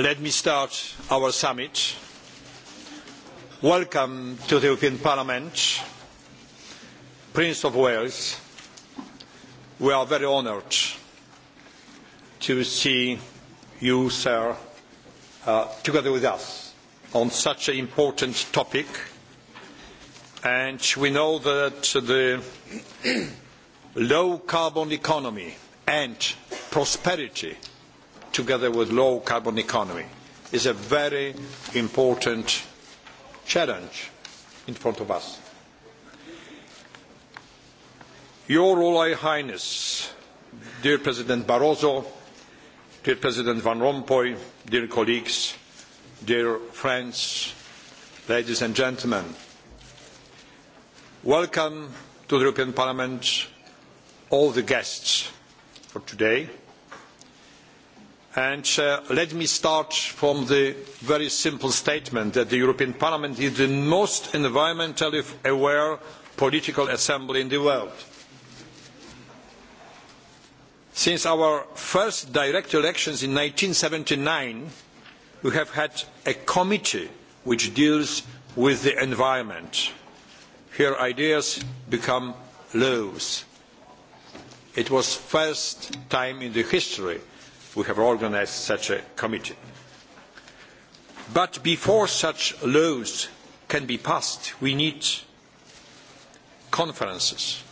Let me start our summit. Welcome to the European Parliament, Prince of Wales. We are very honoured to see you, sir, uh, together with us on such an important topic. And we know that the low carbon economy and prosperity together with low carbon economy is a very important challenge in front of us. Your Royal Highness, dear President Barroso, dear President Van Rompuy, dear colleagues, dear friends, ladies and gentlemen, welcome to the European Parliament, all the guests for today. And uh, let me start from the very simple statement that the European Parliament is the most environmentally aware political assembly in the world. Since our first direct elections in seventy nine, we have had a committee which deals with the environment. Here ideas become laws. It was the first time in the history we have organised such a committee. But before such laws can be passed, we need conferences.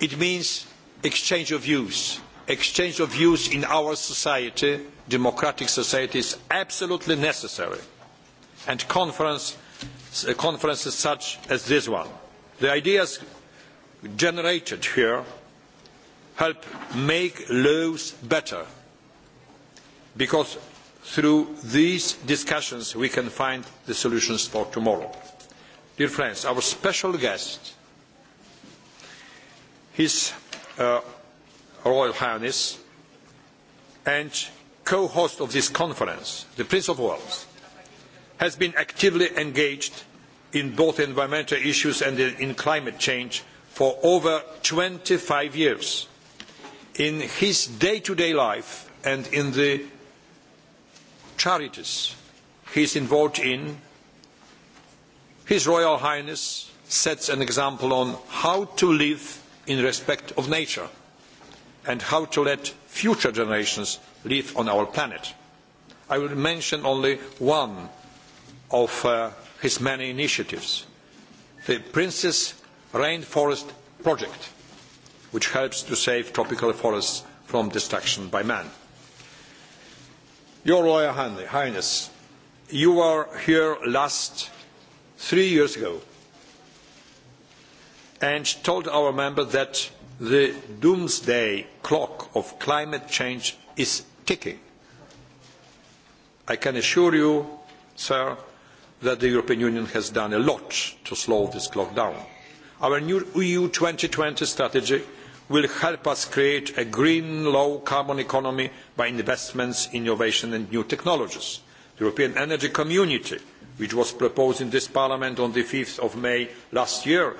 It means exchange of views. Exchange of views in our society, democratic society, is absolutely necessary. And conference, uh, conferences such as this one. The ideas generated here help make laws better because through these discussions we can find the solutions for tomorrow. Dear friends, our special guest, His uh, Royal Highness and co-host of this conference, the Prince of Wales, has been actively engaged in both environmental issues and in climate change for over twenty five years. In his day-to-day -day life and in the charities he is involved in, His Royal Highness sets an example on how to live in respect of nature and how to let future generations live on our planet. I will mention only one of uh, his many initiatives, the Princess Rainforest Project, which helps to save tropical forests from destruction by man. Your Royal Highness, you were here last three years ago and told our member that the doomsday clock of climate change is ticking. I can assure you, sir, that the European Union has done a lot to slow this clock down. Our new EU twenty strategy will help us create a green, low carbon economy by investments, innovation and new technologies. The European Energy Community, which was proposed in this Parliament on the 5 of May last year,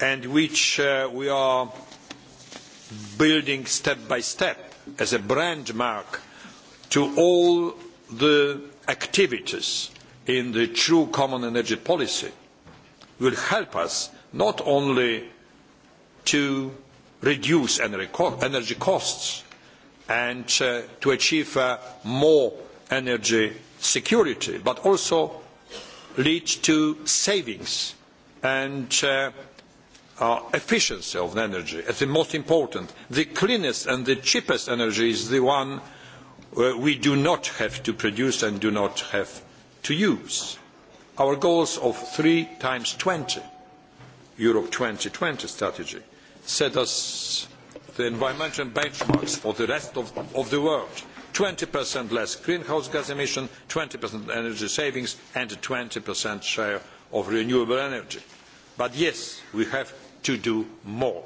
and which uh, we are building step by step as a mark to all the activities in the true common energy policy will help us not only to reduce energy costs and uh, to achieve uh, more energy security, but also lead to savings and uh, uh efficiency of energy. It's the most important. The cleanest and the cheapest energy is the one uh, we do not have to produce and do not have to use. Our goals of three times twenty, Europe twenty strategy set us the environmental benchmarks for the rest of, of the world. 20% less greenhouse gas emission, 20% energy savings, and a 20% share of renewable energy. But yes, we have to do more.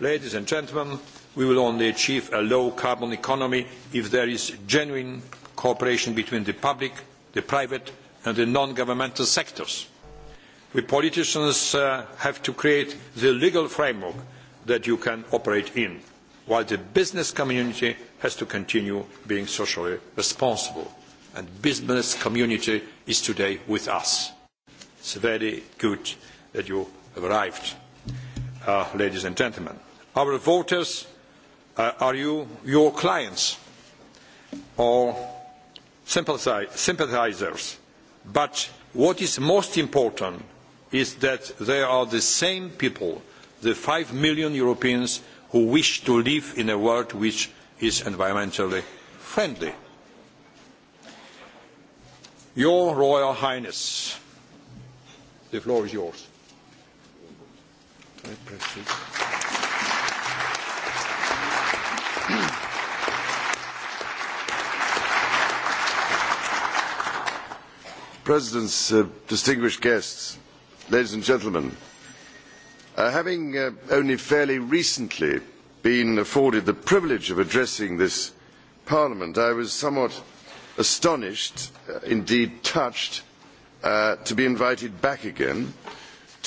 Ladies and gentlemen, we will only achieve a low carbon economy if there is genuine cooperation between the public, the private, and the non-governmental sectors. We politicians uh, have to create the legal framework that you can operate in, while the business community has to continue being socially responsible. And business community is today with us. It's very good that you have arrived, uh, ladies and gentlemen. Our voters uh, are you, your clients or sympathizers. But what is most important is that they are the same people the five million Europeans who wish to live in a world which is environmentally friendly. Your Royal Highness, the floor is yours. Presidents, uh, distinguished guests, ladies and gentlemen, Uh, having uh, only fairly recently been afforded the privilege of addressing this Parliament, I was somewhat astonished, uh, indeed touched, uh, to be invited back again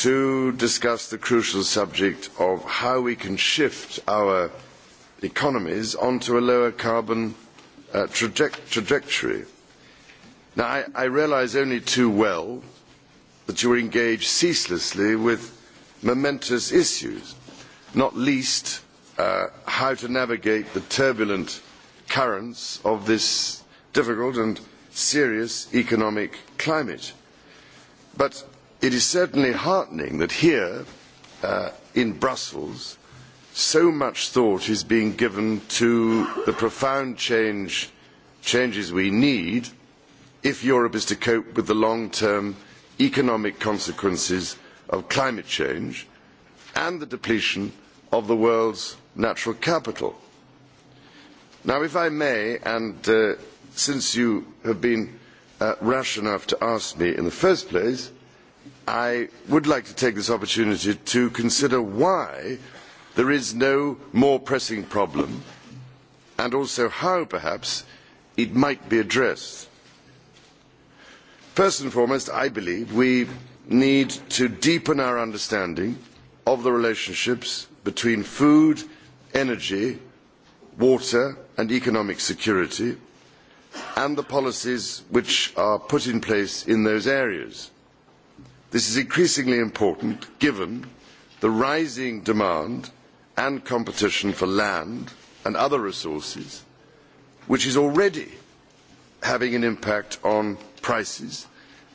to discuss the crucial subject of how we can shift our economies onto a lower carbon uh, traje trajectory. Now, I, I realise only too well that you are engaged ceaselessly with momentous issues, not least uh, how to navigate the turbulent currents of this difficult and serious economic climate. But it is certainly heartening that here uh, in Brussels so much thought is being given to the profound change, changes we need if Europe is to cope with the long-term economic consequences of climate change and the depletion of the world's natural capital. Now, if I may, and uh, since you have been uh, rash enough to ask me in the first place, I would like to take this opportunity to consider why there is no more pressing problem and also how perhaps it might be addressed. First and foremost, I believe we need to deepen our understanding of the relationships between food, energy, water and economic security and the policies which are put in place in those areas. This is increasingly important given the rising demand and competition for land and other resources, which is already having an impact on prices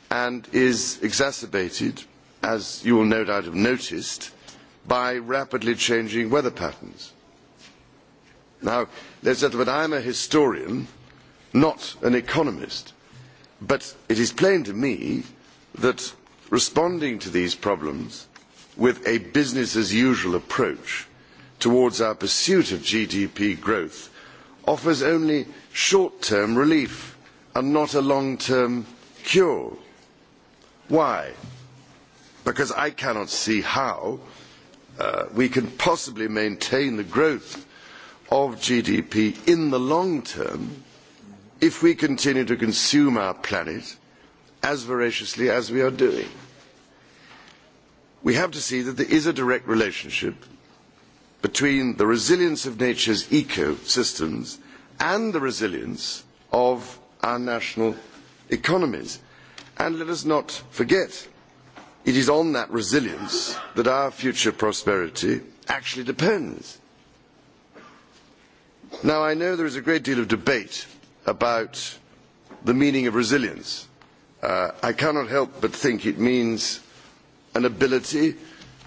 and is exacerbated, as you will no doubt have noticed, by rapidly changing weather patterns. Now, ladies and gentlemen, I am a historian, not an economist, but it is plain to me that responding to these problems with a business as usual approach towards our pursuit of GDP growth offers only short term relief and not a long term cure Why? Because I cannot see how uh, we can possibly maintain the growth of GDP in the long term if we continue to consume our planet as voraciously as we are doing. We have to see that there is a direct relationship between the resilience of nature's ecosystems and the resilience of our national economies. And let us not forget, it is on that resilience that our future prosperity actually depends. Now, I know there is a great deal of debate about the meaning of resilience. Uh, I cannot help but think it means an ability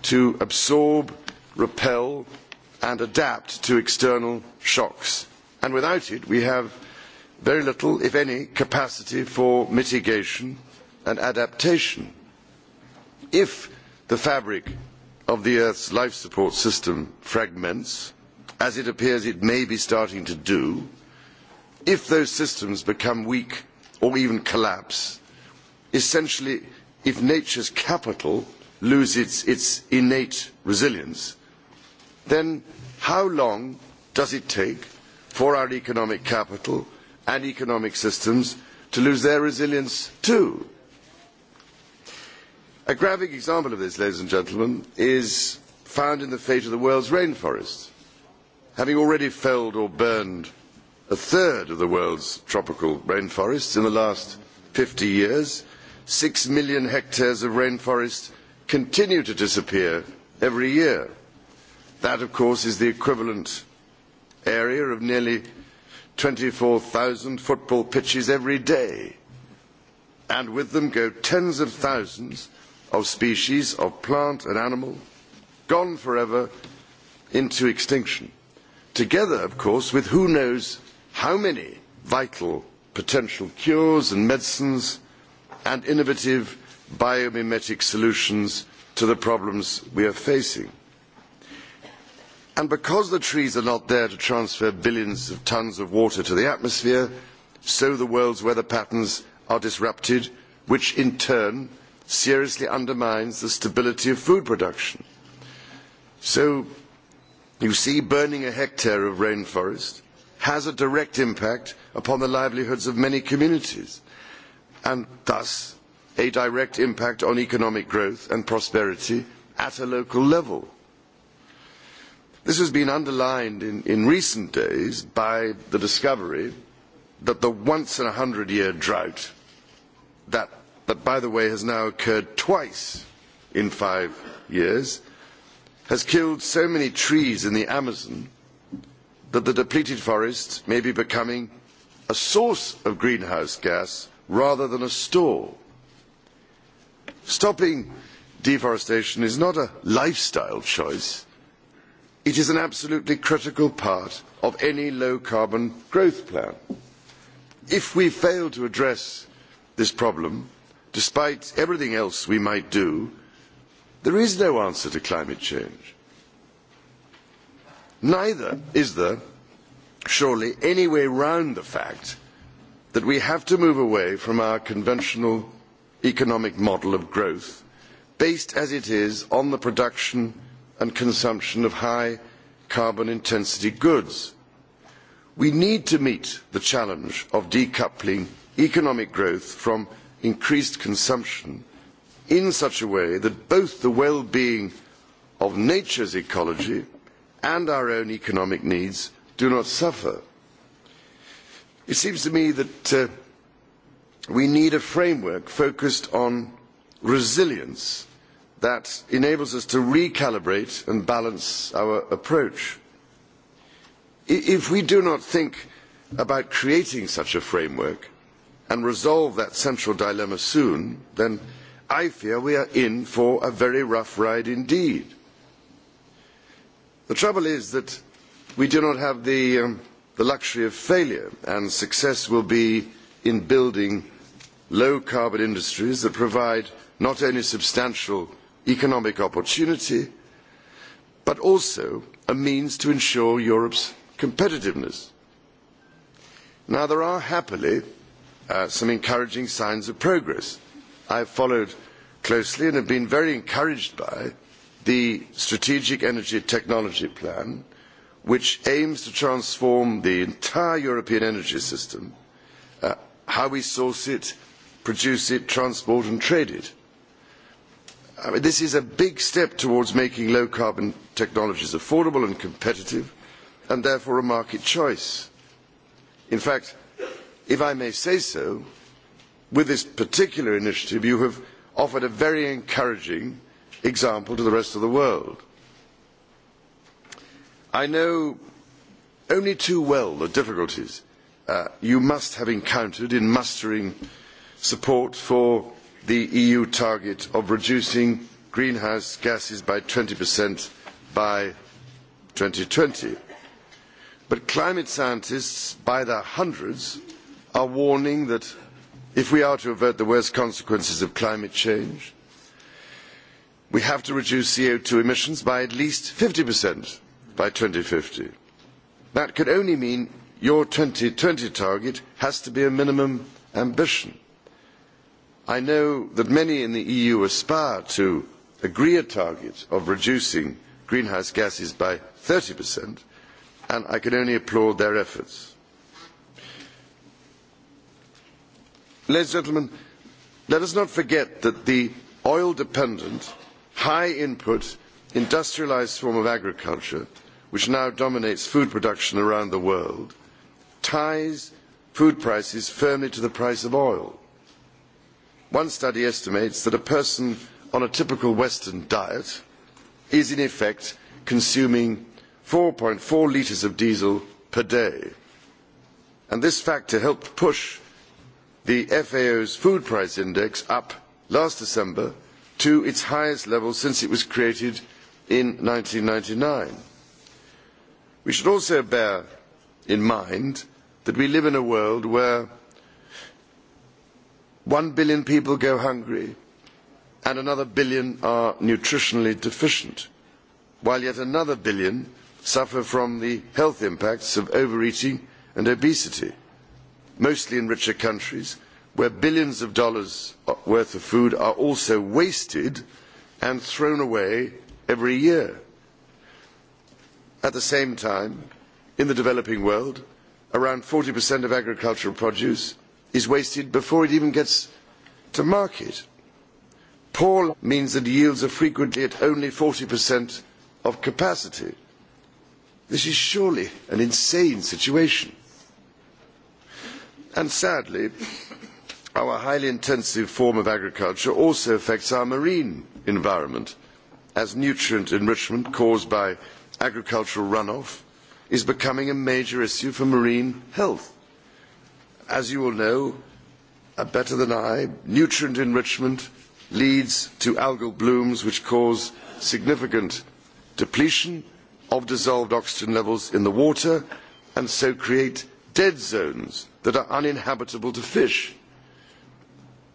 to absorb, repel, and adapt to external shocks. And without it, we have very little, if any, capacity for mitigation and adaptation. If the fabric of the Earth's life support system fragments, as it appears it may be starting to do, if those systems become weak or even collapse, essentially, if nature's capital loses its, its innate resilience, then how long does it take for our economic capital and economic systems to lose their resilience too? A graphic example of this, ladies and gentlemen, is found in the fate of the world's rainforests. Having already felled or burned a third of the world's tropical rainforests in the last fifty years, six million hectares of rainforest continue to disappear every year. That, of course, is the equivalent area of nearly twenty four 24,000 football pitches every day. And with them go tens of thousands of species of plant and animal gone forever into extinction, together, of course, with who knows how many vital potential cures and medicines and innovative biomimetic solutions to the problems we are facing. And because the trees are not there to transfer billions of tons of water to the atmosphere, so the world's weather patterns are disrupted, which in turn seriously undermines the stability of food production. So you see, burning a hectare of rainforest has a direct impact upon the livelihoods of many communities and thus a direct impact on economic growth and prosperity at a local level. This has been underlined in, in recent days by the discovery that the once in a hundred year drought that that by the way has now occurred twice in five years, has killed so many trees in the Amazon that the depleted forests may be becoming a source of greenhouse gas rather than a store. Stopping deforestation is not a lifestyle choice. It is an absolutely critical part of any low carbon growth plan. If we fail to address this problem, despite everything else we might do, there is no answer to climate change. Neither is there, surely, any way round the fact that we have to move away from our conventional economic model of growth, based as it is on the production and consumption of high carbon intensity goods. We need to meet the challenge of decoupling economic growth from increased consumption in such a way that both the well-being of nature's ecology and our own economic needs do not suffer. It seems to me that uh, we need a framework focused on resilience that enables us to recalibrate and balance our approach. If we do not think about creating such a framework, and resolve that central dilemma soon, then I fear we are in for a very rough ride indeed. The trouble is that we do not have the, um, the luxury of failure, and success will be in building low carbon industries that provide not only substantial economic opportunity, but also a means to ensure Europe's competitiveness. Now, there are happily Uh, some encouraging signs of progress. I have followed closely and have been very encouraged by the Strategic Energy Technology Plan, which aims to transform the entire European energy system, uh, how we source it, produce it, transport and trade it. I mean, this is a big step towards making low carbon technologies affordable and competitive and therefore a market choice. In fact, if I may say so, with this particular initiative, you have offered a very encouraging example to the rest of the world. I know only too well the difficulties uh, you must have encountered in mustering support for the EU target of reducing greenhouse gases by 20% by twenty. But climate scientists by their hundreds are warning that if we are to avert the worst consequences of climate change, we have to reduce co two emissions by at least 50% by fifty. That could only mean your twenty target has to be a minimum ambition. I know that many in the EU aspire to agree a target of reducing greenhouse gases by 30%, and I can only applaud their efforts. ladies and gentlemen, let us not forget that the oil dependent, high input, industrialised form of agriculture, which now dominates food production around the world, ties food prices firmly to the price of oil. One study estimates that a person on a typical Western diet is in effect consuming four four litres of diesel per day. And this factor helped push the FAO's food price index up last December to its highest level since it was created in ninety nine. We should also bear in mind that we live in a world where one billion people go hungry and another billion are nutritionally deficient, while yet another billion suffer from the health impacts of overeating and obesity mostly in richer countries, where billions of dollars worth of food are also wasted and thrown away every year. At the same time, in the developing world, around 40% of agricultural produce is wasted before it even gets to market. Poor means that yields are frequently at only 40% of capacity. This is surely an insane situation. And sadly, our highly intensive form of agriculture also affects our marine environment, as nutrient enrichment caused by agricultural runoff is becoming a major issue for marine health. As you will know better than I, nutrient enrichment leads to algal blooms which cause significant depletion of dissolved oxygen levels in the water and so create dead zones that are uninhabitable to fish.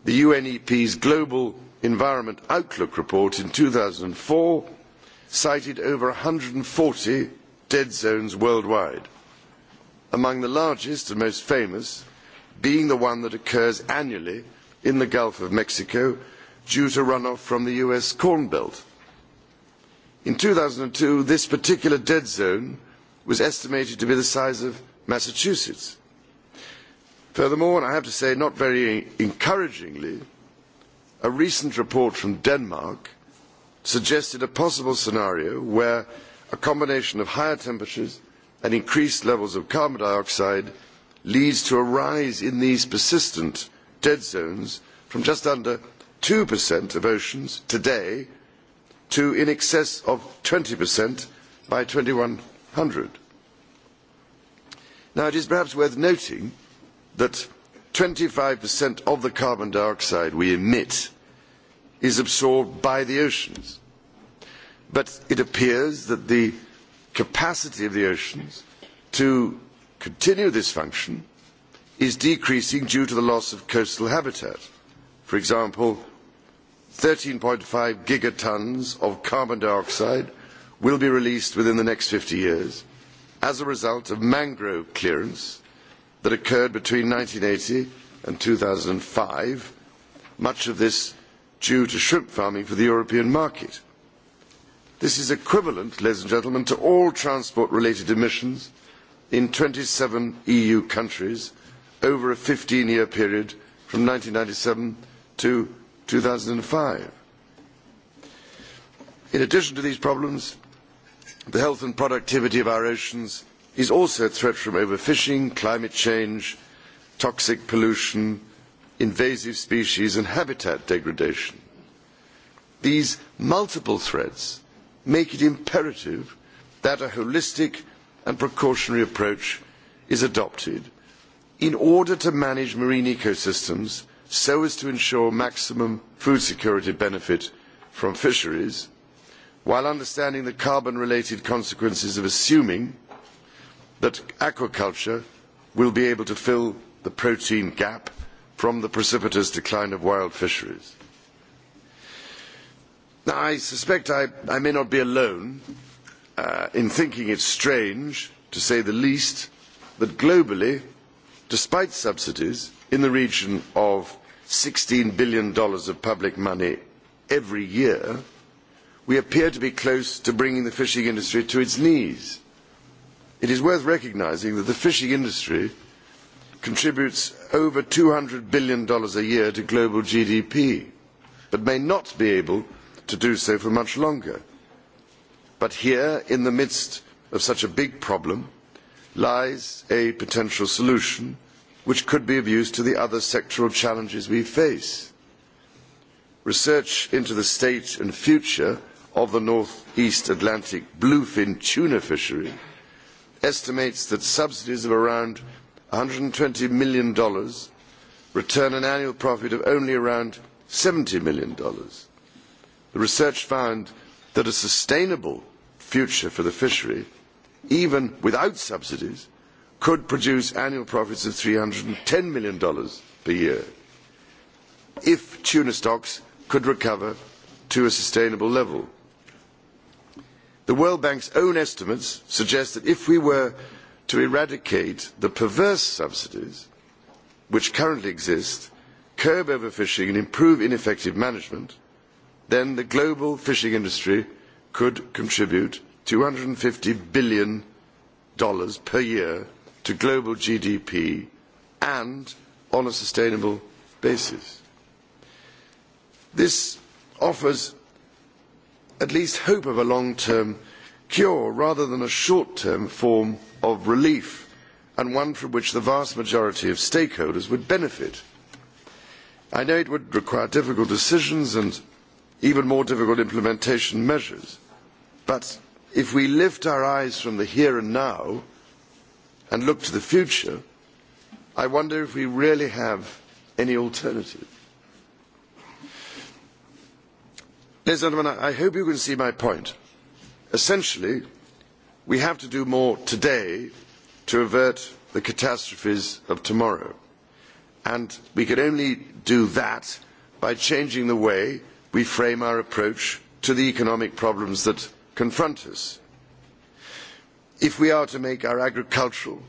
The UNEP's Global Environment Outlook report in two thousand four cited over one hundred and forty dead zones worldwide, among the largest and most famous being the one that occurs annually in the Gulf of Mexico due to runoff from the US Corn Belt. In two thousand two, this particular dead zone was estimated to be the size of Massachusetts. Furthermore, and I have to say not very encouragingly, a recent report from Denmark suggested a possible scenario where a combination of higher temperatures and increased levels of carbon dioxide leads to a rise in these persistent dead zones from just under 2% of oceans today to in excess of 20% by 2100. Now, it is perhaps worth noting that twenty 25% of the carbon dioxide we emit is absorbed by the oceans. But it appears that the capacity of the oceans to continue this function is decreasing due to the loss of coastal habitat. For example, thirteen five gigatons of carbon dioxide will be released within the next fifty years as a result of mangrove clearance that occurred between eighty and two thousand and five, much of this due to shrimp farming for the European market. This is equivalent, ladies and gentlemen, to all transport-related emissions in twenty seven EU countries over a fifteen year period from ninety seven to two thousand and five. In addition to these problems, The health and productivity of our oceans is also a threat from overfishing, climate change, toxic pollution, invasive species and habitat degradation. These multiple threats make it imperative that a holistic and precautionary approach is adopted in order to manage marine ecosystems so as to ensure maximum food security benefit from fisheries while understanding the carbon related consequences of assuming that aquaculture will be able to fill the protein gap from the precipitous decline of wild fisheries. Now, I suspect I, I may not be alone uh, in thinking it strange, to say the least, that globally, despite subsidies in the region of $16 billion of public money every year, we appear to be close to bringing the fishing industry to its knees. It is worth recognising that the fishing industry contributes over US two hundred billion dollars a year to global GDP, but may not be able to do so for much longer. But here, in the midst of such a big problem, lies a potential solution which could be of use to the other sectoral challenges we face. Research into the state and future of the North East Atlantic bluefin tuna fishery estimates that subsidies of around $120 million return an annual profit of only around $70 million. The research found that a sustainable future for the fishery, even without subsidies, could produce annual profits of $310 million per year if tuna stocks could recover to a sustainable level. The World Bank's own estimates suggest that if we were to eradicate the perverse subsidies which currently exist, curb overfishing and improve ineffective management, then the global fishing industry could contribute two hundred and fifty billion dollars per year to global GDP and on a sustainable basis. This offers at least hope of a long-term cure rather than a short-term form of relief and one from which the vast majority of stakeholders would benefit. I know it would require difficult decisions and even more difficult implementation measures, but if we lift our eyes from the here and now and look to the future, I wonder if we really have any alternative. Ladies and gentlemen, I hope you can see my point. Essentially, we have to do more today to avert the catastrophes of tomorrow. And we can only do that by changing the way we frame our approach to the economic problems that confront us. If we are to make our agricultural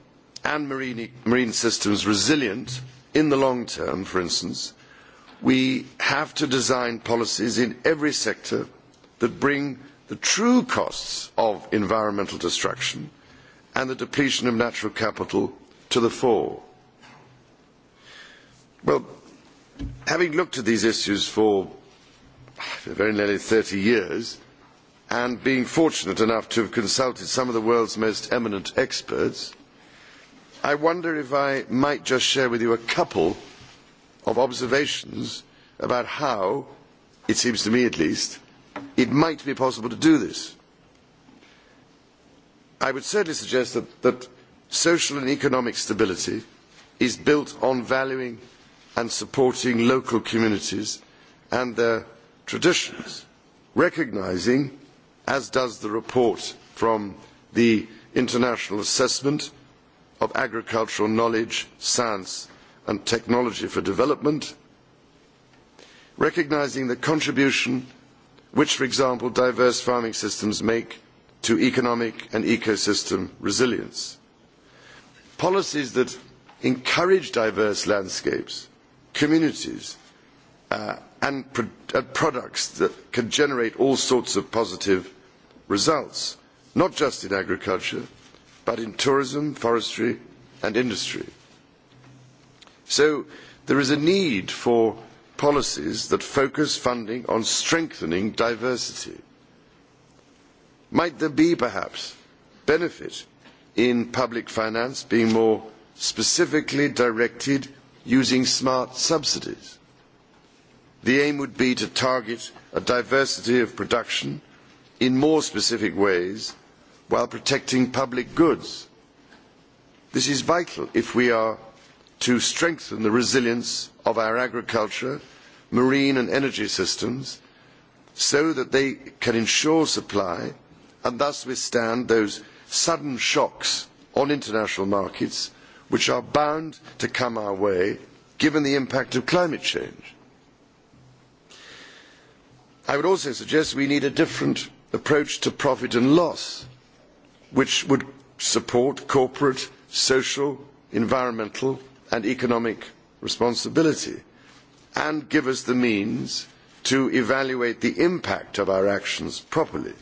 and marine, marine systems resilient in the long term, for instance, we have to design policies in every sector that bring the true costs of environmental destruction and the depletion of natural capital to the fore. Well, having looked at these issues for very nearly thirty years and being fortunate enough to have consulted some of the world's most eminent experts, I wonder if I might just share with you a couple of observations about how, it seems to me at least, it might be possible to do this. I would certainly suggest that, that social and economic stability is built on valuing and supporting local communities and their traditions, recognising, as does the report from the International Assessment of Agricultural Knowledge, Science and technology for development, recognising the contribution which, for example, diverse farming systems make to economic and ecosystem resilience. Policies that encourage diverse landscapes, communities, uh, and pro uh, products that can generate all sorts of positive results, not just in agriculture, but in tourism, forestry, and industry. So there is a need for policies that focus funding on strengthening diversity. Might there be perhaps benefit in public finance being more specifically directed using smart subsidies? The aim would be to target a diversity of production in more specific ways while protecting public goods. This is vital if we are to strengthen the resilience of our agriculture, marine and energy systems so that they can ensure supply and thus withstand those sudden shocks on international markets which are bound to come our way given the impact of climate change. I would also suggest we need a different approach to profit and loss, which would support corporate, social, environmental and economic responsibility and give us the means to evaluate the impact of our actions properly.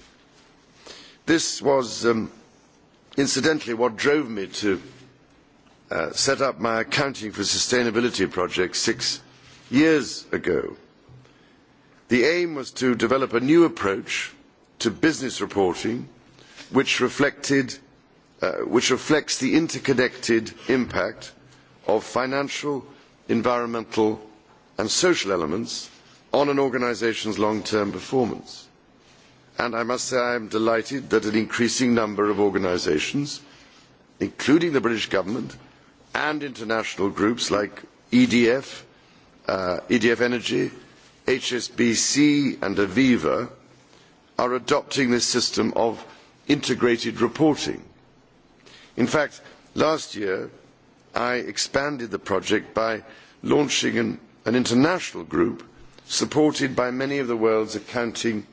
This was um, incidentally what drove me to uh, set up my accounting for sustainability project six years ago. The aim was to develop a new approach to business reporting which, reflected, uh, which reflects the interconnected impact of financial, environmental and social elements on an organisation's long-term performance. And I must say I am delighted that an increasing number of organisations, including the British government and international groups like EDF, uh, EDF Energy, HSBC and Aviva, are adopting this system of integrated reporting. In fact, last year, I expanded the project by launching an, an international group supported by many of the world's accounting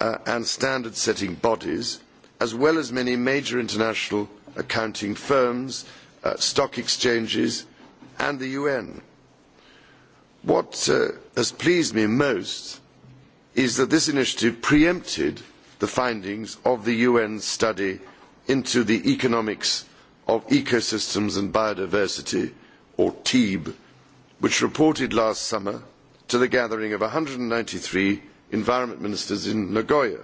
uh, and standard setting bodies, as well as many major international accounting firms, uh, stock exchanges, and the UN. What uh, has pleased me most is that this initiative preempted the findings of the UN study into the economics of Ecosystems and Biodiversity, or TEEB, which reported last summer to the gathering of one hundred and ninety three environment ministers in Nagoya.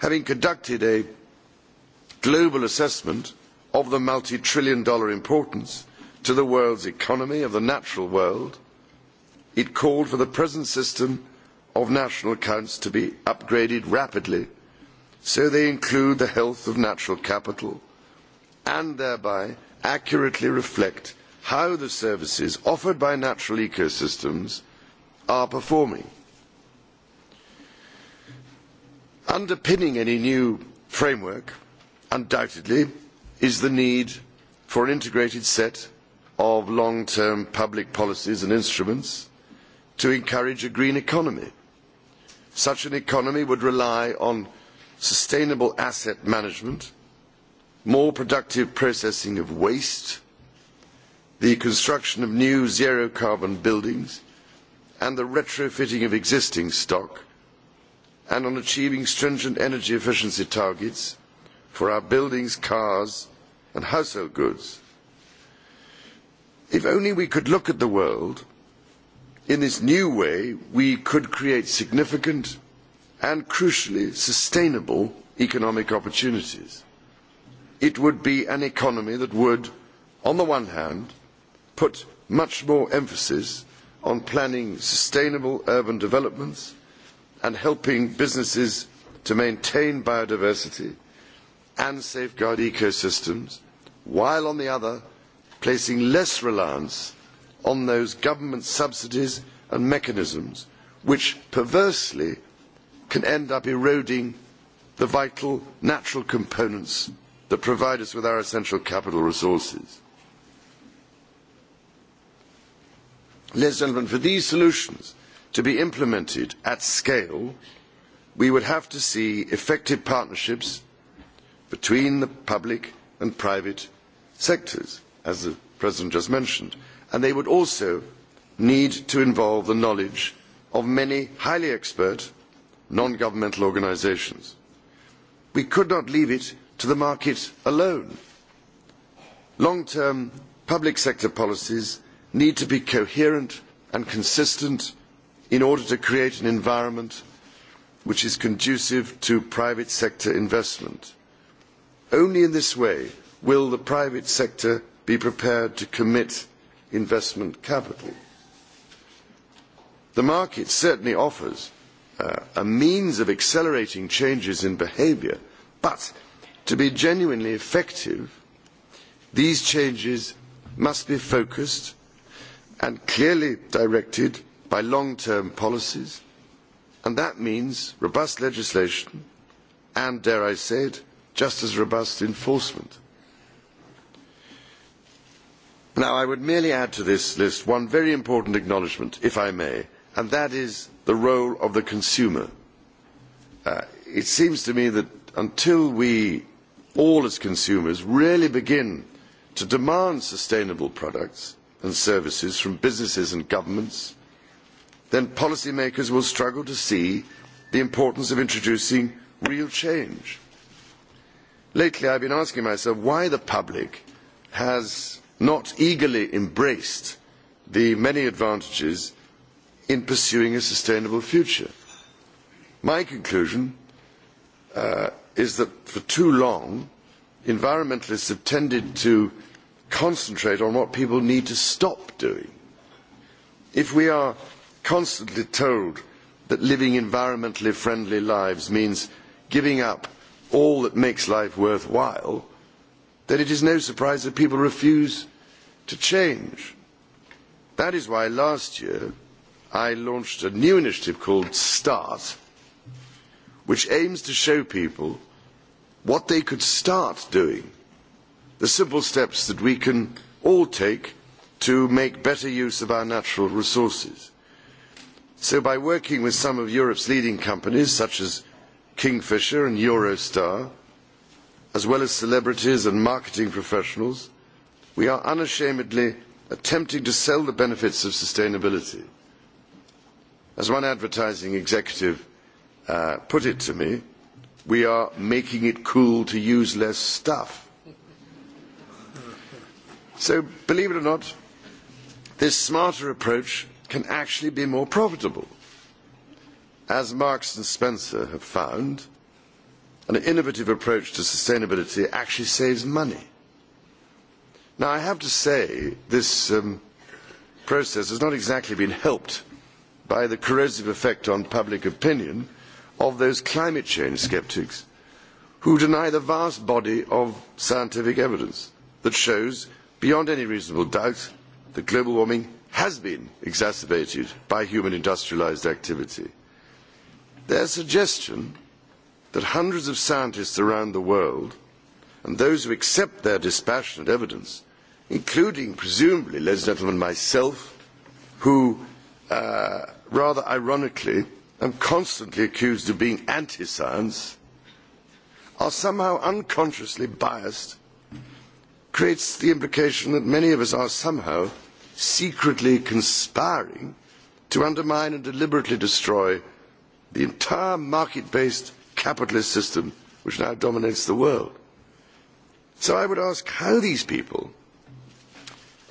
Having conducted a global assessment of the multi-trillion dollar importance to the world's economy of the natural world, it called for the present system of national accounts to be upgraded rapidly so they include the health of natural capital, and thereby accurately reflect how the services offered by natural ecosystems are performing. Underpinning any new framework, undoubtedly, is the need for an integrated set of long-term public policies and instruments to encourage a green economy. Such an economy would rely on sustainable asset management more productive processing of waste, the construction of new zero carbon buildings, and the retrofitting of existing stock, and on achieving stringent energy efficiency targets for our buildings, cars, and household goods. If only we could look at the world in this new way, we could create significant and crucially sustainable economic opportunities it would be an economy that would, on the one hand, put much more emphasis on planning sustainable urban developments and helping businesses to maintain biodiversity and safeguard ecosystems, while on the other placing less reliance on those government subsidies and mechanisms which perversely can end up eroding the vital natural components that provide us with our essential capital resources. Ladies and gentlemen, for these solutions to be implemented at scale, we would have to see effective partnerships between the public and private sectors, as the President just mentioned, and they would also need to involve the knowledge of many highly expert non-governmental organisations. We could not leave it to the market alone. Long term public sector policies need to be coherent and consistent in order to create an environment which is conducive to private sector investment. Only in this way will the private sector be prepared to commit investment capital. The market certainly offers uh, a means of accelerating changes in behaviour, but To be genuinely effective, these changes must be focused and clearly directed by long-term policies, and that means robust legislation and, dare I say it, just as robust enforcement. Now, I would merely add to this list one very important acknowledgement, if I may, and that is the role of the consumer. Uh, it seems to me that until we all as consumers really begin to demand sustainable products and services from businesses and governments, then policymakers will struggle to see the importance of introducing real change. Lately, I have been asking myself why the public has not eagerly embraced the many advantages in pursuing a sustainable future. My conclusion uh, is that for too long environmentalists have tended to concentrate on what people need to stop doing. If we are constantly told that living environmentally friendly lives means giving up all that makes life worthwhile, then it is no surprise that people refuse to change. That is why last year I launched a new initiative called START, which aims to show people what they could start doing, the simple steps that we can all take to make better use of our natural resources. So by working with some of Europe's leading companies, such as Kingfisher and Eurostar, as well as celebrities and marketing professionals, we are unashamedly attempting to sell the benefits of sustainability. As one advertising executive Uh, put it to me, we are making it cool to use less stuff. So, believe it or not, this smarter approach can actually be more profitable. As Marx and Spencer have found, an innovative approach to sustainability actually saves money. Now, I have to say, this um, process has not exactly been helped by the corrosive effect on public opinion of those climate change sceptics who deny the vast body of scientific evidence that shows, beyond any reasonable doubt, that global warming has been exacerbated by human industrialised activity. Their suggestion that hundreds of scientists around the world and those who accept their dispassionate evidence, including presumably, ladies and gentlemen, myself, who uh, rather ironically am constantly accused of being anti-science, are somehow unconsciously biased, creates the implication that many of us are somehow secretly conspiring to undermine and deliberately destroy the entire market-based capitalist system which now dominates the world. So I would ask how these people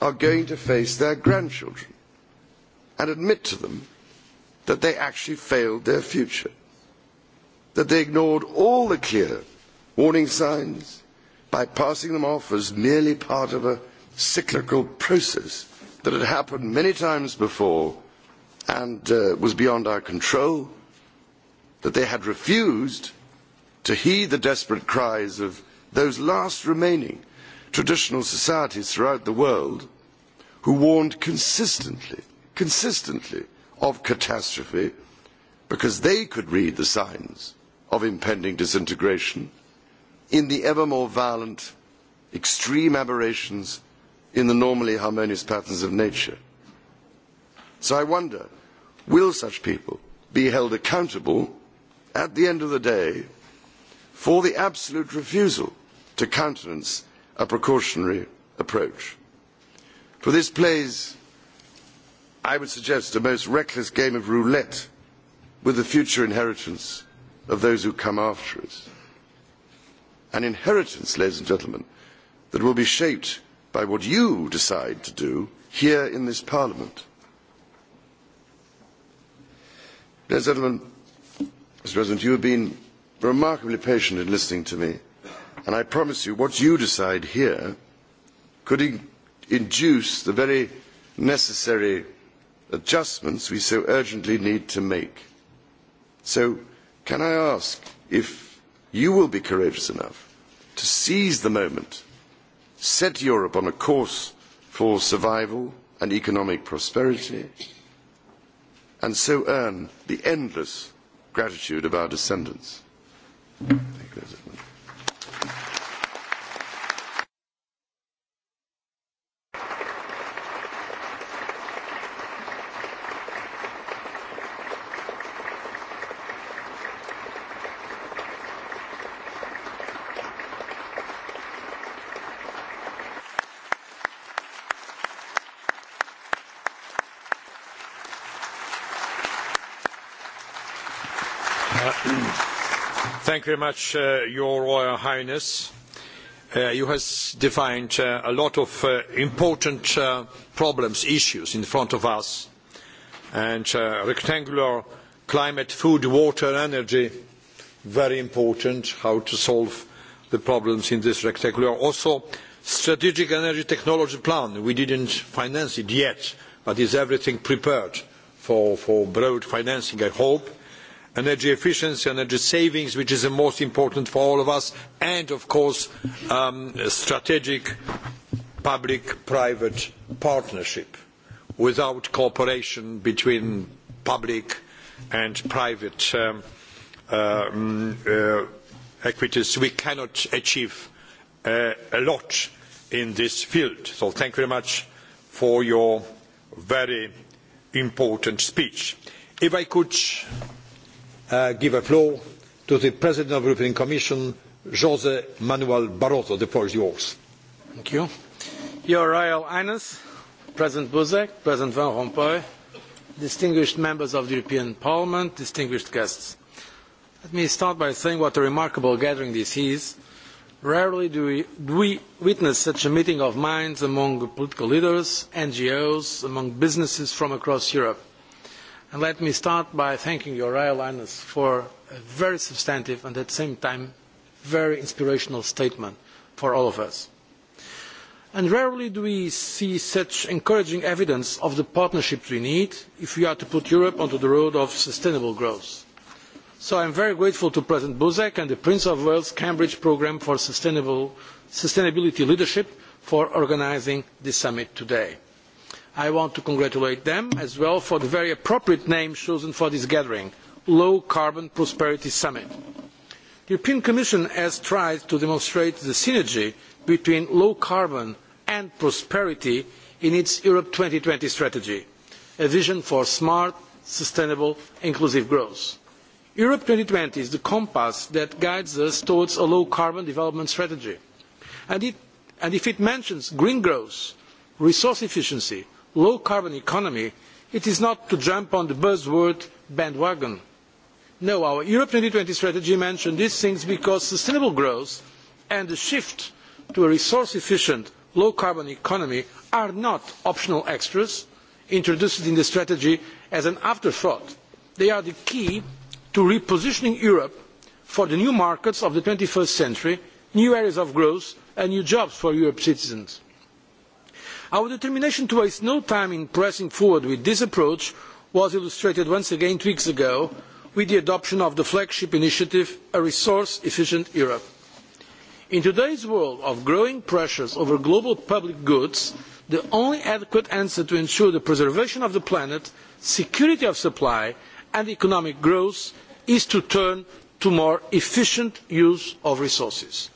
are going to face their grandchildren and admit to them that they actually failed their future, that they ignored all the clear warning signs by passing them off as merely part of a cyclical process that had happened many times before and uh, was beyond our control, that they had refused to heed the desperate cries of those last remaining traditional societies throughout the world who warned consistently, consistently of catastrophe because they could read the signs of impending disintegration in the ever more violent extreme aberrations in the normally harmonious patterns of nature. So I wonder, will such people be held accountable at the end of the day for the absolute refusal to countenance a precautionary approach? For this plays I would suggest, a most reckless game of roulette with the future inheritance of those who come after us. An inheritance, ladies and gentlemen, that will be shaped by what you decide to do here in this Parliament. Ladies and gentlemen, Mr. President, you have been remarkably patient in listening to me, and I promise you what you decide here could in induce the very necessary adjustments we so urgently need to make. So can I ask if you will be courageous enough to seize the moment, set Europe on a course for survival and economic prosperity, and so earn the endless gratitude of our descendants. Thank you. Thank you very much, uh, Your Royal Highness. Uh, you have defined uh, a lot of uh, important uh, problems, issues in front of us. And uh, rectangular climate, food, water, energy, very important, how to solve the problems in this rectangular. Also, strategic energy technology plan, we didn't finance it yet, but is everything prepared for, for broad financing, I hope energy efficiency, energy savings, which is the most important for all of us, and of course, um, strategic public-private partnership. Without cooperation between public and private um, uh, uh, equities, we cannot achieve uh, a lot in this field. So thank you very much for your very important speech. If I could Uh, give a floor to the President of the European Commission, Jose Manuel Barroso. The floor is yours. Thank you. Your Royal Highness, President Buzek, President Van Rompuy, distinguished members of the European Parliament, distinguished guests. Let me start by saying what a remarkable gathering this is. Rarely do we, do we witness such a meeting of minds among political leaders, NGOs, among businesses from across Europe. And let me start by thanking your Royal Highness for a very substantive and at the same time very inspirational statement for all of us. And rarely do we see such encouraging evidence of the partnerships we need if we are to put Europe onto the road of sustainable growth. So I am very grateful to President Buzek and the Prince of Wales Cambridge Programme for Sustainability Leadership for organising this summit today. I want to congratulate them as well for the very appropriate name chosen for this gathering, Low Carbon Prosperity Summit. The European Commission has tried to demonstrate the synergy between low carbon and prosperity in its Europe twenty strategy, a vision for smart, sustainable, inclusive growth. Europe twenty is the compass that guides us towards a low carbon development strategy. And, it, and if it mentions green growth, resource efficiency, low carbon economy, it is not to jump on the buzzword bandwagon. No, our Europe twenty strategy mentioned these things because sustainable growth and the shift to a resource efficient low carbon economy are not optional extras introduced in the strategy as an afterthought. They are the key to repositioning Europe for the new markets of the twenty first century, new areas of growth and new jobs for Europe's citizens. Our determination to waste no time in pressing forward with this approach was illustrated once again two weeks ago with the adoption of the flagship initiative, A Resource Efficient Europe. In today's world of growing pressures over global public goods, the only adequate answer to ensure the preservation of the planet, security of supply and economic growth is to turn to more efficient use of resources.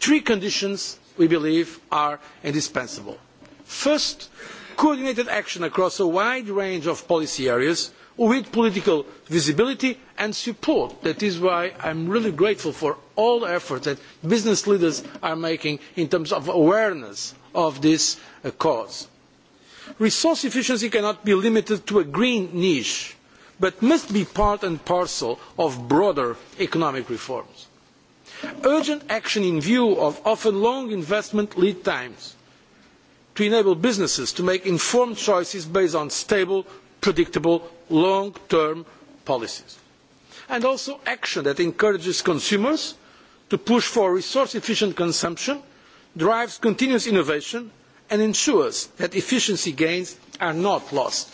Three conditions we believe are indispensable. First, coordinated action across a wide range of policy areas with political visibility and support. That is why I am really grateful for all the efforts that business leaders are making in terms of awareness of this uh, cause. Resource efficiency cannot be limited to a green niche, but must be part and parcel of broader economic reforms. Urgent action in view of often long investment lead times to enable businesses to make informed choices based on stable, predictable, long-term policies. And also action that encourages consumers to push for resource-efficient consumption, drives continuous innovation, and ensures that efficiency gains are not lost.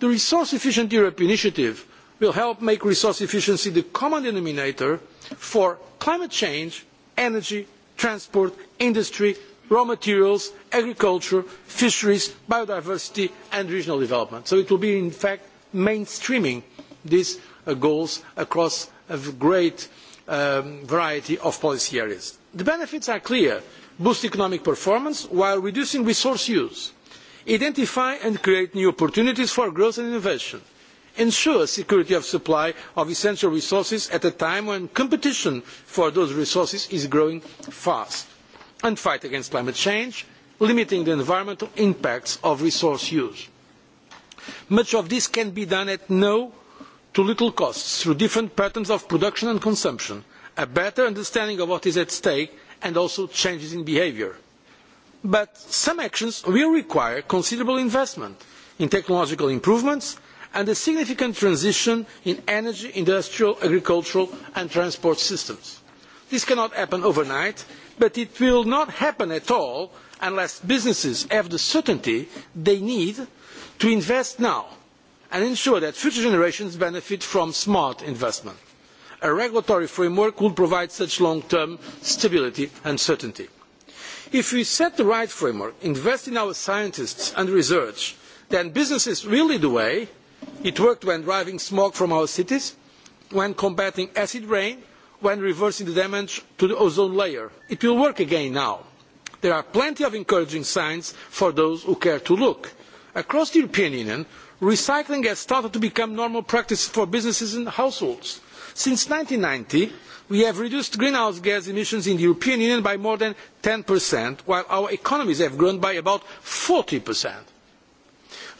The Resource Efficient Europe initiative will help make resource efficiency the common denominator for climate change, energy, transport, industry, raw materials, agriculture, fisheries, biodiversity and regional development. So it will be in fact mainstreaming these uh, goals across a great um, variety of policy areas. The benefits are clear. Boost economic performance while reducing resource use. Identify and create new opportunities for growth and innovation. Ensure security of supply of essential resources at a time when competition for those resources is growing fast and fight against climate change, limiting the environmental impacts of resource use. Much of this can be done at no to little cost through different patterns of production and consumption, a better understanding of what is at stake, and also changes in behaviour. But some actions will require considerable investment in technological improvements and a significant transition in energy, industrial, agricultural and transport systems. This cannot happen overnight But it will not happen at all unless businesses have the certainty they need to invest now and ensure that future generations benefit from smart investment. A regulatory framework would provide such long-term stability and certainty. If we set the right framework, invest in our scientists and research, then businesses will lead the way. It worked when driving smog from our cities, when combating acid rain, when reversing the damage to the ozone layer. It will work again now. There are plenty of encouraging signs for those who care to look. Across the European Union, recycling has started to become normal practice for businesses and households. Since ninety, we have reduced greenhouse gas emissions in the European Union by more than 10%, while our economies have grown by about 40%.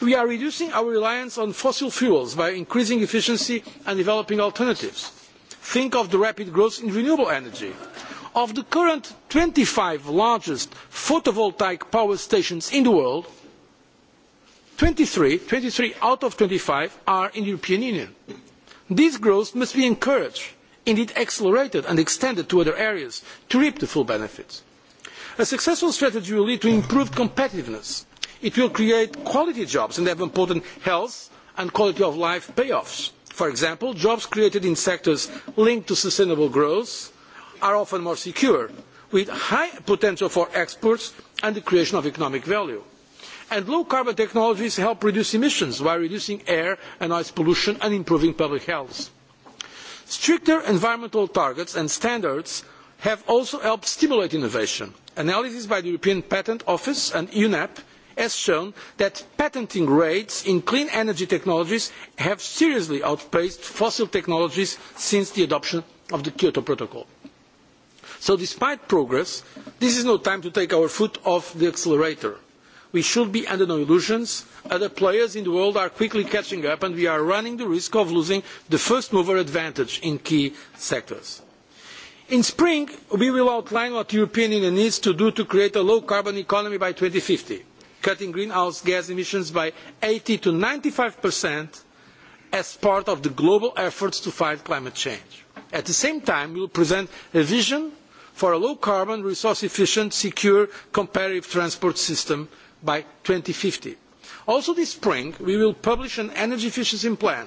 We are reducing our reliance on fossil fuels by increasing efficiency and developing alternatives Think of the rapid growth in renewable energy. Of the current twenty five largest photovoltaic power stations in the world, twenty three out of twenty five are in the European Union. This growth must be encouraged, indeed accelerated and extended to other areas to reap the full benefits. A successful strategy will lead to improved competitiveness. It will create quality jobs and have important health and quality of life payoffs. For example, jobs created in sectors linked to sustainable growth are often more secure, with high potential for exports and the creation of economic value. And low carbon technologies help reduce emissions while reducing air and noise pollution and improving public health. Stricter environmental targets and standards have also helped stimulate innovation. Analysis by the European Patent Office and UNEP has shown that patenting rates in clean energy technologies have seriously outpaced fossil technologies since the adoption of the Kyoto Protocol. So despite progress, this is no time to take our foot off the accelerator. We should be under no illusions. Other players in the world are quickly catching up and we are running the risk of losing the first mover advantage in key sectors. In spring, we will outline what the European Union needs to do to create a low carbon economy by fifty cutting greenhouse gas emissions by eighty to ninety five as part of the global efforts to fight climate change. At the same time, we will present a vision for a low-carbon, resource-efficient, secure, comparative transport system by fifty. Also this spring, we will publish an energy efficiency plan,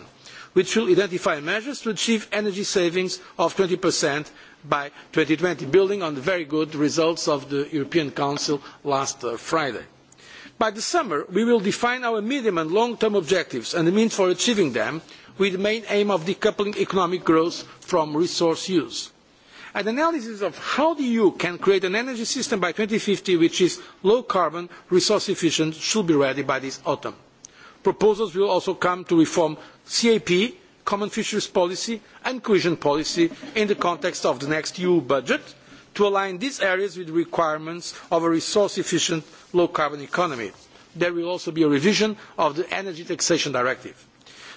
which will identify measures to achieve energy savings of 20% by twenty, building on the very good results of the European Council last uh, Friday. By the summer, we will define our medium and long-term objectives and the means for achieving them, with the main aim of decoupling economic growth from resource use. An analysis of how the EU can create an energy system by fifty which is low carbon, resource efficient, should be ready by this autumn. Proposals will also come to reform CAP, Common Fisheries Policy and Cohesion Policy in the context of the next EU budget, to align these areas with the requirements of a resource efficient low carbon economy. There will also be a revision of the Energy Taxation Directive.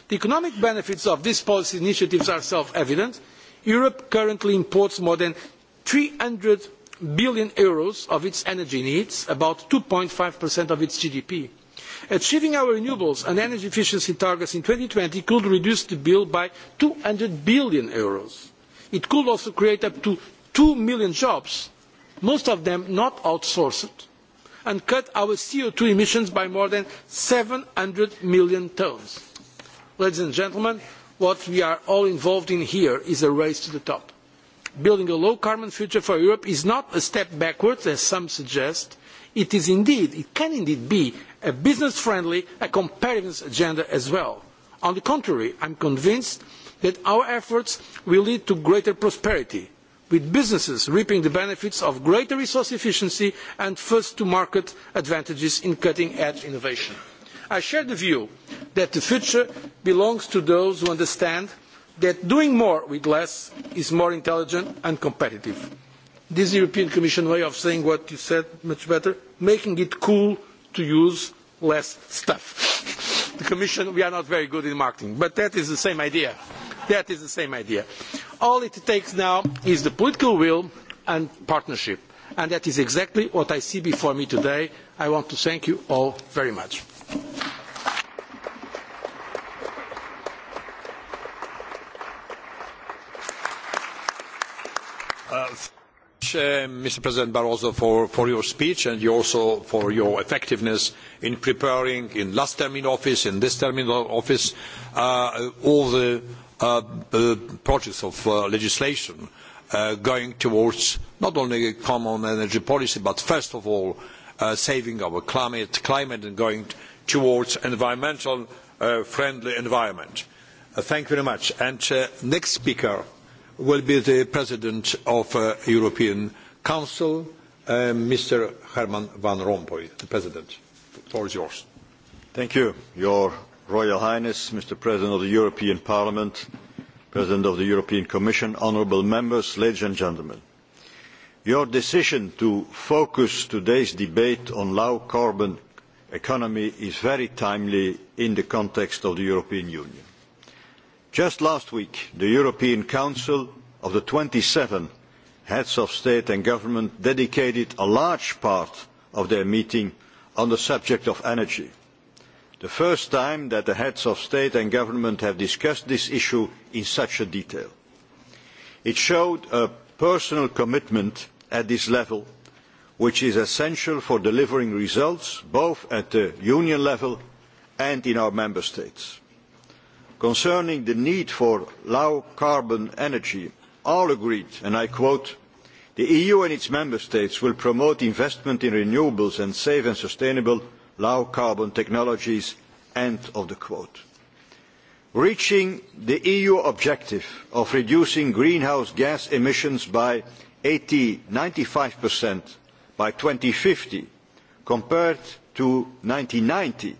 The economic benefits of these policy initiatives are self evident. Europe currently imports more than EUR three hundred billion of its energy needs, about two 2.5% of its GDP. Achieving our renewables and energy efficiency targets in twenty could reduce the bill by EUR two hundred billion It could also create up to two million jobs, most of them not outsourced, and cut our co two emissions by more than seven hundred million tonnes. Ladies and gentlemen, what we are all involved in here is a race to the top. Building a low carbon future for Europe is not a step backwards, as some suggest. It is indeed, it can indeed be a business friendly, a competitiveness agenda as well. On the contrary, I am convinced that our efforts will lead to greater prosperity, with businesses reaping the benefits of greater resource efficiency and first to market advantages in cutting edge innovation. I share the view that the future belongs to those who understand that doing more with less is more intelligent and competitive. This is the European Commission way of saying what you said much better, making it cool to use less stuff. the Commission, we are not very good in marketing, but that is the same idea. That is the same idea all it takes now is the political will and partnership. And that is exactly what I see before me today. I want to thank you all very much. Uh, uh Mr. President Barroso, for, for your speech and also for your effectiveness in preparing in last term in office, in this term in office, uh, all the Uh, uh, projects of uh, legislation going towards not only a common energy policy but first of all saving our climate, climate and going towards an environmental friendly environment. thank you very much. And next speaker will be the President of the European Council, Mr. Herman Van Rompuy. The President, the floor is yours. Thank you. Your Royal Highness, Mr. President of the European Parliament, President of the European Commission, honourable members, ladies and gentlemen. Your decision to focus today's debate on low carbon economy is very timely in the context of the European Union. Just last week, the European Council of the twenty seven heads of state and government dedicated a large part of their meeting on the subject of energy the first time that the heads of state and government have discussed this issue in such detail. It showed a personal commitment at this level, which is essential for delivering results both at the union level and in our member states. Concerning the need for low carbon energy, all agreed, and I quote, the EU and its member states will promote investment in renewables and safe and sustainable low carbon technologies. End of the quote. Reaching the EU objective of reducing greenhouse gas emissions by 80-95% by 2050 compared to 1990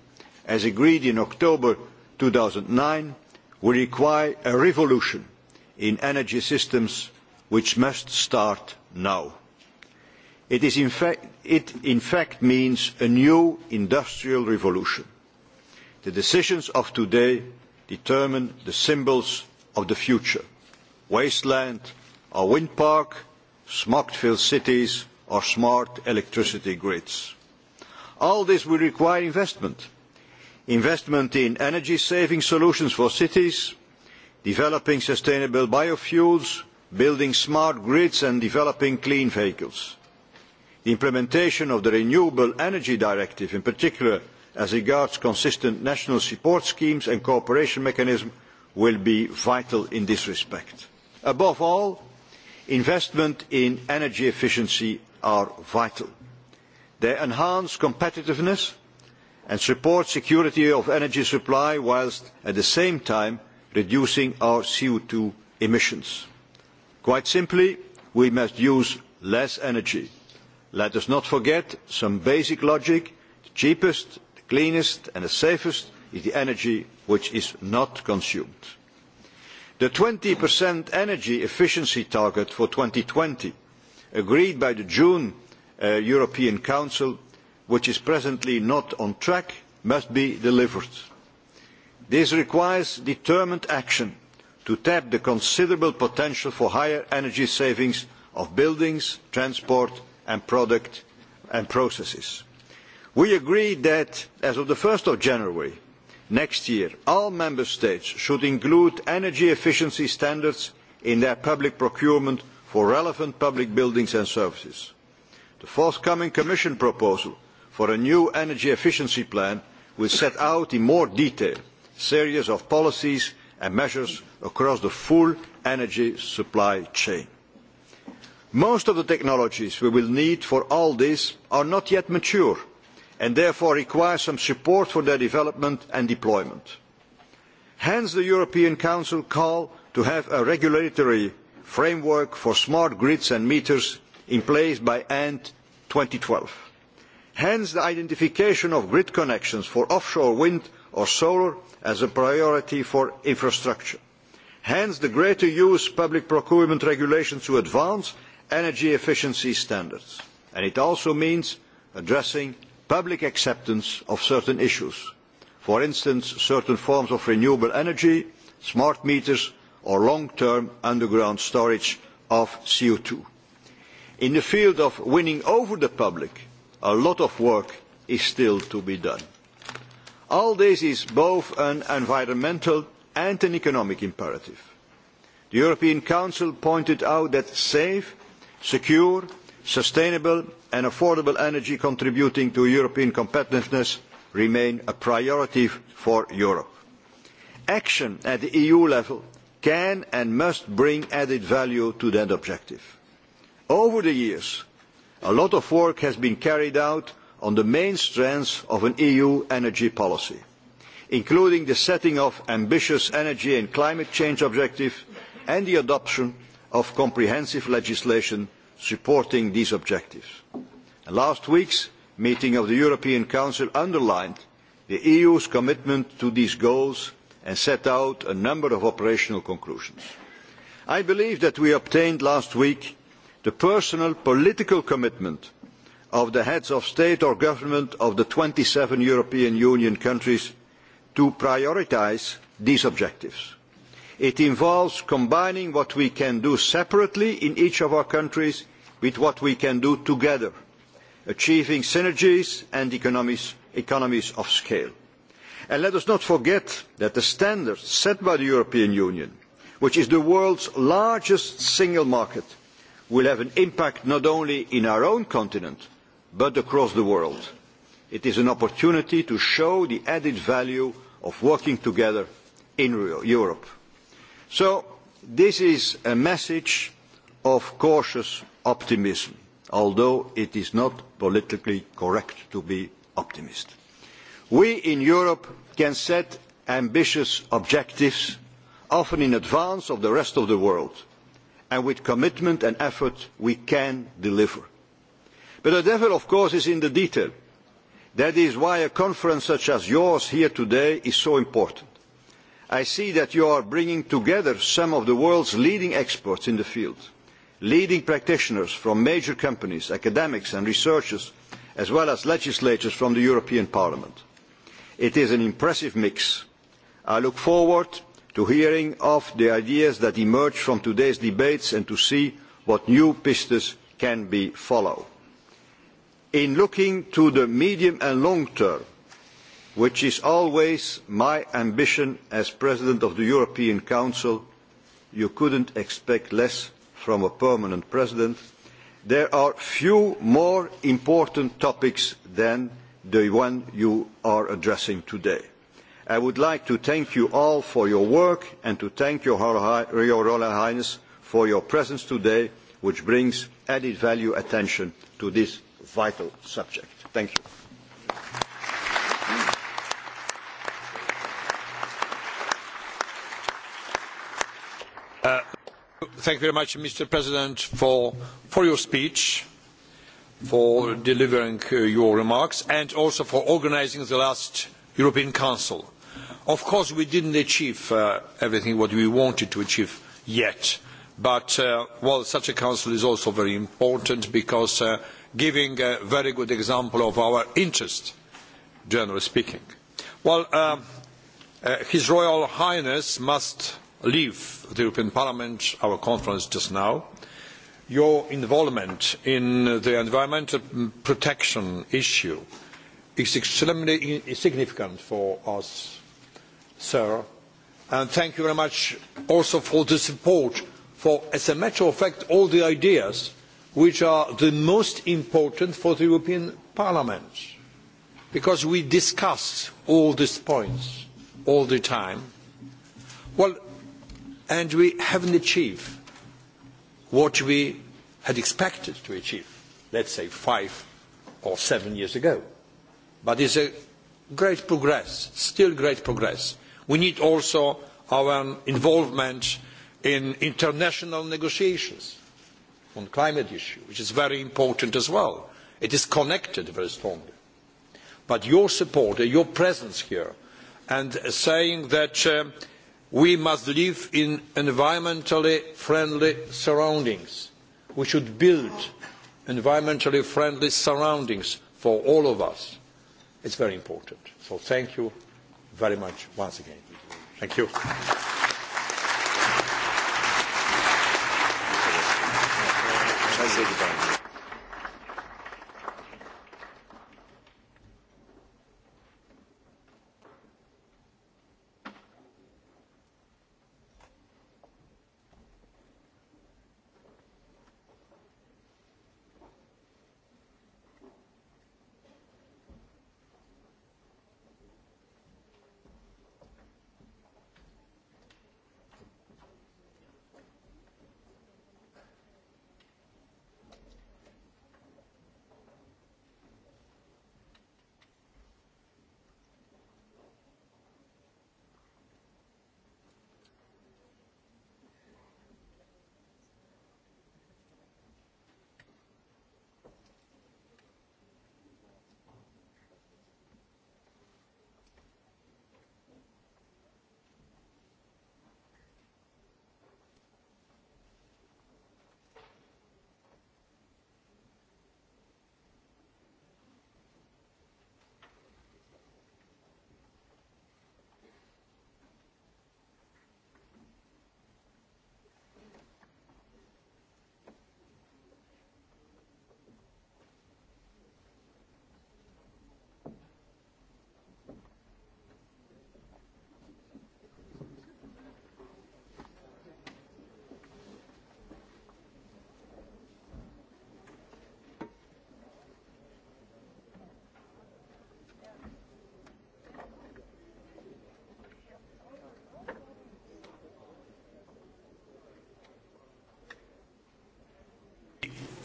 as agreed in October 2009 will require a revolution in energy systems which must start now. It, in fact, it in fact means a new industrial revolution. The decisions of today determine the symbols of the future. Wasteland or wind park, smog-filled cities or smart electricity grids. All this will require investment. Investment in energy-saving solutions for cities, developing sustainable biofuels, building smart grids and developing clean vehicles. The implementation of the Renewable Energy Directive, in particular as regards consistent national support schemes and cooperation mechanisms, will be vital in this respect. Above all, investment in energy efficiency are vital. They enhance competitiveness and support security of energy supply whilst at the same time reducing our co two emissions. Quite simply, we must use less energy Let us not forget some basic logic. The cheapest, the cleanest and the safest is the energy which is not consumed. The 20% energy efficiency target for twenty, agreed by the June uh, European Council, which is presently not on track, must be delivered. This requires determined action to tap the considerable potential for higher energy savings of buildings, transport and product and processes. We agree that as of the 1st of January next year, all member states should include energy efficiency standards in their public procurement for relevant public buildings and services. The forthcoming Commission proposal for a new energy efficiency plan will set out in more detail a series of policies and measures across the full energy supply chain. Most of the technologies we will need for all this are not yet mature and therefore require some support for their development and deployment. Hence the European Council call to have a regulatory framework for smart grids and meters in place by end twelve. Hence the identification of grid connections for offshore wind or solar as a priority for infrastructure. Hence the greater use public procurement regulations to advance energy efficiency standards, and it also means addressing public acceptance of certain issues, for instance, certain forms of renewable energy, smart meters, or long-term underground storage of co two. In the field of winning over the public, a lot of work is still to be done. All this is both an environmental and an economic imperative. The European Council pointed out that safe secure, sustainable and affordable energy contributing to European competitiveness remain a priority for Europe. Action at the EU level can and must bring added value to that objective. Over the years, a lot of work has been carried out on the main strands of an EU energy policy, including the setting of ambitious energy and climate change objectives and the adoption of comprehensive legislation supporting these objectives. Last week's meeting of the European Council underlined the EU's commitment to these goals and set out a number of operational conclusions. I believe that we obtained last week the personal political commitment of the heads of state or government of the twenty seven European Union countries to prioritise these objectives. It involves combining what we can do separately in each of our countries with what we can do together, achieving synergies and economies, economies of scale. And let us not forget that the standards set by the European Union, which is the world's largest single market, will have an impact not only in our own continent, but across the world. It is an opportunity to show the added value of working together in Europe. So this is a message of cautious optimism, although it is not politically correct to be optimist. We in Europe can set ambitious objectives, often in advance of the rest of the world, and with commitment and effort we can deliver. But the devil, of course, is in the detail. That is why a conference such as yours here today is so important. I see that you are bringing together some of the world's leading experts in the field, leading practitioners from major companies, academics and researchers, as well as legislators from the European Parliament. It is an impressive mix. I look forward to hearing of the ideas that emerge from today's debates and to see what new pistas can be followed. In looking to the medium and long term, which is always my ambition as President of the European Council, you could not expect less from a permanent President, there are few more important topics than the one you are addressing today. I would like to thank you all for your work and to thank your, your Royal Highness for your presence today, which brings added value attention to this vital subject. Thank you. thank you very much, Mr. President, for, for your speech, for delivering uh, your remarks, and also for organising the last European Council. Of course, we did not achieve uh, everything what we wanted to achieve yet, but uh, well, such a council is also very important because uh, giving a very good example of our interest, generally speaking. Well, um, uh, His Royal Highness must leave the European Parliament, our conference just now, your involvement in the environmental protection issue is extremely significant for us, sir. And thank you very much also for the support for, as a matter of fact, all the ideas which are the most important for the European Parliament. Because we discuss all these points all the time. Well, and we haven't achieved what we had expected to achieve, let's say five or seven years ago. But it's a great progress, still great progress. We need also our involvement in international negotiations on climate issue, which is very important as well. It is connected very strongly. But your support, your presence here, and saying that uh, We must live in environmentally friendly surroundings. We should build environmentally friendly surroundings for all of us. It's very important. So thank you very much once again. Thank you. Thank you.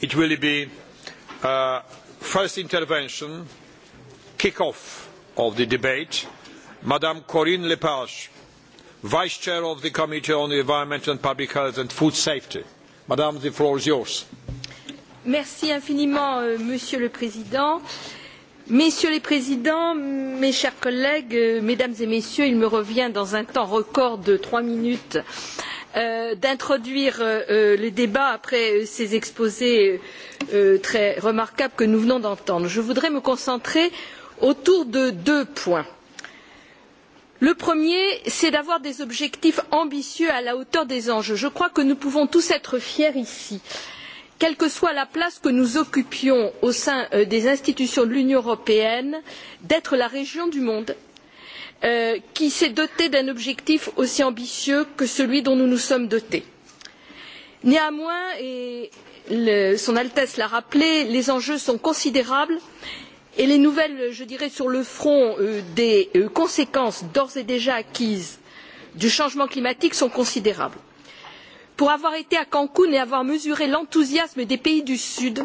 it will be uh, first intervention, kick-off of the debate, Madame Corinne Lepage, Vice Chair of the Committee on the Environment and Public Health and Food Safety. Madame, the floor is yours. Merci infiniment, euh, Monsieur le Président. Messieurs les Présidents, mes chers collègues, euh, Mesdames et Messieurs, il me revient dans un temps record de trois minutes euh, Euh, d'introduire euh, euh, le débat après ces exposés très remarquables que nous venons d'entendre. Je voudrais me concentrer autour de deux points. Le premier, c'est d'avoir des objectifs ambitieux à la hauteur des enjeux. Je crois que nous pouvons tous être fiers ici. Quelle que soit la place que nous occupions au sein des institutions de l'Union européenne, d'être la région du monde Euh, qui s'est doté d'un objectif aussi ambitieux que celui dont nous nous sommes dotés. Néanmoins, et le, son Altesse l'a rappelé, les enjeux sont considérables et les nouvelles, je dirais, sur le front euh, des euh, conséquences d'ores et déjà acquises du changement climatique sont considérables. Pour avoir été à Cancun et avoir mesuré l'enthousiasme des pays du Sud,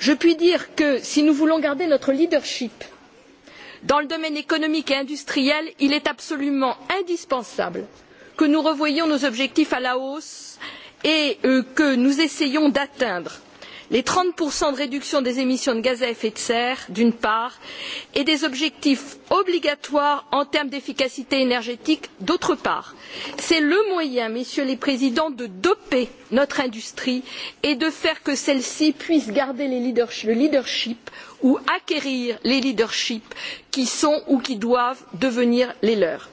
je puis dire que si nous voulons garder notre leadership Dans le domaine économique et industriel, il est absolument indispensable que nous revoyions nos objectifs à la hausse et euh, que nous essayions d'atteindre les trente de réduction des émissions de gaz à effet de serre, d'une part, et des objectifs obligatoires en termes d'efficacité énergétique, d'autre part. C'est le moyen, messieurs les présidents, de doper notre industrie et de faire que celle-ci puisse garder leadership, le leadership ou acquérir les leaderships qui sont ou qui doivent devenir les leurs.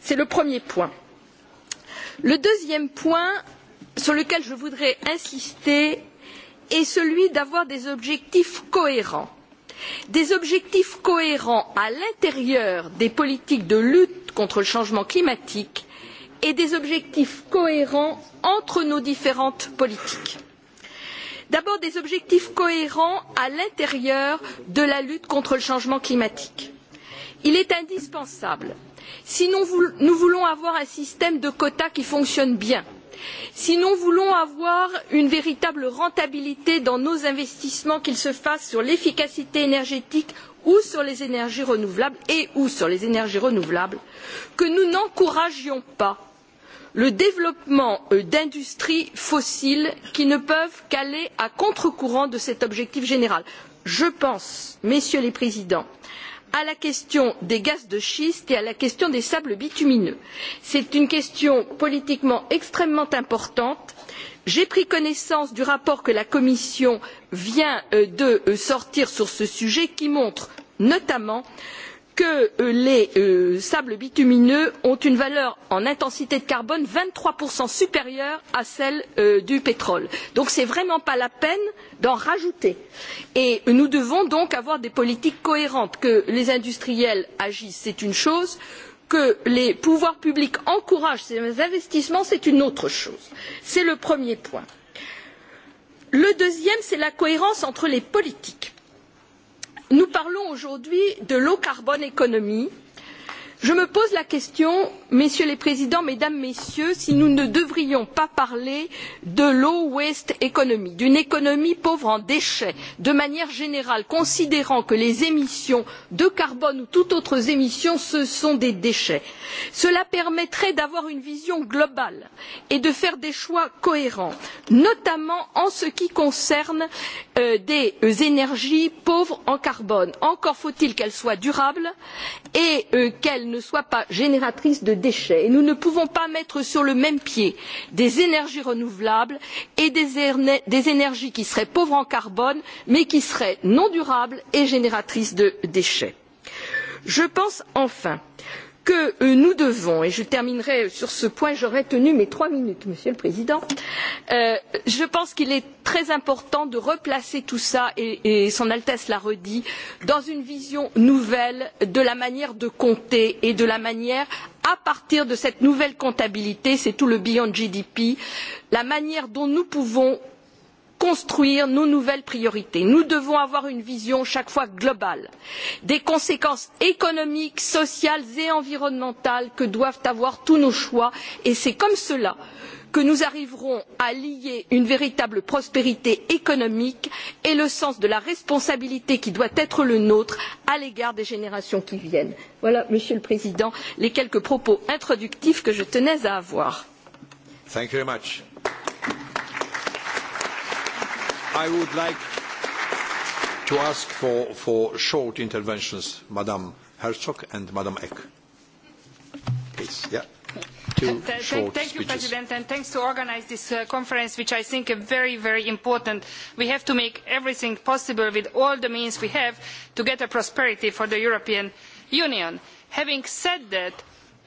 C'est le premier point. Le deuxième point sur lequel je voudrais insister est celui d'avoir des objectifs cohérents. Des objectifs cohérents à l'intérieur des politiques de lutte contre le changement climatique et des objectifs cohérents entre nos différentes politiques. D'abord des objectifs cohérents à l'intérieur de la lutte contre le changement climatique. Il est indispensable, si nous voulons avoir un système de quotas qui fonctionne bien, si nous voulons avoir une véritable rentabilité dans nos investissements, qu'ils se fassent sur l'efficacité énergétique ou sur les énergies renouvelables et ou sur les énergies renouvelables, que nous n'encouragions pas le développement euh, d'industries fossiles qui ne peuvent qu'aller à contre courant de cet objectif général. Je pense, messieurs les présidents, à la question des gaz de schiste et à la question des sables bitumineux. C'est une question politiquement extrêmement importante. J'ai pris connaissance du rapport que la Commission vient euh, de euh, sortir sur ce sujet qui montre notamment que euh, les euh, sables bitumineux ont une valeur en intensité de carbone vingt trois supérieure à celle euh, du pétrole. Donc ce n'est vraiment pas la peine d'en rajouter. Et nous devons donc avoir des politiques cohérentes. Que les industriels agissent, c'est une chose que les pouvoirs publics encouragent ces investissements, c'est une autre chose. C'est le premier point. Le deuxième, c'est la cohérence entre les politiques nous parlons aujourd'hui de low carbon economy Je me pose la question, messieurs les présidents, mesdames, messieurs, si nous ne devrions pas parler de low waste economy, d'une économie pauvre en déchets, de manière générale, considérant que les émissions de carbone ou toutes autres émissions, ce sont des déchets. Cela permettrait d'avoir une vision globale et de faire des choix cohérents, notamment en ce qui concerne euh, des énergies pauvres en carbone. Encore faut-il qu'elles soient durables et euh, qu'elles ne soit pas génératrice de déchets et nous ne pouvons pas mettre sur le même pied des énergies renouvelables et des, des énergies qui seraient pauvres en carbone mais qui seraient non durables et génératrices de déchets. Je pense enfin que euh, nous devons et je terminerai sur ce point j'aurai tenu mes trois minutes monsieur le président euh, je pense qu'il est très important de replacer tout cela et, et son altesse l'a redit dans une vision nouvelle de la manière de compter et de la manière à partir de cette nouvelle comptabilité c'est tout le beyond gdp la manière dont nous pouvons construire nos nouvelles priorités. Nous devons avoir une vision chaque fois globale des conséquences économiques, sociales et environnementales que doivent avoir tous nos choix et c'est comme cela que nous arriverons à lier une véritable prospérité économique et le sens de la responsabilité qui doit être le nôtre à l'égard des générations qui viennent. Voilà, Monsieur le Président, les quelques propos introductifs que je tenais à avoir. Thank you very much. I would like to ask for, for short interventions, Madam Herzog and Madam Eck. Please, yeah. Th th thank you, President, and thanks to organize this uh, conference, which I think is very, very important. We have to make everything possible with all the means we have to get a prosperity for the European Union. Having said that,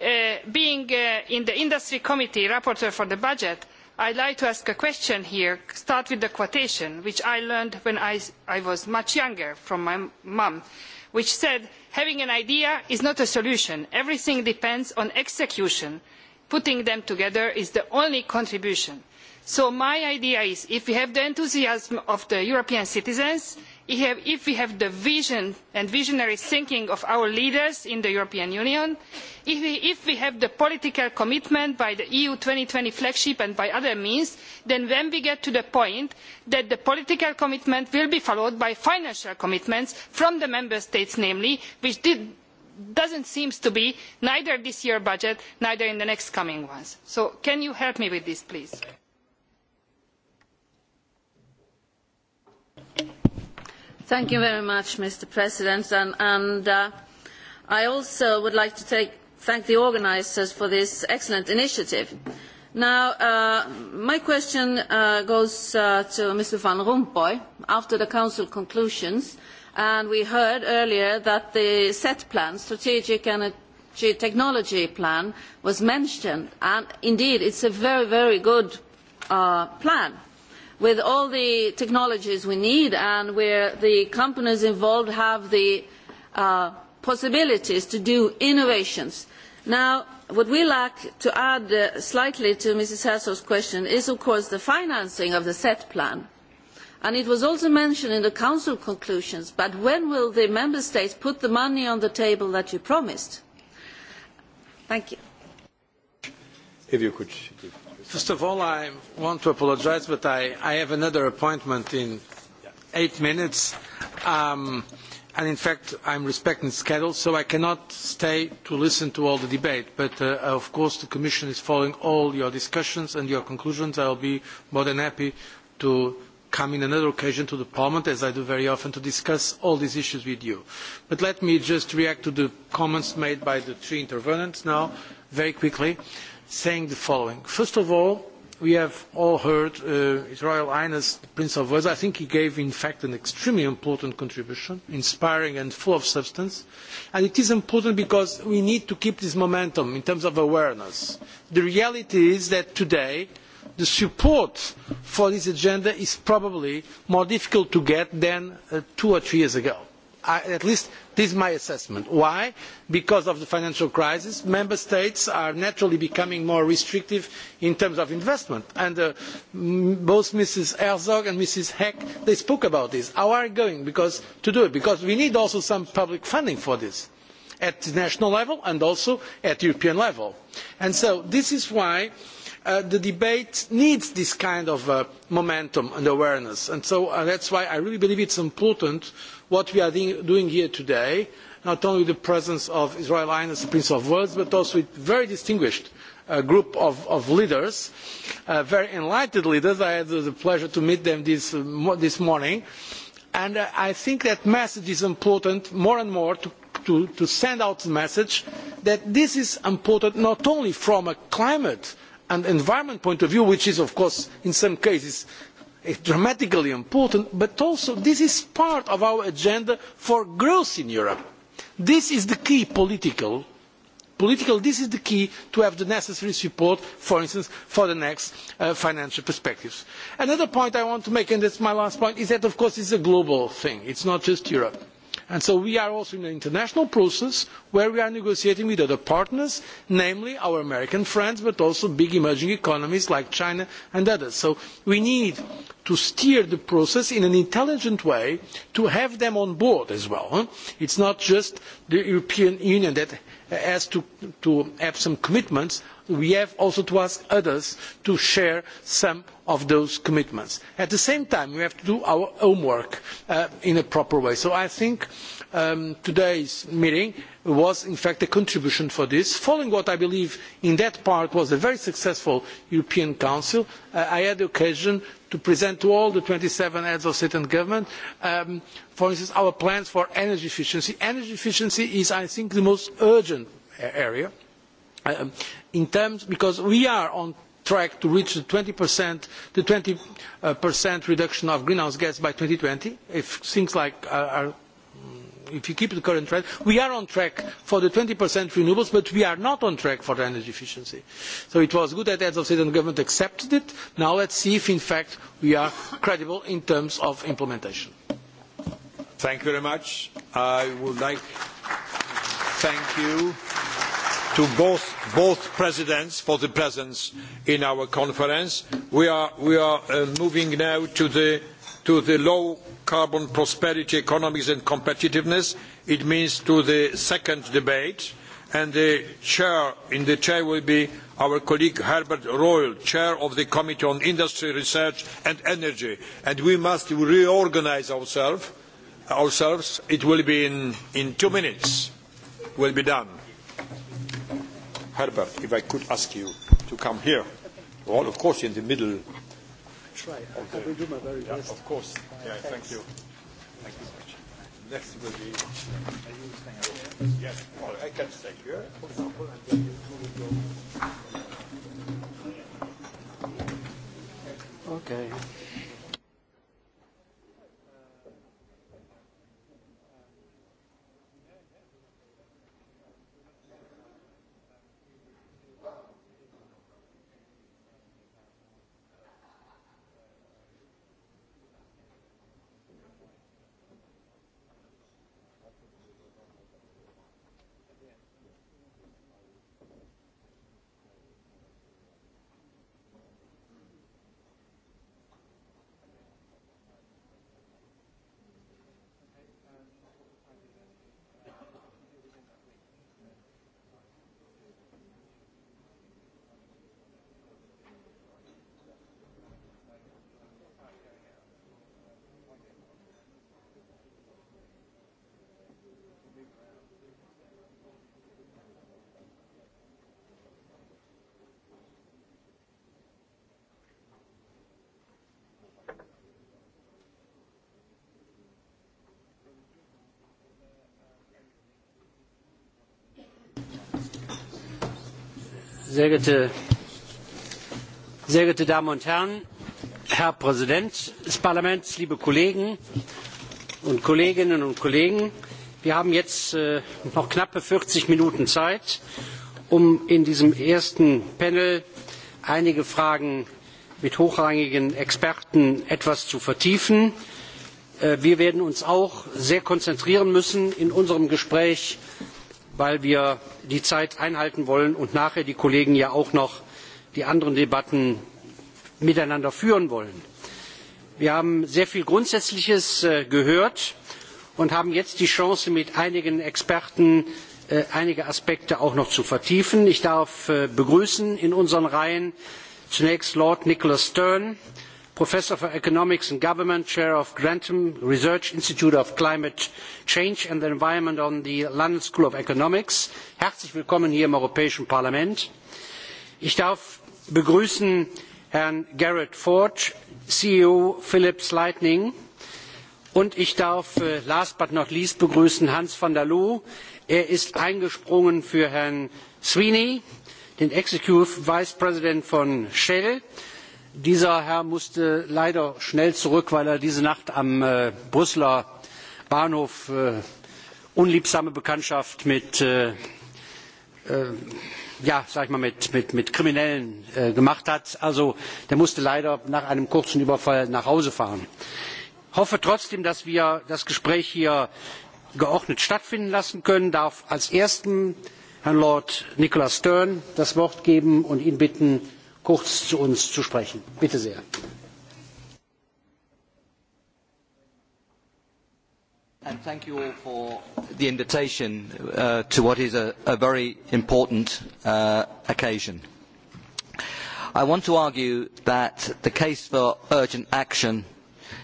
uh, being uh, in the Industry Committee rapporteur for the budget, I would like to ask a question here, start with the quotation, which I learned when I, I was much younger from my mum, which said, having an idea is not a solution. Everything depends on execution. Putting them together is the only contribution. So my idea is, if we have the enthusiasm of the European citizens, if we have the vision and visionary thinking of our leaders in the European Union, if we, if we have the political commitment by the EU twenty flagship and by other means, then when we get to the point that the political commitment will be followed by financial commitments from the member states namely, which did, doesn't seem to be neither this year's budget, nor in the next coming ones. So can you help me with this, please? Thank you very much, Mr. President, and, and uh, I also would like to take, thank the organisers for this excellent initiative. Now, uh, my question uh, goes uh, to Mr. Van Rompuy. After the Council conclusions, and we heard earlier that the SET plan, Strategic Energy Technology Plan, was mentioned, and indeed it is a very, very good uh, plan with all the technologies we need and where the companies involved have the uh, possibilities to do innovations. Now, what we lack to add uh, slightly to Mrs. Hassel's question is, of course, the financing of the set plan. And it was also mentioned in the Council conclusions, but when will the Member States put the money on the table that you promised? Thank you. If you could. If you could. First of all, I want to apologize, but I, I have another appointment in eight minutes. Um, and in fact, I'm respecting the schedule, so I cannot stay to listen to all the debate. But uh, uh, of course, the Commission is following all your discussions and your conclusions. I will be more than happy to come in another occasion to Parliament, as I do very often, to discuss all these issues with you. But let me just react to the comments made by the three intervenants now, very quickly. Uh, saying the following. First of all, we have all heard uh, His Royal Highness the Prince of Wales. I think he gave, in fact, an extremely important contribution, inspiring and full of substance. And it is important because we need to keep this momentum in terms of awareness. The reality is that today, the support for this agenda is probably more difficult to get than uh, two or three years ago. I, at least This is my assessment. Why? Because of the financial crisis, member states are naturally becoming more restrictive in terms of investment. And uh, both Mrs. Herzog and Mrs. Heck, they spoke about this. How are we going because, to do it? Because we need also some public funding for this at the national level and also at European level. And so this is why Uh, the debate needs this kind of uh, momentum and awareness. And so uh, that's why I really believe it is important what we are doing here today, not only the presence of Israel Highness Prince of Wales, but also with very distinguished uh, group of, of leaders, uh, very enlightened leaders. I had the pleasure to meet them this, uh, this morning. And uh, I think that message is important more and more to, to, to send out the message that this is important not only from a climate and environment point of view, which is of course in some cases It's dramatically important, but also this is part of our agenda for growth in Europe. This is the key political political, this is the key to have the necessary support, for instance, for the next uh, financial perspectives. Another point I want to make, and that's my last point, is that of course it's a global thing. It's not just Europe. And so we are also in an international process where we are negotiating with other partners, namely our American friends, but also big emerging economies like China and others. So we need to steer the process in an intelligent way to have them on board as well. It is not just the European Union that has to, to have some commitments we have also to ask others to share some of those commitments. At the same time, we have to do our homework uh, in a proper way. So I think um, today's meeting was in fact a contribution to this. Following what I believe in that part was a very successful European Council, uh, I had the occasion to present to all the twenty seven heads of state and government, um, for instance, our plans for energy efficiency. Energy efficiency is, I think, the most urgent area Um, in terms, because we are on track to reach the 20%, the 20% uh, reduction of greenhouse gas by 2020, if things like uh, are mm, if you keep the current trend, we are on track for the 20% renewables, but we are not on track for the energy efficiency. So it was good that heads of state and government accepted it. Now let's see if, in fact, we are credible in terms of implementation. Thank you very much. I would like... Thank you to both, both presidents for the presence in our conference. We are, we are uh, moving now to the, to the low carbon prosperity economies and competitiveness. It means to the second debate and the chair in the chair will be our colleague Herbert Royal, chair of the Committee on Industry, Research and Energy. And we must reorganise ourselves. ourselves. It will be in, in two minutes. Will be done. Herbert, if I could ask you to come here. Well, of course, in the middle. Try. Okay. I will do my very yeah, best. Of course. Yeah, Thanks. thank you. Thank you Next will be. Are you staying here? Yes. Well, I can stay here, for example, and then you will go. Okay. Sehr geehrte, sehr geehrte Damen und Herren, Herr Präsident des Parlaments, liebe Kollegen und Kolleginnen und Kollegen, wir haben jetzt äh, noch knappe vierzig Minuten Zeit, um in diesem ersten Panel einige Fragen mit hochrangigen Experten etwas zu vertiefen. Äh, wir werden uns auch sehr konzentrieren müssen in unserem Gespräch weil wir die Zeit einhalten wollen und nachher die Kollegen ja auch noch die anderen Debatten miteinander führen wollen. Wir haben sehr viel Grundsätzliches äh, gehört und haben jetzt die Chance, mit einigen Experten äh, einige Aspekte auch noch zu vertiefen. Ich darf äh, begrüßen in unseren Reihen zunächst Lord Nicholas Stern, Professor for Economics and Government, Chair of Grantham Research Institute of Climate Change and the Environment on the London School of Economics. Herzlich willkommen hier im Europäischen Parlament. Ich darf begrüßen Herrn Garrett Ford, CEO Philips Lightning. Und ich darf äh, last but not least begrüßen Hans van der Loo. Er ist eingesprungen für Herrn Sweeney, den Executive Vice President von Shell. Dieser Herr musste leider schnell zurück, weil er diese Nacht am äh, Brüsseler Bahnhof äh, unliebsame Bekanntschaft mit, äh, äh ja, sag ich mal, mit, mit, mit Kriminellen äh, gemacht hat. Also der musste leider nach einem kurzen Überfall nach Hause fahren. Ich hoffe trotzdem, dass wir das Gespräch hier geordnet stattfinden lassen können. Darf als ersten Herrn Lord Nicholas Stern das Wort geben und ihn bitten, kurz zu uns zu sprechen. Bitte sehr. And thank you all for the invitation uh, to what is a, a very important uh, occasion. I want to argue that the case for urgent action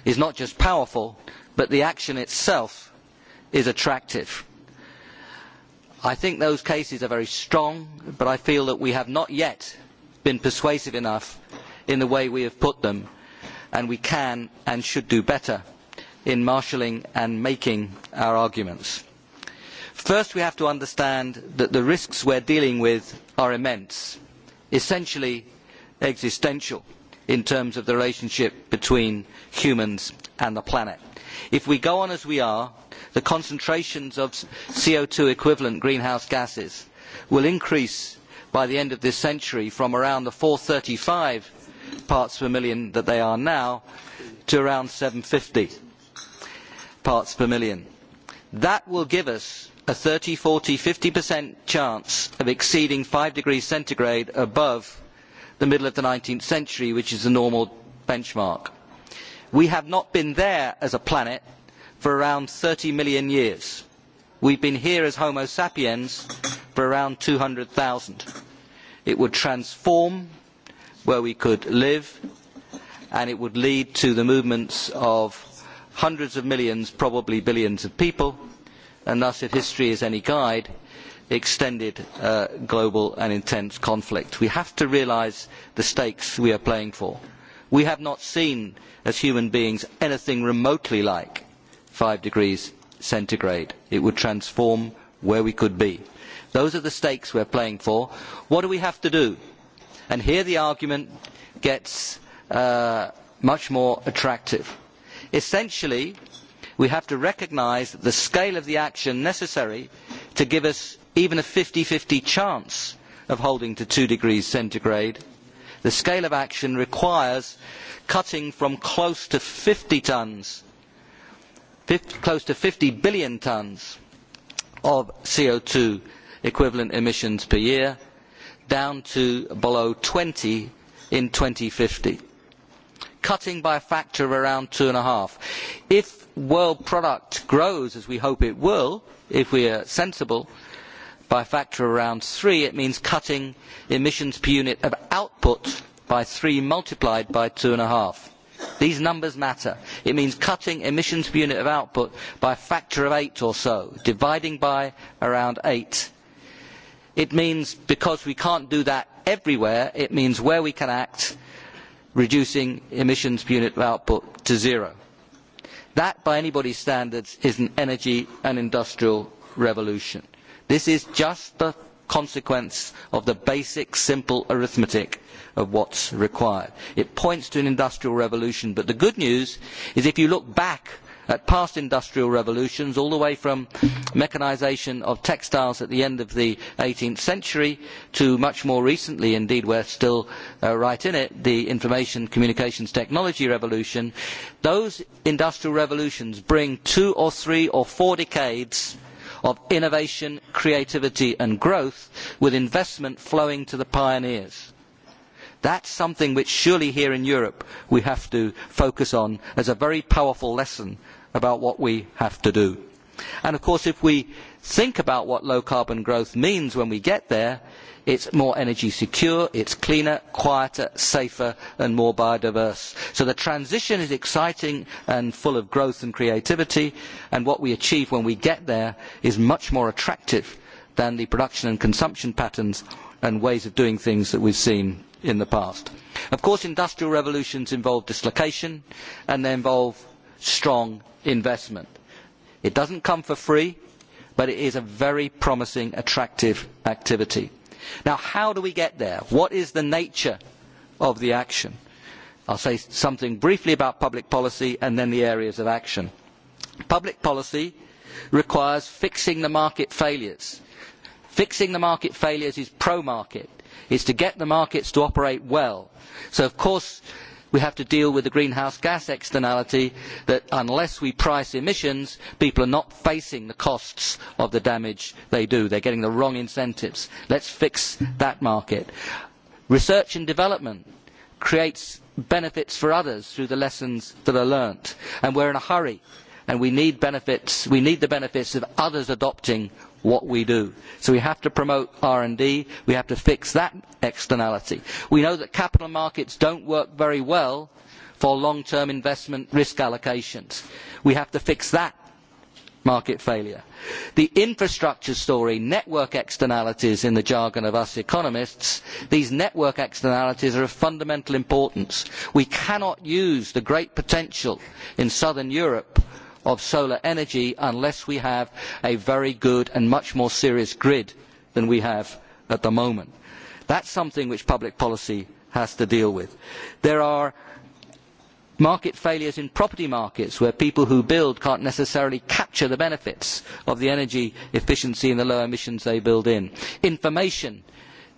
is not just powerful, but the action itself is attractive. I think those cases are very strong, but I feel that we have not yet been persuasive enough in the way we have put them, and we can and should do better in marshalling and making our arguments. First, we have to understand that the risks we are dealing with are immense, essentially existential in terms of the relationship between humans and the planet. If we go on as we are, the concentrations of co two equivalent greenhouse gases will increase by the end of this century from around the four hundred and thirty five parts per million that they are now to around seven hundred and fifty parts per million. That will give us a thirty, forty, 50% chance of exceeding five degrees centigrade above the middle of the nineteenth century, which is the normal benchmark. We have not been there as a planet for around thirty million years. We have been here as Homo sapiens for around two hundred 200,000. It would transform where we could live and it would lead to the movements of hundreds of millions, probably billions of people, and thus, if history is any guide, extended uh, global and intense conflict. We have to realise the stakes we are playing for. We have not seen, as human beings, anything remotely like five degrees centigrade. It would transform where we could be. Those are the stakes we are playing for. What do we have to do? And here the argument gets uh, much more attractive. Essentially, we have to recognise the scale of the action necessary to give us even a fifty fifty chance of holding to two degrees centigrade. The scale of action requires cutting from close to fifty tonnes, 50, close to fifty billion tonnes of co two equivalent emissions per year down to below twenty in fifty, cutting by a factor of around two and a half. If world product grows, as we hope it will, if we are sensible, by a factor of around three, it means cutting emissions per unit of output by three multiplied by two and a half. These numbers matter. It means cutting emissions per unit of output by a factor of eight or so, dividing by around eight. It means because we cannot do that everywhere, it means where we can act, reducing emissions per unit of output to zero. That, by anybody's standards, is an energy and industrial revolution. This is just the consequence of the basic, simple arithmetic of what is required. It points to an industrial revolution, but the good news is if you look back at uh, past industrial revolutions, all the way from mechanisation of textiles at the end of the eighteenth century to much more recently, indeed we are still uh, right in it, the information communications technology revolution, those industrial revolutions bring two or three or four decades of innovation, creativity and growth with investment flowing to the pioneers That is something which surely here in Europe we have to focus on as a very powerful lesson about what we have to do. And of course, if we think about what low carbon growth means when we get there, it is more energy secure, it is cleaner, quieter, safer, and more biodiverse. So the transition is exciting and full of growth and creativity, and what we achieve when we get there is much more attractive than the production and consumption patterns and ways of doing things that we have seen in the past. Of course, industrial revolutions involve dislocation and they involve strong investment. It does not come for free, but it is a very promising, attractive activity. Now, how do we get there? What is the nature of the action? I will say something briefly about public policy and then the areas of action. Public policy requires fixing the market failures. Fixing the market failures is pro-market. It is to get the markets to operate well. So of course we have to deal with the greenhouse gas externality that unless we price emissions, people are not facing the costs of the damage they do. They are getting the wrong incentives. Let us fix that market. Research and development creates benefits for others through the lessons that are learnt. And we are in a hurry and we need benefits we need the benefits of others adopting what we do. So we have to promote R&D, we have to fix that externality. We know that capital markets do not work very well for long-term investment risk allocations. We have to fix that market failure. The infrastructure story, network externalities in the jargon of us economists, these network externalities are of fundamental importance. We cannot use the great potential in southern Europe of solar energy unless we have a very good and much more serious grid than we have at the moment. That is something which public policy has to deal with. There are market failures in property markets where people who build cannot necessarily capture the benefits of the energy efficiency and the low emissions they build in. Information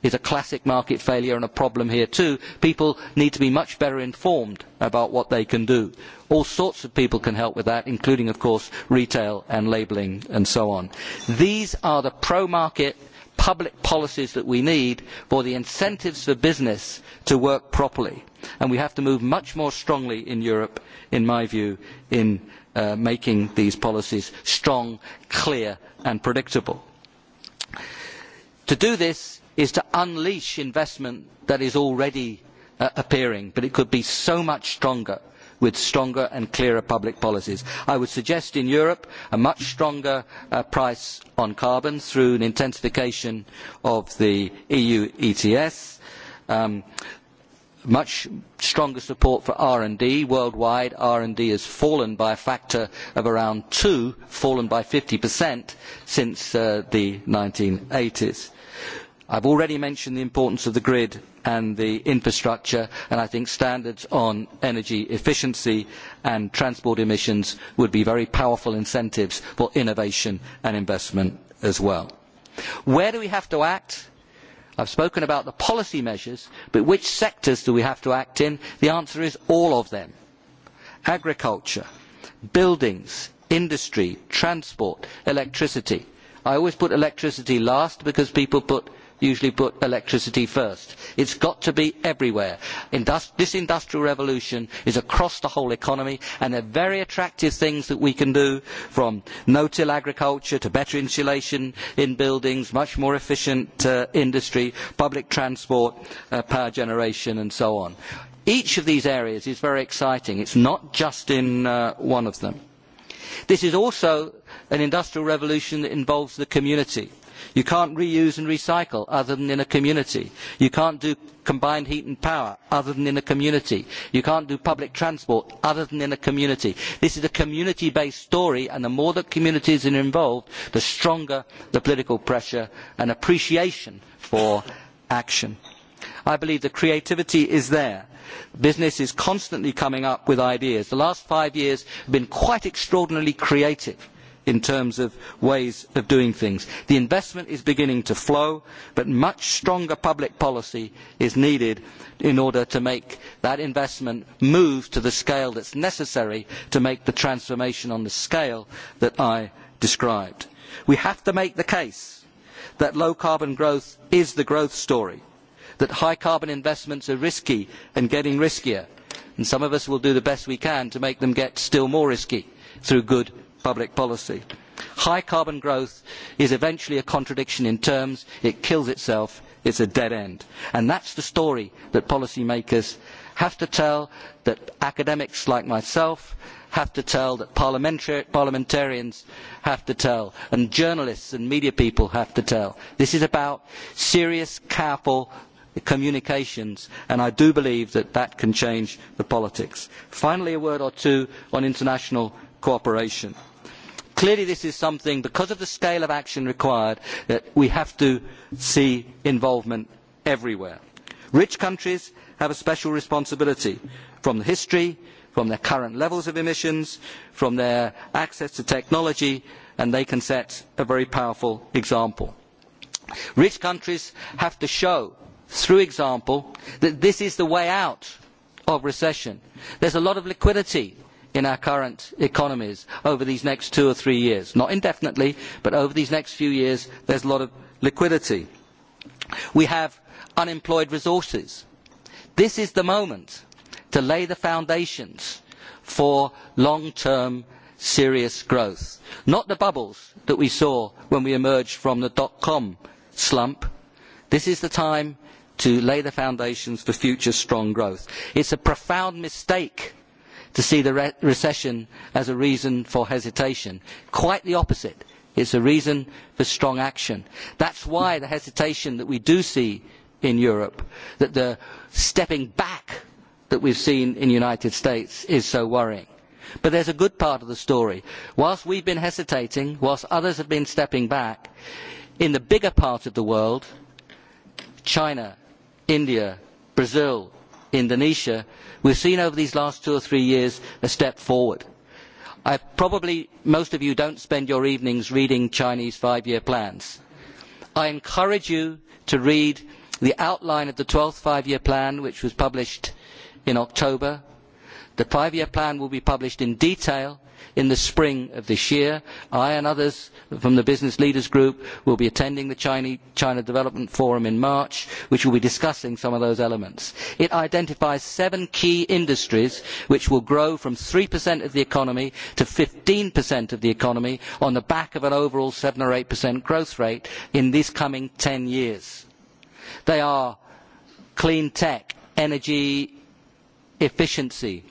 is a classic market failure and a problem here too. People need to be much better informed about what they can do. All sorts of people can help with that, including, of course, retail and labelling and so on. These are the pro-market public policies that we need for the incentives for business to work properly. And we have to move much more strongly in Europe, in my view, in uh, making these policies strong, clear and predictable. To do this, is to unleash investment that is already uh, appearing, but it could be so much stronger with stronger and clearer public policies. I would suggest in Europe a much stronger uh, price on carbon through an intensification of the EU ETS, um, much stronger support for R&D. Worldwide, R&D has fallen by a factor of around two, fallen by 50% since uh, the 1980s. I have already mentioned the importance of the grid and the infrastructure, and I think standards on energy efficiency and transport emissions would be very powerful incentives for innovation and investment as well. Where do we have to act? I have spoken about the policy measures, but which sectors do we have to act in? The answer is all of them. Agriculture, buildings, industry, transport, electricity. I always put electricity last because people put usually put electricity first. It has got to be everywhere. Indust this industrial revolution is across the whole economy and there are very attractive things that we can do from no-till agriculture to better insulation in buildings, much more efficient uh, industry, public transport, uh, power generation and so on. Each of these areas is very exciting. It is not just in uh, one of them. This is also an industrial revolution that involves the community. You can't reuse and recycle other than in a community. You can't do combined heat and power other than in a community. You can't do public transport other than in a community. This is a community based story and the more that communities are involved, the stronger the political pressure and appreciation for action. I believe that creativity is there. Business is constantly coming up with ideas. The last five years have been quite extraordinarily creative in terms of ways of doing things. The investment is beginning to flow, but much stronger public policy is needed in order to make that investment move to the scale that is necessary to make the transformation on the scale that I described. We have to make the case that low carbon growth is the growth story, that high carbon investments are risky and getting riskier, and some of us will do the best we can to make them get still more risky through good public policy. High carbon growth is eventually a contradiction in terms. It kills itself. it is a dead end. And that is the story that policymakers have to tell, that academics like myself have to tell, that parliamentarians have to tell, and journalists and media people have to tell. This is about serious, careful communications, and I do believe that that can change the politics. Finally, a word or two on international cooperation clearly this is something, because of the scale of action required, that we have to see involvement everywhere. Rich countries have a special responsibility from the history, from their current levels of emissions, from their access to technology, and they can set a very powerful example. Rich countries have to show, through example, that this is the way out of recession. There is a lot of liquidity in our current economies over these next two or three years. Not indefinitely, but over these next few years, there is a lot of liquidity. We have unemployed resources. This is the moment to lay the foundations for long-term serious growth. Not the bubbles that we saw when we emerged from the dot-com slump. This is the time to lay the foundations for future strong growth. It is a profound mistake to see the re recession as a reason for hesitation. Quite the opposite. It is a reason for strong action. That is why the hesitation that we do see in Europe, that the stepping back that we have seen in the United States is so worrying. But there is a good part of the story. Whilst we have been hesitating, whilst others have been stepping back, in the bigger part of the world, China, India, Brazil, Indonesia, we have seen over these last two or three years a step forward. I, probably most of you do not spend your evenings reading Chinese five-year plans. I encourage you to read the outline of the twelfth five-year plan, which was published in October. The five-year plan will be published in detail in the spring of this year. I and others from the Business Leaders Group will be attending the China, Development Forum in March, which will be discussing some of those elements. It identifies seven key industries which will grow from 3% of the economy to 15% of the economy on the back of an overall 7 or 8% growth rate in these coming 10 years. They are clean tech, energy efficiency,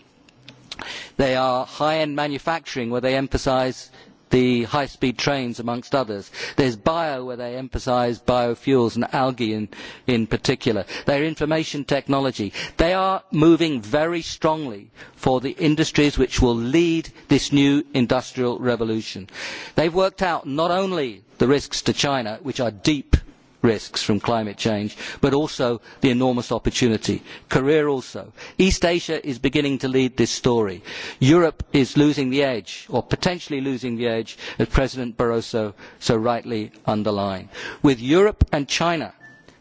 They are high-end manufacturing where they emphasise the high-speed trains, amongst others. There is bio, where they emphasise biofuels and algae in, in particular. There is information technology. They are moving very strongly for the industries which will lead this new industrial revolution. They have worked out not only the risks to China, which are deep risks from climate change, but also the enormous opportunity. Korea also. East Asia is beginning to lead this story. Europe is losing the edge, or potentially losing the edge, as President Barroso so rightly underlined. With Europe and China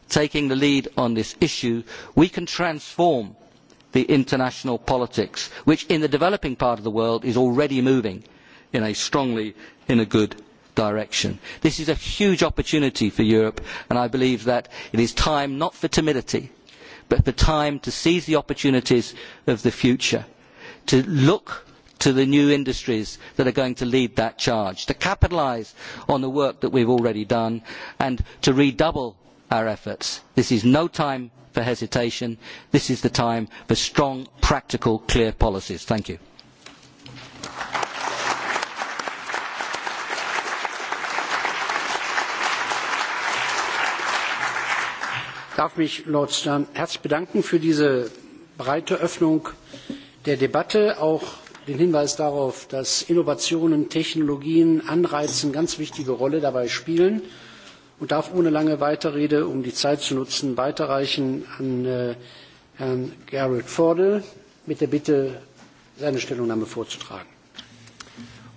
taking the lead on this issue, we can transform the international politics, which in the developing part of the world is already moving in a strongly in a good direction. This is a huge opportunity for Europe, and I believe that it is time not for timidity, but for time to seize the opportunities of the future, to look to the new industries that are going to lead that charge, to capitalise on the work that we have already done, and to redouble our efforts. This is no time for hesitation. This is the time for strong, practical, clear policies. Thank you. darf mich, Lord Stern, herzlich bedanken für diese breite Öffnung der Debatte, auch den Hinweis darauf, dass Innovationen, Technologien, Anreize eine ganz wichtige Rolle dabei spielen und darf ohne lange Weiterrede, um die Zeit zu nutzen, weiterreichen an äh, Herrn Garrett Fordel mit der Bitte, seine Stellungnahme vorzutragen.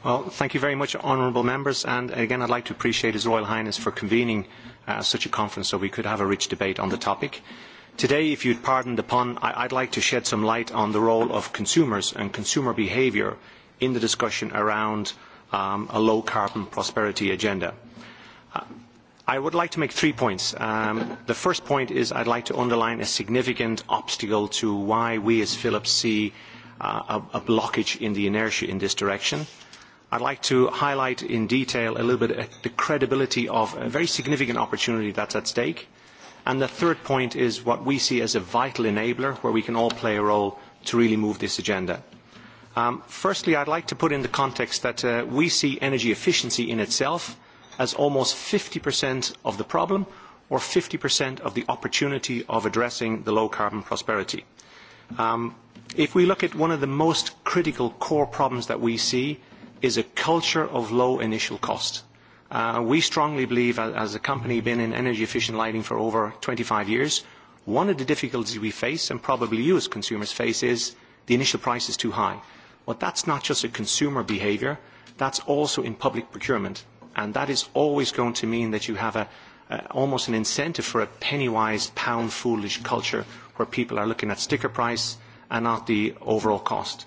Well, thank you very much, honourable members. And again, I'd like to appreciate His Royal Highness for convening uh, such a conference so we could have a rich debate on the topic. Today, if you'd pardon the pun, I would like to shed some light on the role of consumers and consumer behaviour in the discussion around um, a low-carbon prosperity agenda. Uh, I would like to make three points. Um, the first point is I would like to underline a significant obstacle to why we as Philips see uh, a, a blockage in the inertia in this direction. I'd like to highlight in detail a little bit the credibility of a very significant opportunity that's at stake. And the third point is what we see as a vital enabler where we can all play a role to really move this agenda. Um, firstly, I'd like to put in the context that uh, we see energy efficiency in itself as almost 50% of the problem or 50% of the opportunity of addressing the low carbon prosperity. Um, if we look at one of the most critical core problems that we see, is a culture of low initial cost. Uh, we strongly believe, as a company been in energy efficient lighting for over 25 years, one of the difficulties we face, and probably you as consumers face, is the initial price is too high. But that's not just a consumer behaviour, that's also in public procurement. And that is always going to mean that you have a, almost an incentive for a penny-wise, pound-foolish culture where people are looking at sticker price and not the overall cost.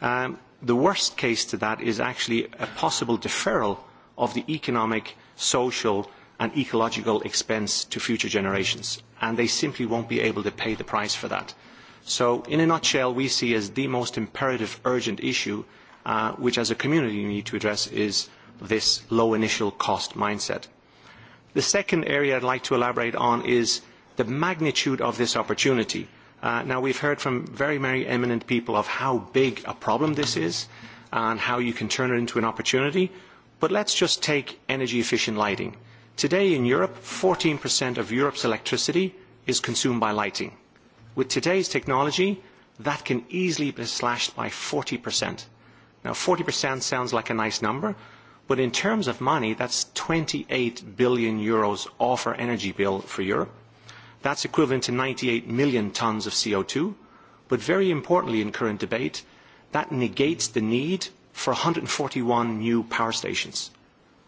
Um, the worst case to that is actually a possible deferral of the economic, social and ecological expense to future generations, and they simply won't be able to pay the price for that. So in a nutshell, we see as the most imperative urgent issue, uh, which as a community we need to address, is this low initial cost mindset. The second area I'd like to elaborate on is the magnitude of this opportunity – Uh, now, we've heard from very, very eminent people of how big a problem this is and how you can turn it into an opportunity. But let's just take energy efficient lighting. Today in Europe, 14% of Europe's electricity is consumed by lighting. With today's technology, that can easily be slashed by 40%. Now, 40% sounds like a nice number, but in terms of money, that's 28 billion euros off our energy bill for Europe. That's equivalent to 98 million tons of CO2. But very importantly in current debate, that negates the need for 141 new power stations.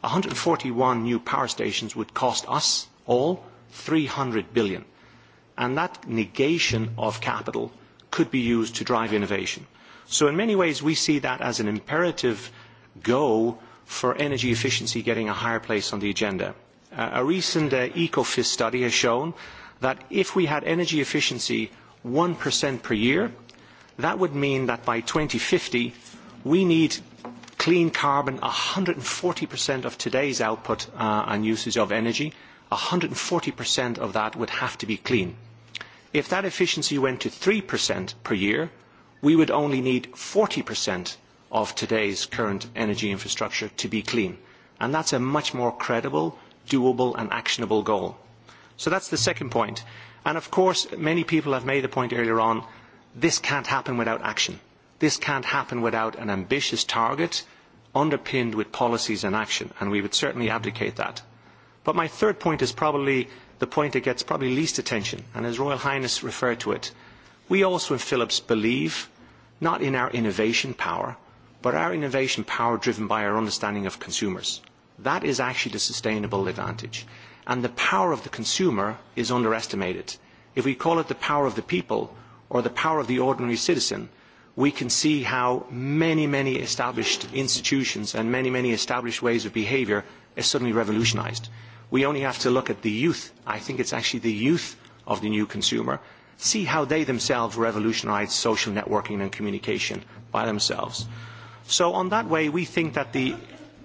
141 new power stations would cost us all 300 billion. And that negation of capital could be used to drive innovation. So in many ways, we see that as an imperative go for energy efficiency getting a higher place on the agenda. Uh, a recent uh, EcoFis study has shown that if we had energy efficiency 1% per year, that would mean that by 2050 we need clean carbon 140% of today's output uh, and usage of energy. 140% of that would have to be clean. If that efficiency went to 3% per year, we would only need 40% of today's current energy infrastructure to be clean. And that's a much more credible, doable and actionable goal. So that is the second point. And of course, many people have made the point earlier on, this can't happen without action. This can't happen without an ambitious target underpinned with policies and action, and we would certainly abdicate that. But my third point is probably the point that gets probably least attention, and His Royal Highness referred to it. We also in Philips believe not in our innovation power, but our innovation power driven by our understanding of consumers. That is actually the sustainable advantage and the power of the consumer is underestimated. If we call it the power of the people or the power of the ordinary citizen, we can see how many, many established institutions and many, many established ways of behaviour is suddenly revolutionised. We only have to look at the youth. I think it's actually the youth of the new consumer. See how they themselves revolutionise social networking and communication by themselves. So on that way, we think that the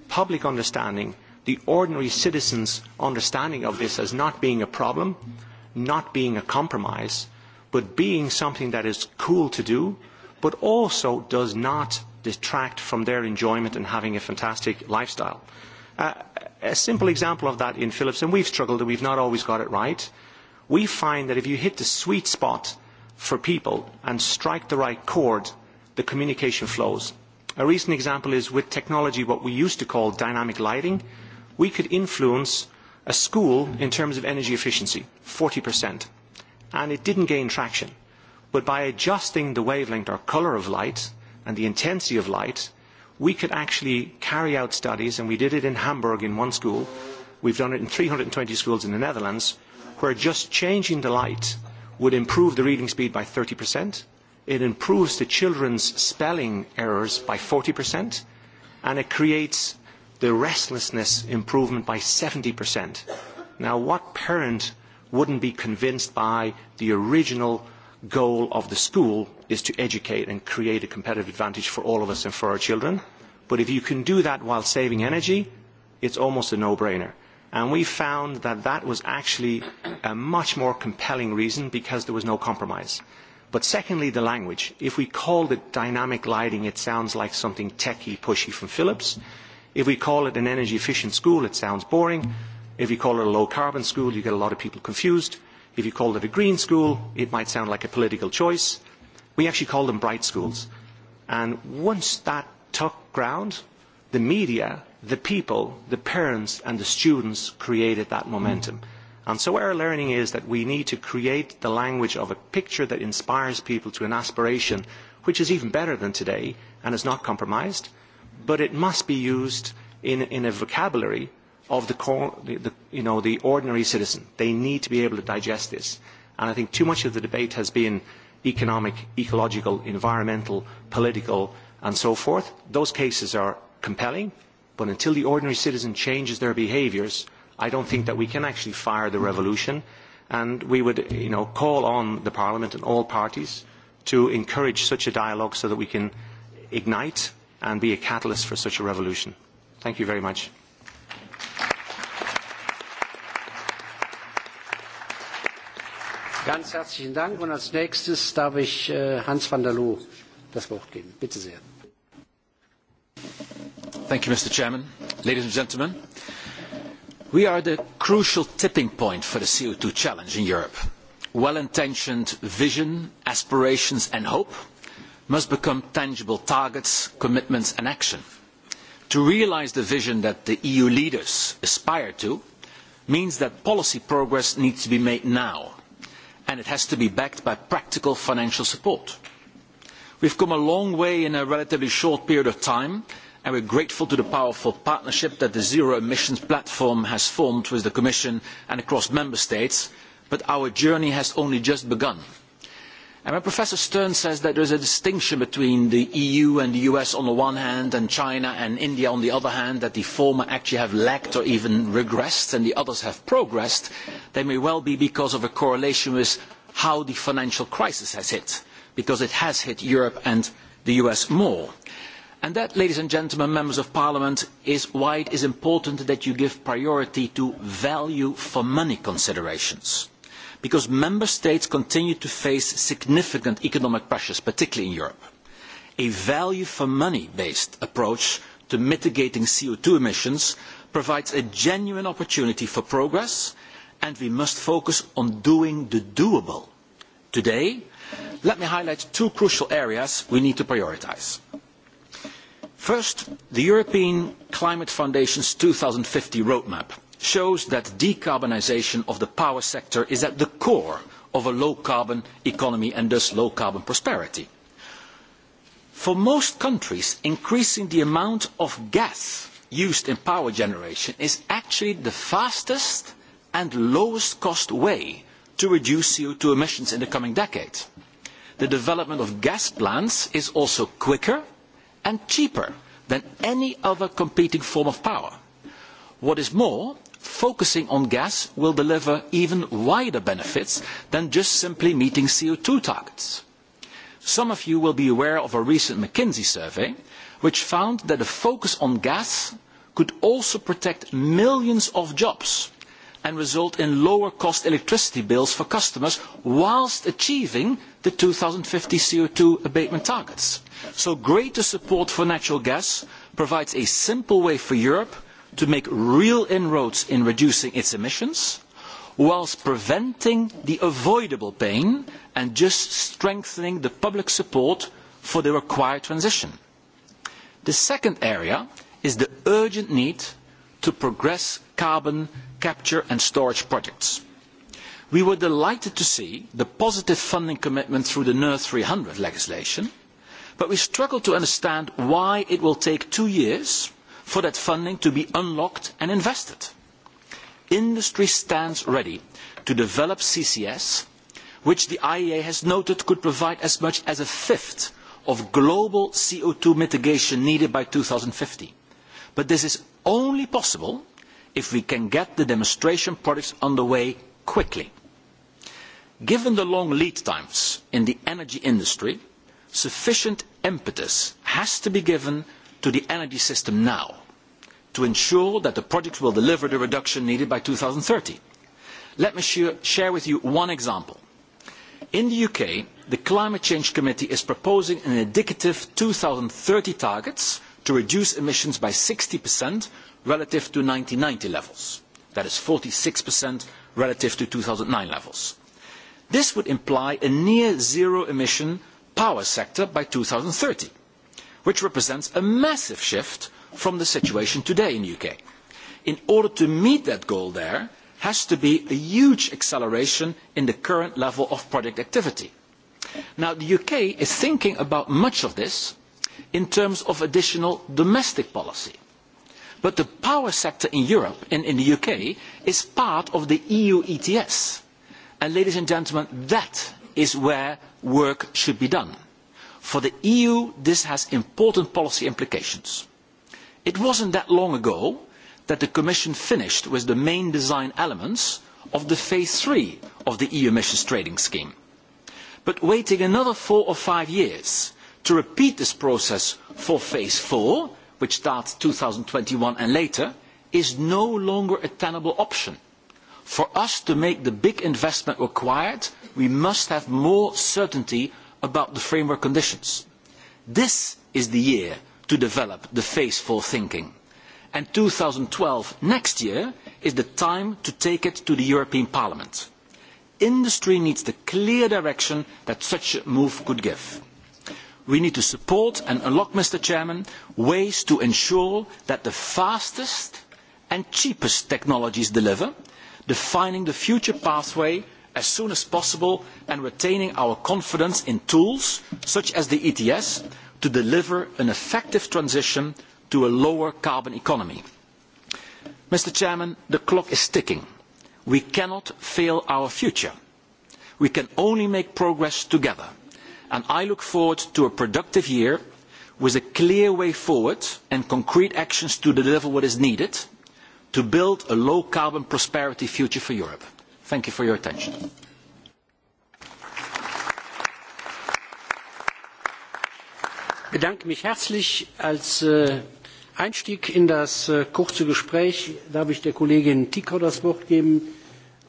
public understanding – the ordinary citizen's understanding of this as not being a problem, not being a compromise, but being something that is cool to do, but also does not detract from their enjoyment and having a fantastic lifestyle. Uh, a simple example of that in Philips, and we've struggled and we've not always got it right, we find that if you hit the sweet spot for people and strike the right chord, the communication flows. A recent example is with technology, what we used to call dynamic lighting. Mm-hmm we could influence a school in terms of energy efficiency, 40%. And it didn't gain traction. But by adjusting the wavelength or colour of light and the intensity of light, we could actually carry out studies, and we did it in Hamburg in one school. We've done it in 320 schools in the Netherlands, where just changing the light would improve the reading speed by 30%. It improves the children's spelling errors by 40%, and it creates the restlessness improvement by 70%. Now, what parent wouldn't be convinced by the original goal of the school is to educate and create a competitive advantage for all of us and for our children? But if you can do that while saving energy, it's almost a no-brainer. And we found that that was actually a much more compelling reason because there was no compromise. But secondly, the language. If we called it dynamic lighting, it sounds like something techie, pushy from Philips. Mm-hmm If we call it an energy efficient school, it sounds boring. If you call it a low carbon school, you get a lot of people confused. If you call it a green school, it might sound like a political choice. We actually call them bright schools. And once that took ground, the media, the people, the parents and the students created that momentum. And so our learning is that we need to create the language of a picture that inspires people to an aspiration which is even better than today and is not compromised – but it must be used in, in a vocabulary of the, core, the, the, you know, the ordinary citizen. They need to be able to digest this. And I think too much of the debate has been economic, ecological, environmental, political, and so forth. Those cases are compelling, but until the ordinary citizen changes their behaviours, I don't think that we can actually fire the revolution. And we would you know, call on the Parliament and all parties to encourage such a dialogue so that we can ignite and be a catalyst for such a revolution. Thank you very much. Ganz herzlichen Dank. Und als nächstes darf ich äh, Hans van der Loo das Wort geben. Bitte sehr. Thank you, Mr. Chairman. Ladies and gentlemen, we are the crucial tipping point for the CO2 challenge in Europe. Well-intentioned vision, aspirations and hope – must become tangible targets, commitments and action. To realise the vision that the EU leaders aspire to means that policy progress needs to be made now and it has to be backed by practical financial support. We have come a long way in a relatively short period of time and we are grateful to the powerful partnership that the zero emissions platform has formed with the Commission and across Member States, but our journey has only just begun. And when Professor Stern says that there is a distinction between the EU and the US on the one hand and China and India on the other hand, that the former actually have lacked or even regressed and the others have progressed, they may well be because of a correlation with how the financial crisis has hit, because it has hit Europe and the US more. And that, ladies and gentlemen, members of parliament, is why it is important that you give priority to value for money considerations because member states continue to face significant economic pressures, particularly in Europe. A value for money based approach to mitigating co two emissions provides a genuine opportunity for progress and we must focus on doing the doable. Today, let me highlight two crucial areas we need to prioritise. First, the European Climate Foundation's fifty roadmap shows that decarbonisation of the power sector is at the core of a low carbon economy and thus low carbon prosperity. For most countries, increasing the amount of gas used in power generation is actually the fastest and lowest cost way to reduce co two emissions in the coming decade. The development of gas plants is also quicker and cheaper than any other competing form of power. What is more, focusing on gas will deliver even wider benefits than just simply meeting co two targets. Some of you will be aware of a recent McKinsey survey which found that a focus on gas could also protect millions of jobs and result in lower cost electricity bills for customers whilst achieving the fifty co two abatement targets. So greater support for natural gas provides a simple way for Europe to make real inroads in reducing its emissions whilst preventing the avoidable pain and just strengthening the public support for the required transition. The second area is the urgent need to progress carbon capture and storage projects. We were delighted to see the positive funding commitment through the NER three hundred legislation, but we struggle to understand why it will take two years for that funding to be unlocked and invested. Industry stands ready to develop CCS, which the IEA has noted could provide as much as a fifth of global co two mitigation needed by fifty. But this is only possible if we can get the demonstration products underway quickly. Given the long lead times in the energy industry, sufficient impetus has to be given to the energy system now to ensure that the project will deliver the reduction needed by thirty. Let me share with you one example. In the UK, the Climate Change Committee is proposing an indicative thirty targets to reduce emissions by 60% relative to ninety levels. That is forty 46% relative to two 2009 levels. This would imply a near zero emission power sector by thirty which represents a massive shift from the situation today in the UK. In order to meet that goal there has to be a huge acceleration in the current level of project activity. Now the UK is thinking about much of this in terms of additional domestic policy. But the power sector in Europe and in the UK is part of the EU ETS. And ladies and gentlemen, that is where work should be done. For the EU, this has important policy implications. It was not that long ago that the Commission finished with the main design elements of the Phase three of the EU emissions trading scheme. But waiting another four or five years to repeat this process for Phase four, which starts twenty one and later, is no longer a tenable option. For us to make the big investment required, we must have more certainty about the framework conditions. This is the year to develop the phase four thinking. And twelve next year, is the time to take it to the European Parliament. Industry needs the clear direction that such a move could give. We need to support and unlock, Mr. Chairman, ways to ensure that the fastest and cheapest technologies deliver, defining the future pathway as soon as possible and retaining our confidence in tools such as the ETS to deliver an effective transition to a lower carbon economy. Mr. Chairman, the clock is ticking. We cannot fail our future. We can only make progress together. And I look forward to a productive year with a clear way forward and concrete actions to deliver what is needed to build a low carbon prosperity future for Europe. Thank you for your attention. Ich bedanke mich herzlich. Als äh, Einstieg in das äh, kurze Gespräch darf ich der Kollegin Tikau das Wort geben,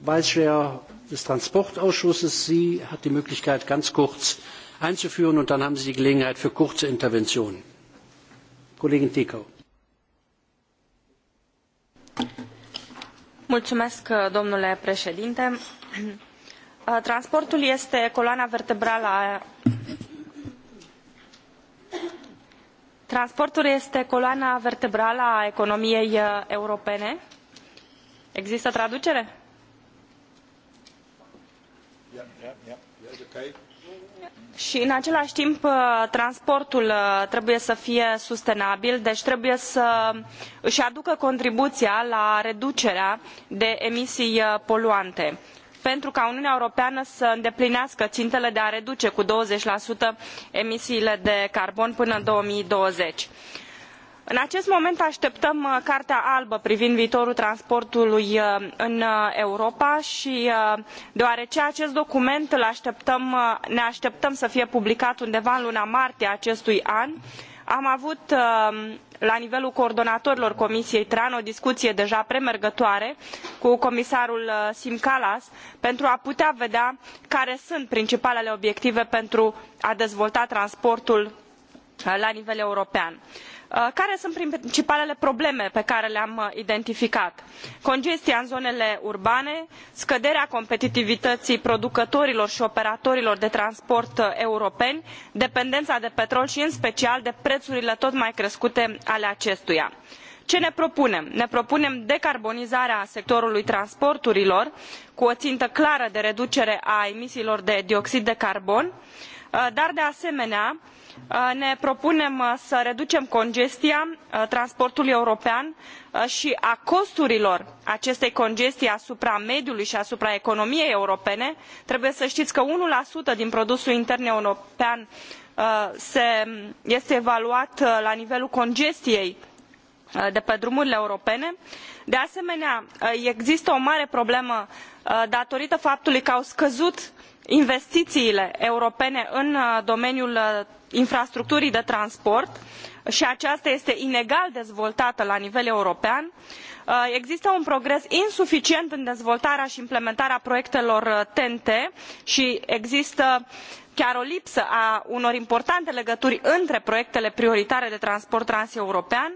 Vice Chair des Transportausschusses. Sie hat die Möglichkeit, ganz kurz einzuführen und dann haben Sie die Gelegenheit für kurze Interventionen. Kollegin Tikau. Mulțumesc, domnule președinte. Transportul este coloana vertebrală a Transportul este coloana vertebrală a economiei uh, europene. Există traducere? Yeah, yeah, yeah. Yeah, okay. Și în același timp uh, transportul uh, trebuie să fie sustenabil, deci trebuie să își aducă contribuția la reducerea de emisii uh, poluante pentru ca Uniunea Europeană să îndeplinească țintele de a reduce cu 20% emisiile de carbon până în 2020. În acest moment așteptăm uh, Cartea Albă privind viitorul transportului uh, în uh, Europa și deoarece acest document așteptăm, ne așteptăm să fie publicat undeva în luna martie acestui an, am avut la nivelul coordonatorilor Comisiei TRAN o discuție deja premergătoare cu comisarul Sim Kallas pentru a putea vedea care sunt principalele obiective pentru a dezvolta transportul la nivel european. Uh, care sunt principalele probleme pe care le-am uh, identificat? Congestia în zonele urbane, scăderea competitivității producătorilor și operatorilor de transport uh, europeni, dependența de petrol și în special de prețurile tot mai crescute ale acestuia. Ce ne propunem? Ne propunem decarbonizarea sectorului transporturilor cu o țintă clară de reducere a emisiilor de dioxid de carbon, dar de asemenea Uh, ne propunem uh, să reducem congestia uh, transportului european și a costurilor acestei congestii asupra mediului și asupra economiei europene. Trebuie să știți că 1% din produsul intern european se, este evaluat la nivelul congestiei de pe drumurile europene. De asemenea, există o mare problemă datorită faptului că au scăzut investițiile europene în uh, domeniul uh, infrastructurii de transport și aceasta este inegal dezvoltată la nivel european uh, există un progres insuficient în dezvoltarea și implementarea proiectelor ten t și există chiar o lipsă a unor importante legături între proiectele prioritare de transport transeuropean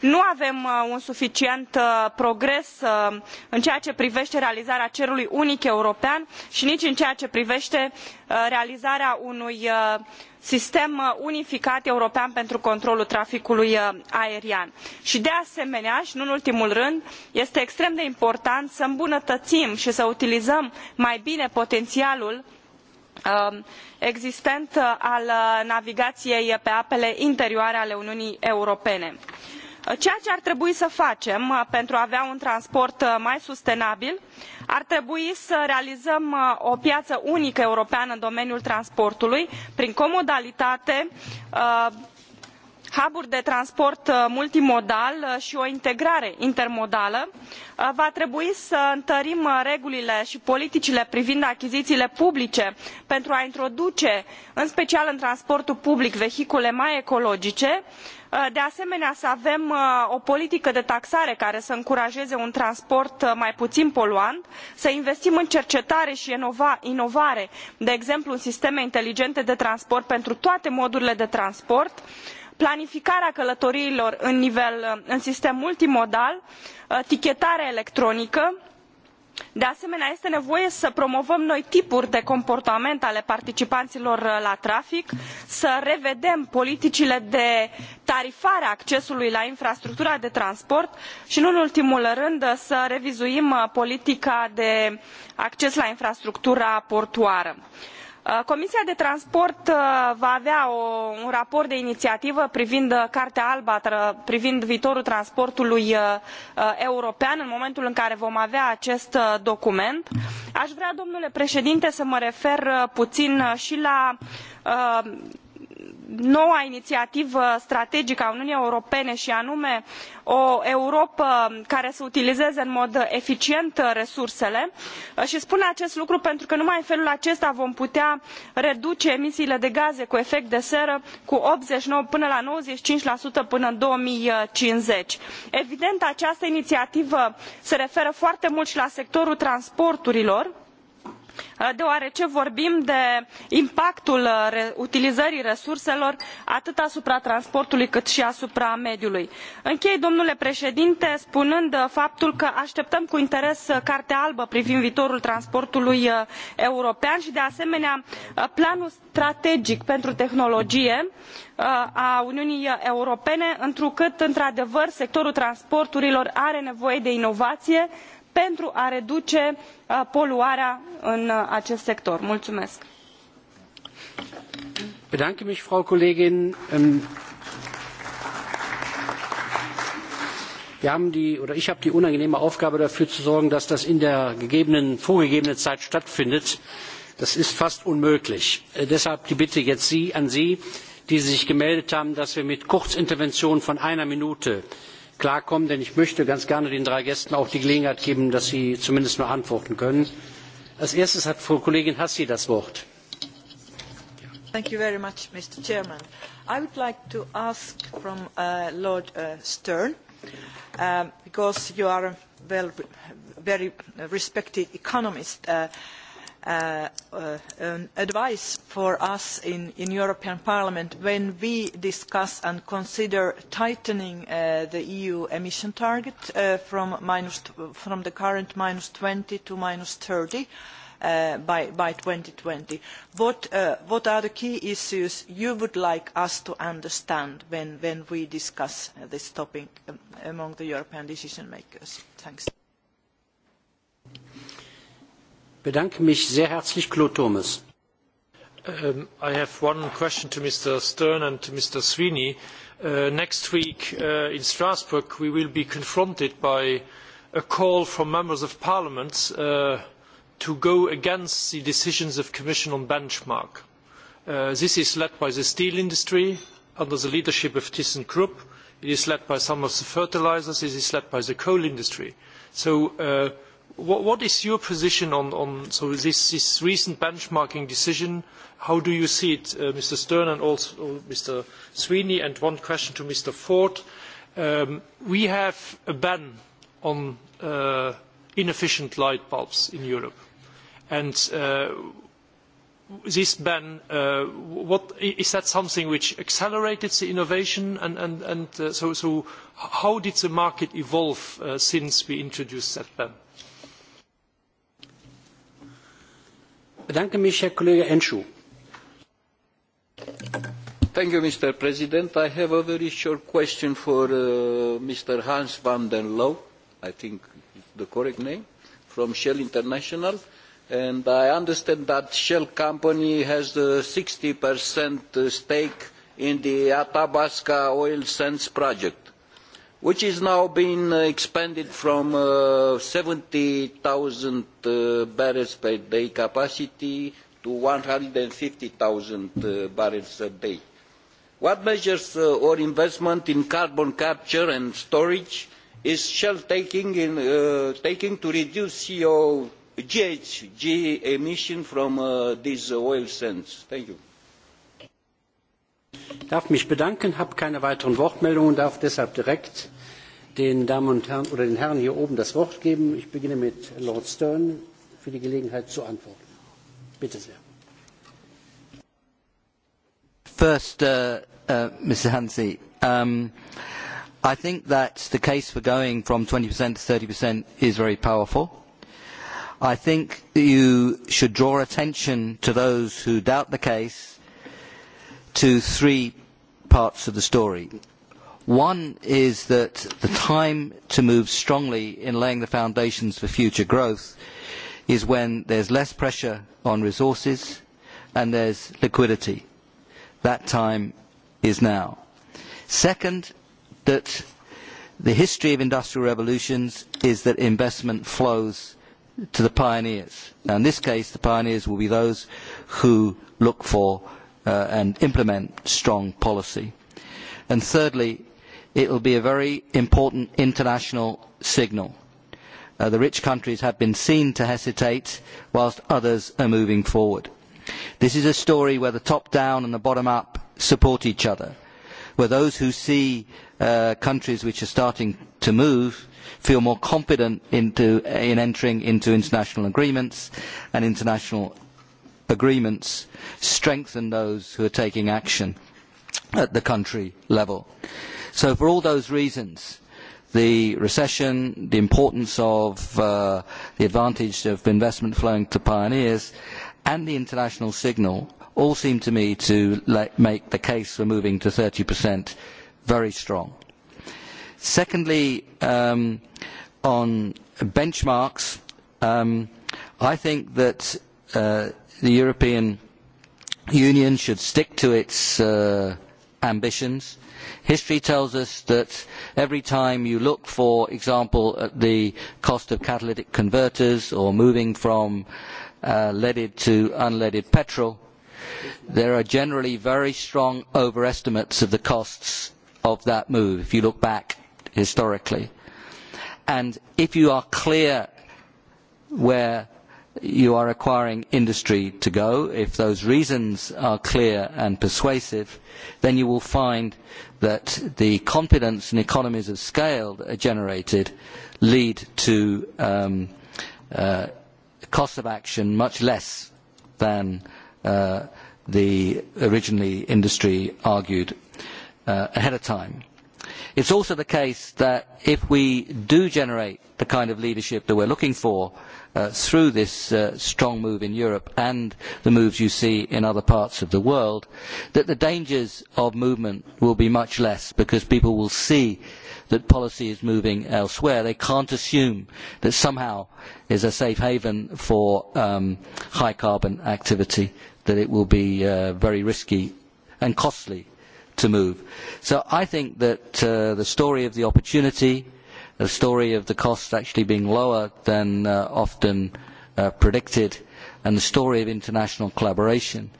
nu avem uh, un suficient uh, progres uh, în ceea ce privește realizarea cerului unic european și nici în ceea ce privește realizarea unui sistem unificat european pentru controlul traficului aerian. Și de asemenea, și nu în ultimul rând, este extrem de important să îmbunătățim și să utilizăm mai bine potențialul existent al navigației pe apele interioare ale Uniunii Europene. Uh, ceea ce ar trebui să facem uh, pentru a avea un transport uh, mai sustenabil ar trebui să realizăm o piață unică europeană în domeniul transportului prin comodalitate, hub uri de transport multimodal și o integrare intermodală va trebui să întărim regulile și politicile privind achizițiile publice pentru a introduce în special în transportul public vehicule mai ecologice Uh, de asemenea să avem uh, o politică de taxare care să încurajeze un transport uh, mai puțin poluant, să investim în cercetare și inovare, de exemplu în sisteme inteligente de transport pentru toate modurile de transport, planificarea călătoriilor în, nivel, în sistem multimodal, tichetarea electronică, De asemenea, este nevoie să promovăm noi tipuri de comportament ale participanților uh, la trafic, să revedem politicile de tarifare a accesului la infrastructura de transport și, nu în ultimul rând, să revizuim uh, politica de acces la infrastructura portuară. Uh, Comisia de Transport uh, va avea o, un raport de inițiativă privind uh, Cartea albă privind viitorul transportului european în momentul în care vom avea acest document. Aș vrea, domnule președinte, să mă refer puțin și la noua inițiativă strategică a Uniunii Europene și anume o Europă care să utilizeze în mod eficient resursele și spun acest lucru pentru că numai în felul acesta vom putea reduce emisiile de gaze cu efect de seră cu 89 până la 95% până în 2050. Evident, această inițiativă se referă foarte mult și la sectorul transporturilor, Uh, deoarece vorbim de impactul uh, utilizării resurselor atât asupra transportului cât și asupra mediului. Închei, domnule președinte, spunând uh, faptul că așteptăm cu interes cartea albă privind viitorul transportului european și, de asemenea, planul strategic pentru tehnologie a Uniunii Europene, întrucât, într-adevăr, sectorul transporturilor are nevoie de inovație, pentru a reduce uh, poluarea în uh, acest sector. Mulțumesc! Bedanke mich, Frau Kollegin. Ähm, wir haben die, oder ich habe die unangenehme Aufgabe dafür zu sorgen, dass das in der gegebenen, vorgegebenen Zeit stattfindet. Das ist fast unmöglich. Äh, deshalb die Bitte jetzt Sie an Sie, die sich gemeldet haben, dass wir mit Kurzinterventionen von einer Minute klarkommen, denn ich möchte ganz gerne den drei Gästen auch die Gelegenheit geben, dass sie zumindest nur antworten können. Als erstes hat Frau Kollegin Hassi das Wort. Thank you very much, Mr. Chairman. I would like to ask from uh, Lord uh, Stern, uh, because you are a well, very respected economist, uh, Uh, uh, an advice for us in, in European Parliament when we discuss and consider tightening uh, the EU emission target uh, from, minus from the current minus 20 to minus 30 uh, by, by 2020. What, uh, what are the key issues you would like us to understand when, when we discuss this topic um, among the European decision makers? Thanks bedanke mich sehr herzlich, Claude Thomas. Um, I have one question to Mr. Stern and to Mr. Sweeney. Uh, next week uh, in Strasbourg, we will be confronted by a call from members of parliament uh, to go against the decisions of the Commission on benchmark. Uh, this is led by the steel industry under the leadership of ThyssenKrupp. It is led by some of the fertilisers. It is led by the coal industry. So uh, what, what is your position on, on so this, this recent benchmarking decision? How do you see it, uh, Mr. Stern and also uh, Mr. Sweeney? And one question to Mr. Ford. Um, we have a ban on uh, inefficient light bulbs in Europe. And uh, this ban, uh, what, is that something which accelerated the innovation? And, and, and uh, so, so how did the market evolve uh, since we introduced that ban? Kollege Enschu. Thank you, Mr. President. I have a very short question for uh, Mr. Hans van den Loo, I think the correct name, from Shell International. And I understand that Shell company has a 60% stake in the Athabasca oil sands project which is now being uh, expanded from uh, 70,000 uh, barrels per day capacity to 150,000 uh, barrels a day. What measures uh, or investment in carbon capture and storage is Shell taking, in, uh, taking to reduce CO, GHG emission from uh, these oil sands? Thank you. Ich darf mich bedanken, habe keine weiteren Wortmeldungen, darf deshalb direkt den Damen und Herren oder den Herren hier oben das Wort geben. Ich beginne mit Lord Stern für die Gelegenheit zu antworten. Bitte sehr. First, uh, uh, Mr. Hansi, um, I think that the case for going from 20% to 30% is very powerful. I think you should draw attention to those who doubt the case to three parts of the story. One is that the time to move strongly in laying the foundations for future growth is when there is less pressure on resources and there is liquidity. That time is now. Second, that the history of industrial revolutions is that investment flows to the pioneers. Now, in this case, the pioneers will be those who look for uh, and implement strong policy. And thirdly, it will be a very important international signal. Uh, the rich countries have been seen to hesitate whilst others are moving forward. This is a story where the top down and the bottom up support each other, where those who see uh, countries which are starting to move feel more confident into, in entering into international agreements and international agreements strengthen those who are taking action at the country level. Uh, So for all those reasons, the recession, the importance of uh, the advantage of investment flowing to pioneers, and the international signal all seem to me to make the case for moving to 30% very strong. Secondly, um, on benchmarks, um, I think that uh, the European Union should stick to its uh, ambitions. History tells us that every time you look, for example, at the cost of catalytic converters or moving from uh, leaded to unleaded petrol, there are generally very strong overestimates of the costs of that move if you look back historically. And if you are clear where you are requiring industry to go, if those reasons are clear and persuasive, then you will find that the confidence and economies of scale that are generated lead to um, uh, cost of action much less than uh, the originally industry argued uh, ahead of time. It is also the case that if we do generate the kind of leadership that we are looking for, Uh, through this uh, strong move in Europe and the moves you see in other parts of the world, that the dangers of movement will be much less because people will see that policy is moving elsewhere. They can't assume that somehow is a safe haven for um, high carbon activity, that it will be uh, very risky and costly to move. So I think that uh, the story of the opportunity a story of the costs actually being lower than uh, often uh, predicted and the story of international collaboration,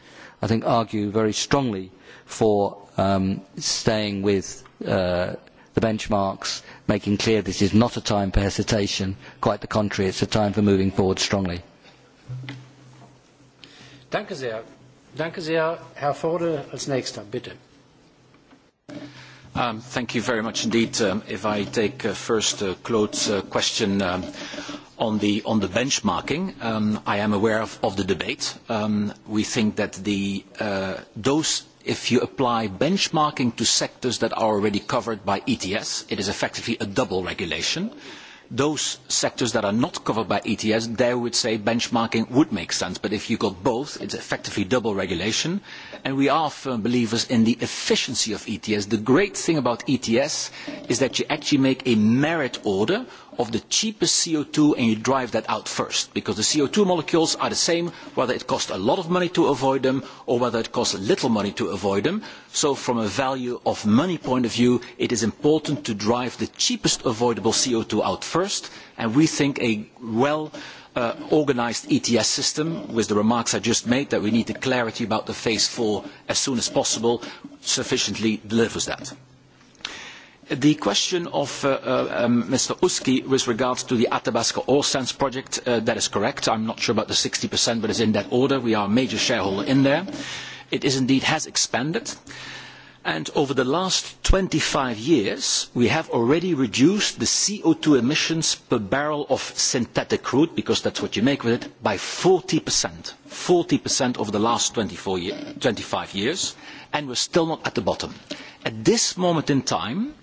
I think argue very strongly for um, staying with uh, the benchmarks, making clear this is not a time for hesitation. Quite the contrary, it's a time for moving forward strongly. Danke sehr. Danke sehr. Herr Forde als nächster, bitte. Um, thank you very much indeed. Um, if I take uh, first uh, Claude's uh, question um, on, the, on the benchmarking, um, I am aware of, of the debate. Um, we think that the, uh, those, if you apply benchmarking to sectors that are already covered by ETS, it is effectively a double regulation. Those sectors that are not covered by ETS, there would say benchmarking would make sense, but if you got both, it is effectively double regulation and we are firm believers in the efficiency of ETS. The great thing about ETS is that you actually make a merit order of the cheapest co two and you drive that out first because the co two molecules are the same whether it costs a lot of money to avoid them or whether it costs little money to avoid them. So from a value of money point of view, it is important to drive the cheapest avoidable co two out first and we think a well uh, organised ETS system with the remarks I just made that we need the clarity about the phase four as soon as possible sufficiently delivers that. The question of uh, uh, um, Mr. Uski with regards to the Athabasca Oil Sands project, uh, that is correct. I am not sure about the 60%, but it is in that order. We are a major shareholder in there. It is indeed has expanded. Uh, And over the last twenty five years, we have already reduced the co two emissions per barrel of synthetic crude, because that is what you make with it, by 40%. 40% over the last twenty five years, and we are still not at the bottom. At this moment in time,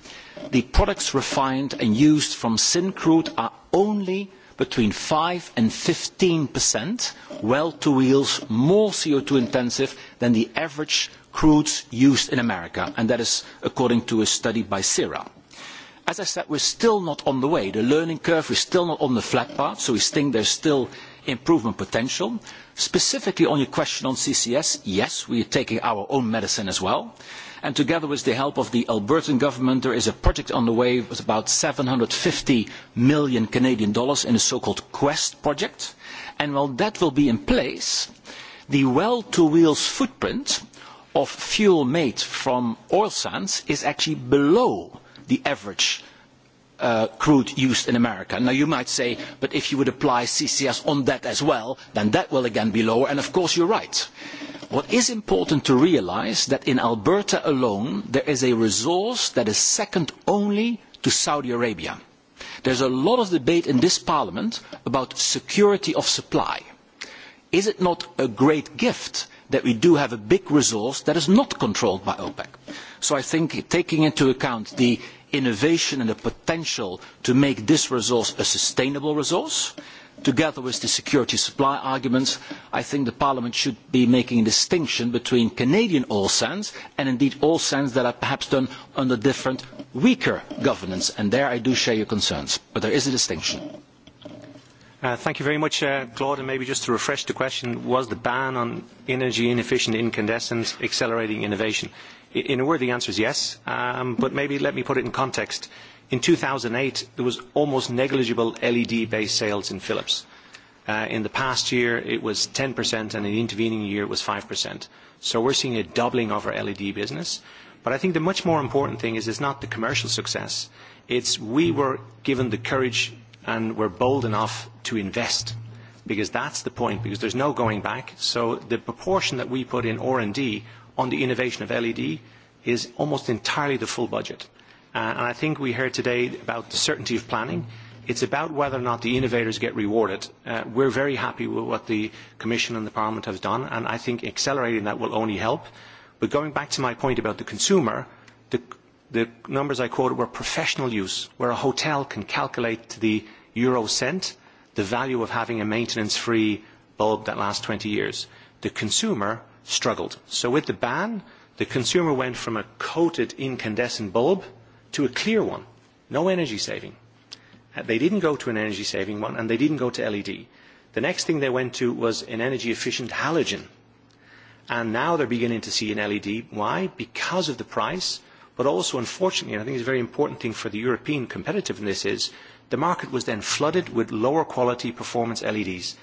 the products refined and used from syncrude are only between five and 15% well-to-wheels more co two intensive than the average crudes used in America, and that is according to a study by CIRA. As I said, we are still not on the way. The learning curve is still not on the flat part, so we think there is still improvement potential. Specifically on your question on CCS, yes, we are taking our own medicine as well. And together with the help of the Albertan government, there is a project on the way with about seven hundred and fifty million Canadian dollars in a so-called Quest project. And while that will be in place, the well-to-wheels footprint of fuel made from oil sands is actually below the average uh, crude used in America. Now you might say, but if you would apply CCS on that as well, then that will again be lower, and of course you are right. What is important to realise is that in Alberta alone, there is a resource that is second only to Saudi Arabia. There is a lot of debate in this parliament about security of supply. Is it not a great gift that we do have a big resource that is not controlled by OPEC. So I think taking into account the innovation and the potential to make this resource a sustainable resource, together with the security supply arguments, I think the Parliament should be making a distinction between Canadian oil sands and indeed oil sands that are perhaps done under different, weaker governance. And there I do share your concerns, but there is a distinction. Uh, thank you very much, uh, Claude. And maybe just to refresh the question, was the ban on energy inefficient incandescent accelerating innovation? In a word, the answer is yes, um, but maybe let me put it in context. In 2008, there was almost negligible LED-based sales in Philips. Uh, in the past year, it was 10%, and in the intervening year, it was 5%. So we're seeing a doubling of our LED business. But I think the much more important thing is it's not the commercial success. It's we were given the courage and we're bold enough to invest because that's the point because there's no going back so the proportion that we put in R&D on the innovation of LED is almost entirely the full budget uh, and I think we heard today about the certainty of planning it's about whether or not the innovators get rewarded uh, we're very happy with what the commission and the parliament have done and I think accelerating that will only help but going back to my point about the consumer the the numbers I quoted were professional use, where a hotel can calculate to the euro cent the value of having a maintenance-free bulb that lasts 20 years. The consumer struggled. So with the ban, the consumer went from a coated incandescent bulb to a clear one, no energy saving. Uh, they didn't go to an energy saving one and they didn't go to LED. The next thing they went to was an energy efficient halogen. And now they're beginning to see an LED. Why? Because of the price But also, unfortunately, and I think it's a very important thing for the European competitiveness is the market was then flooded with lower quality performance LEDs.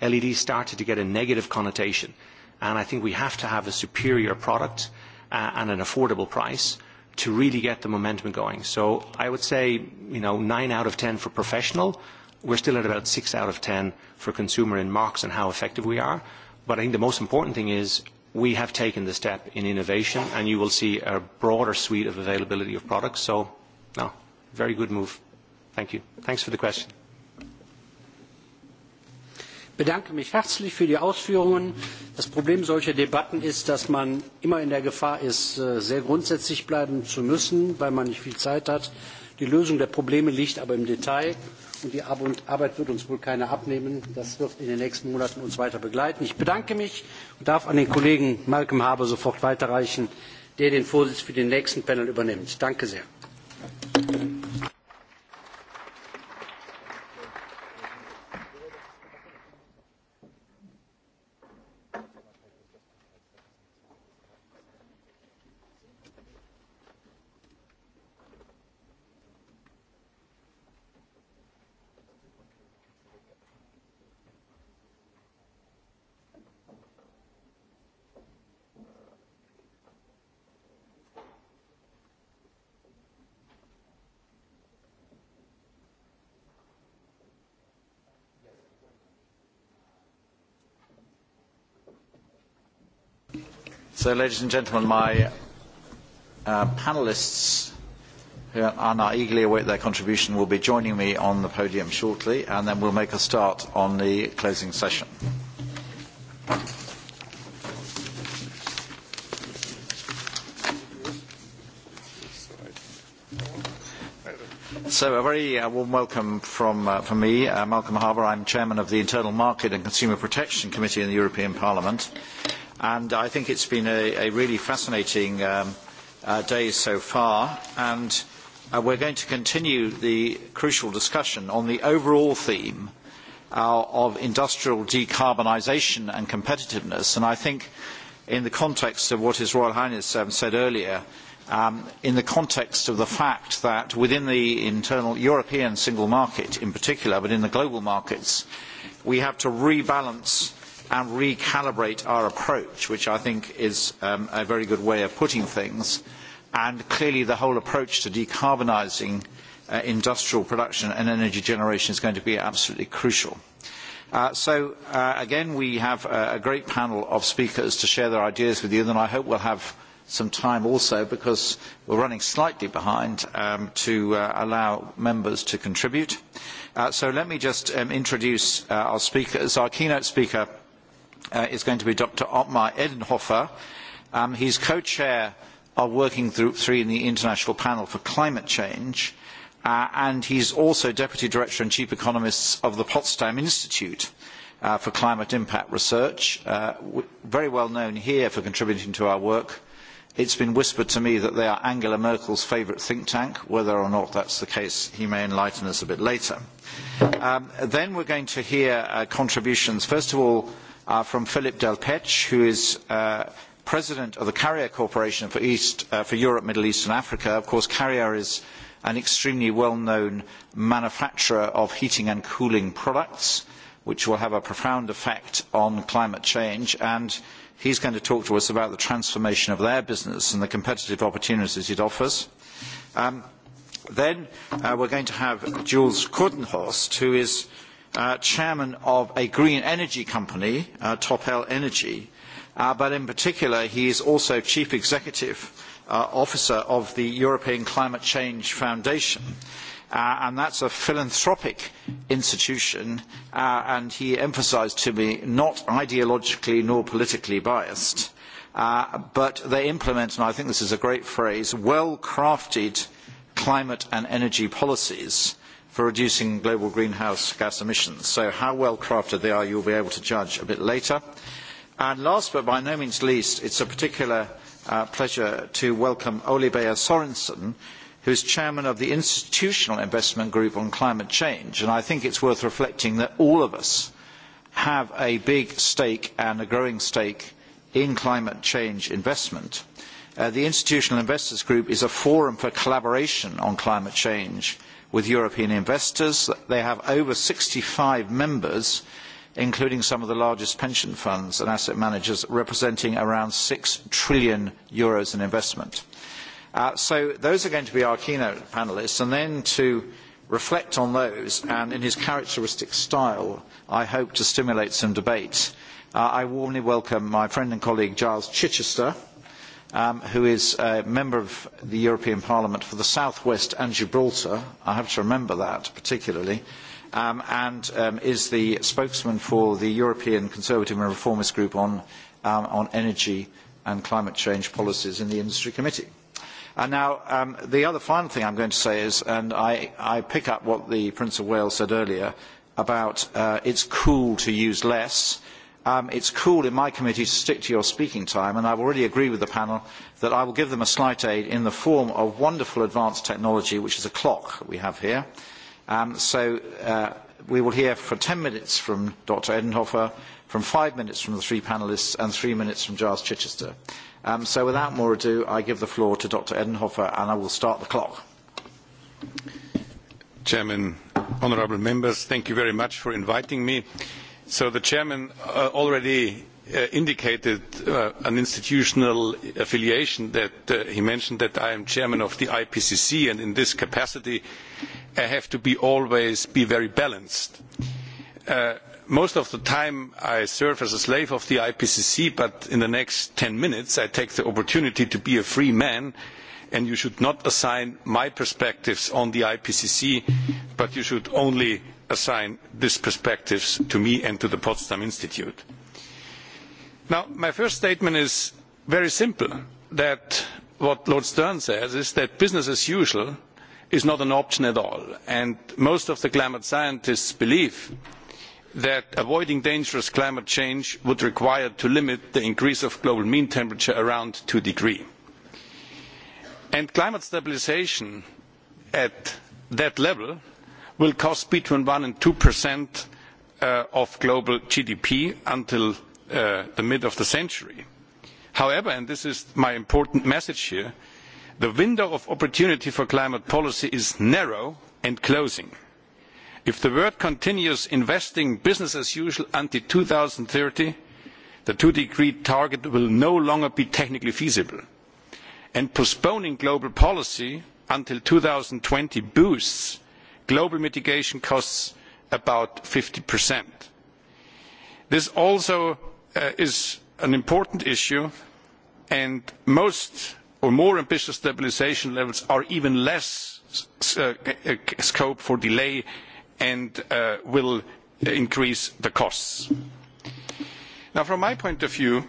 LEDs started to get a negative connotation. And I think we have to have a superior product uh, and an affordable price to really get the momentum going. So I would say, you know, nine out of ten for professional. We're still at about six out of ten for consumer in marks and how effective we are. But I think the most important thing is we have taken the step in innovation, and you will see a broader suite of availability of products. So, no, very good move. Thank you. Thanks for the question. Ich bedanke mich herzlich für die Ausführungen. Das Problem solcher Debatten ist, dass man immer in der Gefahr ist, äh, sehr grundsätzlich bleiben zu müssen, weil man nicht viel Zeit hat. Die Lösung der Probleme liegt aber im Detail. Und die Arbeit wird uns wohl keiner abnehmen. Das wird in den nächsten Monaten uns weiter begleiten. Ich bedanke mich und darf an den Kollegen Malcolm Harbour sofort weiterreichen, der den Vorsitz für den nächsten Panel übernimmt. Danke sehr. So, ladies and gentlemen, my uh, panelists who are now eagerly await their contribution will be joining me on the podium shortly, and then we'll make a start on the closing session. So a very uh, warm welcome from, uh, from me, uh, Malcolm Harbour. I'm chairman of the Internal Market and Consumer Protection Committee in the European Parliament and I think it's been a, a really fascinating um, uh, day so far, and uh, we're going to continue the crucial discussion on the overall theme uh, of industrial decarbonisation and competitiveness, and I think in the context of what His Royal Highness um, said earlier, um, in the context of the fact that within the internal European single market in particular, but in the global markets, we have to rebalance and recalibrate our approach, which I think is um, a very good way of putting things. And clearly the whole approach to decarbonising uh, industrial production and energy generation is going to be absolutely crucial. Uh, so uh, again, we have a, a great panel of speakers to share their ideas with you, and I hope we'll have some time also because we're running slightly behind um, to uh, allow members to contribute. Uh, so let me just um, introduce uh, our speakers. Our keynote speaker uh, is going to be Dr. Ottmar Edenhofer. Um, he's co-chair of Working Group 3 in the International Panel for Climate Change, uh, and he's also Deputy Director and Chief Economist of the Potsdam Institute uh, for Climate Impact Research, uh, very well known here for contributing to our work. It's been whispered to me that they are Angela Merkel's favourite think tank. Whether or not that's the case, he may enlighten us a bit later. Um, then we're going to hear uh, contributions, first of all, are from Philip Delpech, who is uh, president of the Carrier Corporation for, East, uh, for Europe, Middle East and Africa. Of course, Carrier is an extremely well-known manufacturer of heating and cooling products, which will have a profound effect on climate change. And he is going to talk to us about the transformation of their business and the competitive opportunities it offers. Um, then uh, we are going to have Jules Kortenhorst, who is Uh, chairman of a green energy company, uh, Topel Energy, uh, but in particular he is also chief executive uh, officer of the European Climate Change Foundation. Uh, and that is a philanthropic institution, uh, and he emphasised to me, not ideologically nor politically biased, uh, but they implement, and I think this is a great phrase, well-crafted climate and energy policies for reducing global greenhouse gas emissions. So how well crafted they are, you will be able to judge a bit later. And last but by no means least, it is a particular uh, pleasure to welcome Ole Beyer Sorensen, who is chairman of the Institutional Investment Group on Climate Change. And I think it is worth reflecting that all of us have a big stake and a growing stake in climate change investment. Uh, the Institutional Investors Group is a forum for collaboration on climate change with European investors. They have over sixty five members, including some of the largest pension funds and asset managers, representing around six trillion euros in investment. Uh, so those are going to be our keynote panellists, and then to reflect on those, and in his characteristic style, I hope to stimulate some debate. Uh, I warmly welcome my friend and colleague Giles Chichester um, who is a member of the European Parliament for the South West and Gibraltar. I have to remember that particularly. Um, and um, is the spokesman for the European Conservative and Reformist Group on, um, on energy and climate change policies in the Industry Committee. And now, um, the other final thing I am going to say is, and I, I, pick up what the Prince of Wales said earlier about uh, it is cool to use less. Um, It is cool in my committee to stick to your speaking time, and I already agree with the panel that I will give them a slight aid in the form of wonderful advanced technology, which is a clock that we have here. Um, so uh, we will hear for ten minutes from Dr. Edenhofer, from five minutes from the three panellists, and three minutes from Giles Chichester. Um, so without more ado, I give the floor to Dr. Edenhofer, and I will start the clock. Chairman, members, thank you very much for inviting me. So the chairman uh, already uh, indicated uh, an institutional affiliation that uh, he mentioned that I am chairman of the IPCC and in this capacity I have to be always be very balanced. Uh, most of the time I serve as a slave of the IPCC but in the next ten minutes I take the opportunity to be a free man and you should not assign my perspectives on the IPCC but you should only assign these perspectives to me and to the Potsdam Institute. Now, my first statement is very simple, that what Lord Stern says is that business as usual is not an option at all. And most of the climate scientists believe that avoiding dangerous climate change would require to limit the increase of global mean temperature around two degrees. And climate stabilisation at that level will cost between one and 2% uh, of global GDP until uh, the mid of the century. However, and this is my important message here, the window of opportunity for climate policy is narrow and closing. If the world continues investing business as usual until thirty, the two degree target will no longer be technically feasible. And postponing global policy until twenty boosts Global mitigation costs about 50%. This also uh, is an important issue and most or more ambitious stabilisation levels are even less uh, uh scope for delay and uh, will increase the costs. Now, from my point of view,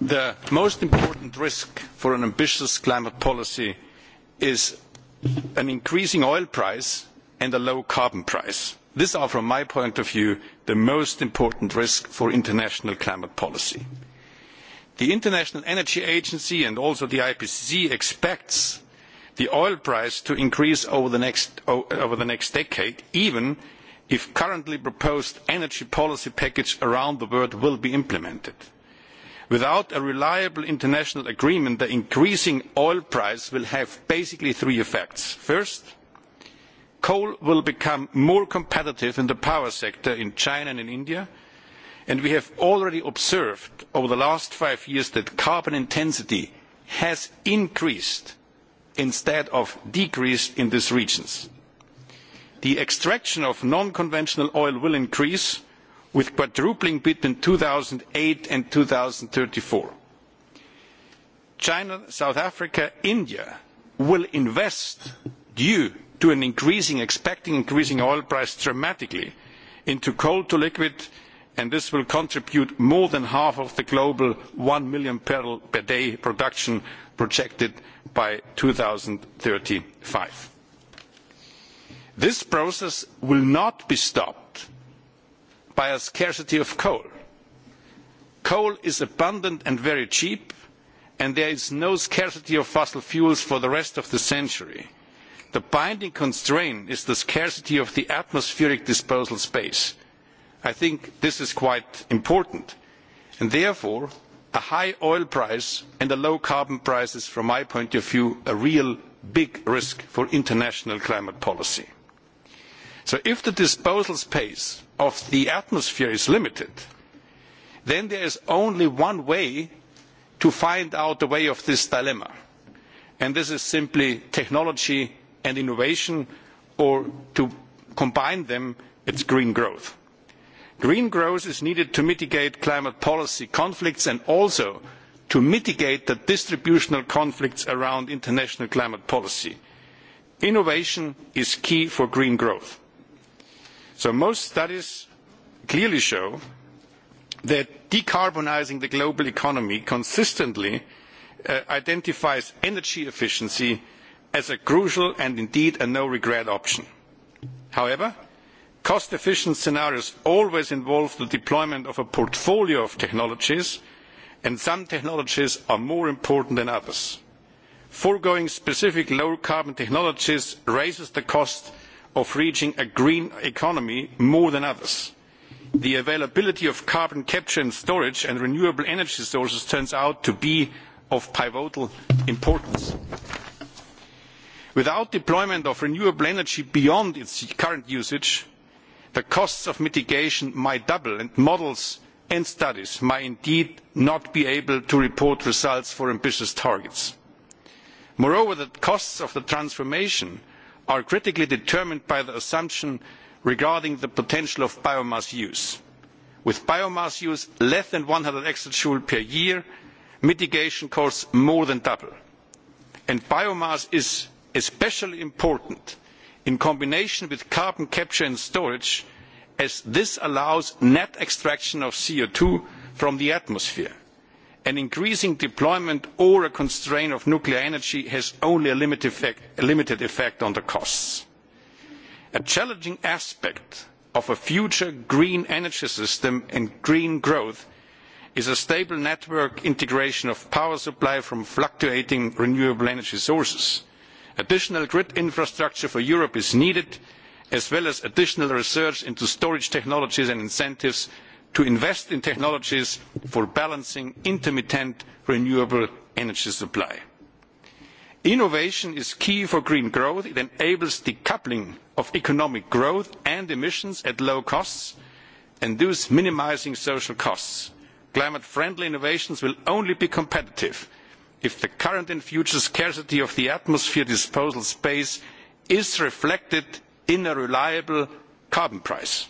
the most important risk for an ambitious climate policy is an increasing oil price and a low carbon price. These are, from my point of view, the most important risk for international climate policy. The International Energy Agency and also the IPCC expects the oil price to increase over the next, over the next decade, even if currently proposed energy policy package around the world will be implemented. Without a reliable international agreement, the increasing oil price will have basically three effects. First, coal will become more competitive in the power sector in China and in India, and we have already observed over the last five years that carbon intensity has increased instead of decreased in these regions. The extraction of non-conventional oil will increase, with quadrupling between two thousand and eight and two thousand and thirty four. China, South Africa, India will invest due to an increasing, expecting increasing oil price dramatically into coal to liquid, and this will contribute more than half of the global one million barrel per day production projected by thirty five. This process will not be stopped by a scarcity of coal. Coal is abundant and very cheap, and there is no scarcity of fossil fuels for the rest of the century. The binding constraint is the scarcity of the atmospheric disposal space. I think this is quite important. And therefore, a high oil price and a low carbon price is, from my point of view, a real big risk for international climate policy. So if the disposal space of the atmosphere is limited, then there is only one way to find out the way of this dilemma. And this is simply technology and innovation, or to combine them, it's green growth. Green growth is needed to mitigate climate policy conflicts and also to mitigate the distributional conflicts around international climate policy. Innovation is key for green growth. So most studies clearly show that decarbonising the global economy consistently uh, identifies energy efficiency as a crucial and indeed a no regret option. However, cost efficient scenarios always involve the deployment of a portfolio of technologies and some technologies are more important than others. Foregoing specific low carbon technologies raises the cost of reaching a green economy more than others. The availability of carbon capture and storage and renewable energy sources turns out to be of pivotal importance. Without deployment of renewable energy beyond its current usage, the costs of mitigation might double and models and studies might indeed not be able to report results for ambitious targets. Moreover, the costs of the transformation are critically determined by the assumption regarding the potential of biomass use. With biomass use less than one hundred exajoule per year, mitigation costs more than double. And biomass is especially important in combination with carbon capture and storage, as this allows net extraction of co two from the atmosphere an increasing deployment or a constraint of nuclear energy has only a limited effect, a limited effect on the costs. A challenging aspect of a future green energy system and green growth is a stable network integration of power supply from fluctuating renewable energy sources. Additional grid infrastructure for Europe is needed, as well as additional research into storage technologies and incentives to invest in technologies for balancing intermittent renewable energy supply. Innovation is key for green growth. It enables decoupling of economic growth and emissions at low costs and thus minimising social costs. Climate friendly innovations will only be competitive if the current and future scarcity of the atmosphere disposal space is reflected in a reliable carbon price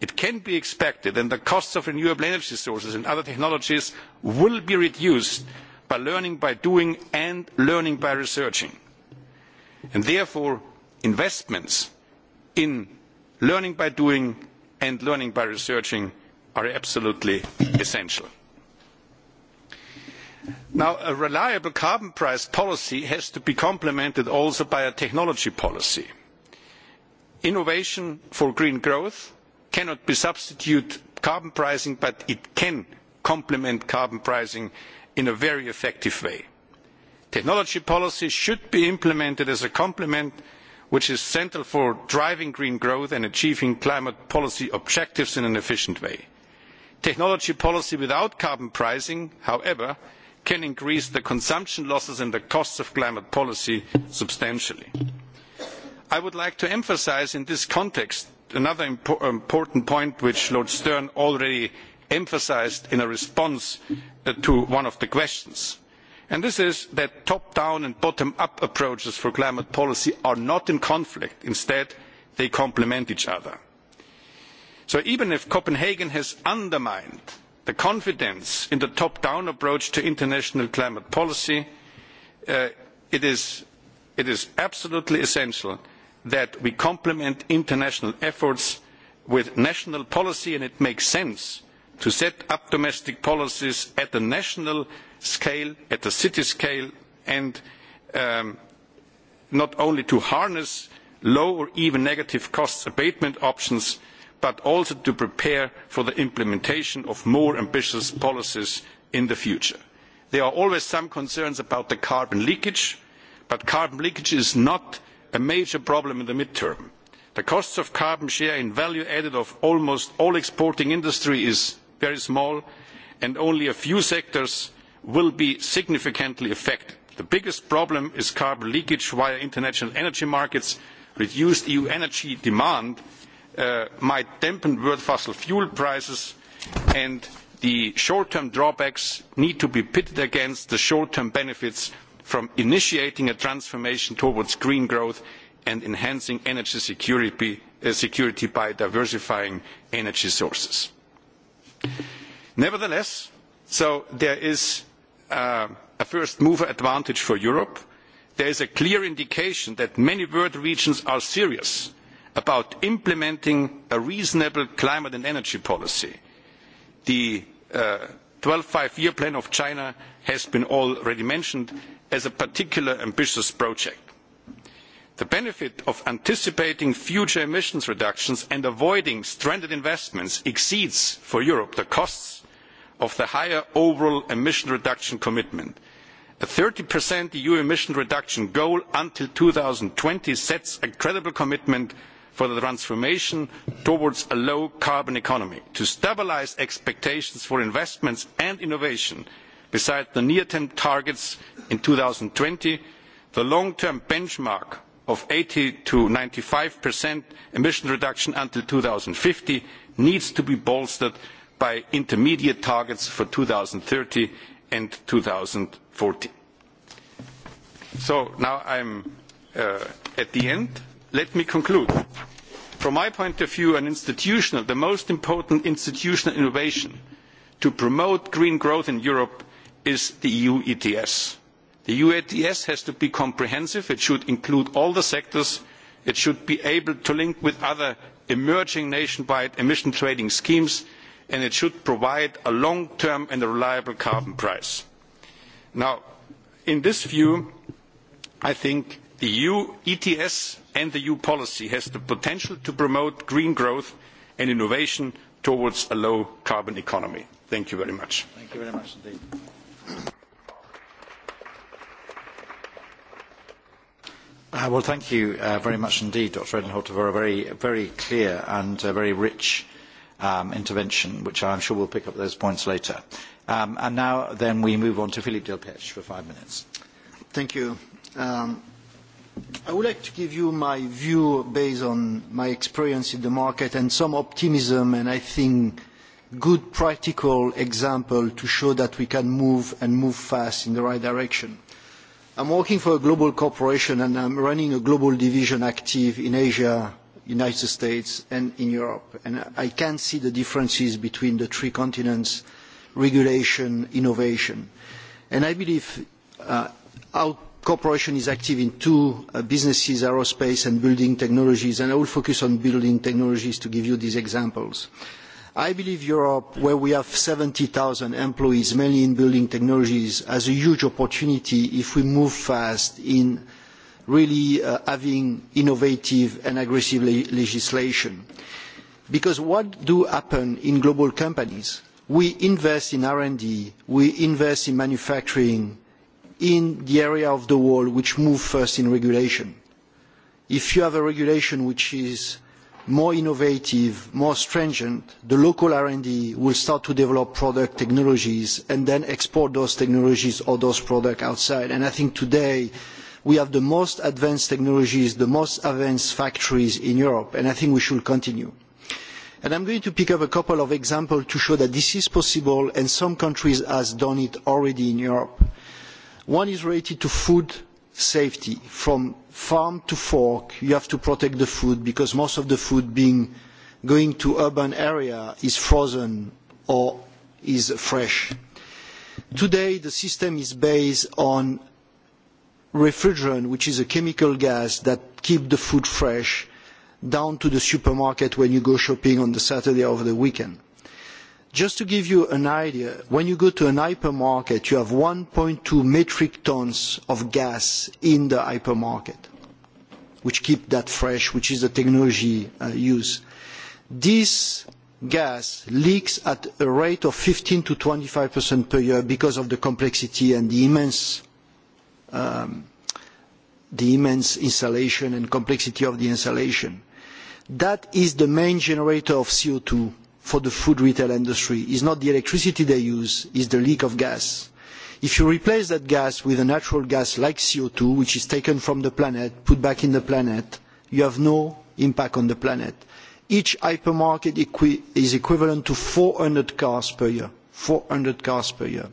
it can be expected that the costs of renewable energy sources and other technologies will be reduced by learning by doing and learning by researching. And therefore, investments in learning by doing and learning by researching are absolutely essential. Now, a reliable carbon price policy has to be complemented also by a technology policy. Innovation for green growth cannot be substitute carbon pricing, but it can complement carbon pricing in a very effective way. Technology policy should be implemented as a complement which is central for driving green growth and achieving climate policy objectives in an efficient way. Technology policy without carbon pricing, however, can increase the consumption losses and the costs of climate policy substantially. I would like to emphasise in this context another impo important point which Lord Stern already emphasised in a response uh, to one of the questions. And this is that top-down and bottom-up approaches for climate policy are not in conflict. Instead, they complement each other. So even if Copenhagen has undermined the confidence in the top-down approach to international climate policy, uh, it, is, it is absolutely essential that we complement international efforts with national policy and it makes sense to set up domestic policies at the national scale, at the city scale, and um, not only to harness low or even negative cost abatement options, but also to prepare for the implementation of more ambitious policies in the future. There are always some concerns about the carbon leakage, but carbon leakage is not a major problem in the mid term. The costs of carbon share in value added of almost all exporting industry is very small and only a few sectors will be significantly affected. The biggest problem is carbon leakage via international energy markets. Reduced EU energy demand uh, might dampen world fossil fuel prices and the short-term drawbacks need to be pitted against the short-term benefits from initiating a transformation towards green growth and enhancing energy security, uh, security by diversifying energy sources. Nevertheless, so there is uh, a first mover advantage for Europe. There is a clear indication that many world regions are serious about implementing a reasonable climate and energy policy. The uh, twelve five year plan of china has been already mentioned as a particularly ambitious project. the benefit of anticipating future emissions reductions and avoiding stranded investments exceeds for europe the costs of the higher overall emission reduction commitment. a thirty eu e emission reduction goal until two thousand and twenty sets a credible commitment for the transformation towards a low carbon economy to stabilise expectations for investments and innovation besides the near term targets in two thousand and twenty the long term benchmark of eighty to ninety five emission reduction until fifty needs to be bolstered by intermediate targets for thirty and forty. So now I am uh, at the end Let me conclude. From my point of view, an institutional, the most important institutional innovation to promote green growth in Europe is the EU ETS. The EU ETS has to be comprehensive. It should include all the sectors. It should be able to link with other emerging nationwide emission trading schemes, and it should provide a long-term and a reliable carbon price. Now, in this view, I think The EU ETS and the EU policy has the potential to promote green growth and innovation towards a low carbon economy. Thank you very much. Thank you very much indeed. Uh, well, thank you uh, very much indeed, Dr. Edenholter, for a very, very clear and uh, very rich um, intervention, which I am sure will pick up those points later. Um, and now then we move on to Philippe Delpech for five minutes. Thank you. Um, I would like to give you my view based on my experience in the market and some optimism and I think good practical example to show that we can move and move fast in the right direction. I am working for a global corporation and I am running a global division active in Asia, United States and in Europe. And I can see the differences between the three continents, regulation, innovation. And I believe uh, out Cooperation is active in two uh, businesses, aerospace and building technologies, and I will focus on building technologies to give you these examples. I believe Europe, where we have seventy 70,000 employees, mainly in building technologies, has a huge opportunity if we move fast in really uh, having innovative and aggressive le legislation. Because what do happen in global companies? We invest in R&D, we invest in manufacturing, in the area of the wall which move first in regulation. If you have a regulation which is more innovative, more stringent, the local R&D will start to develop product technologies and then export those technologies or those products outside. And I think today we have the most advanced technologies, the most advanced factories in Europe, and I think we should continue. I am going to pick up a couple of examples to show that this is possible and some countries have done it already in Europe. One is related to food safety. From farm to fork, you have to protect the food because most of the food being going to urban area is frozen or is fresh. Today, the system is based on refrigerant, which is a chemical gas that keeps the food fresh, down to the supermarket when you go shopping on the Saturday or the weekend. Just to give you an idea, when you go to an hypermarket, you have one two metric tons of gas in the hypermarket, which keep that fresh, which is the technology uh, used. This gas leaks at a rate of fifteen to twenty 25% per year because of the complexity and the immense, um, the immense installation and complexity of the installation. That is the main generator of co two for the food retail industry is not the electricity they use, it is the leak of gas. If you replace that gas with a natural gas like co two, which is taken from the planet, put back in the planet, you have no impact on the planet. Each hypermarket equi is equivalent to four hundred cars per year. 400 cars per year.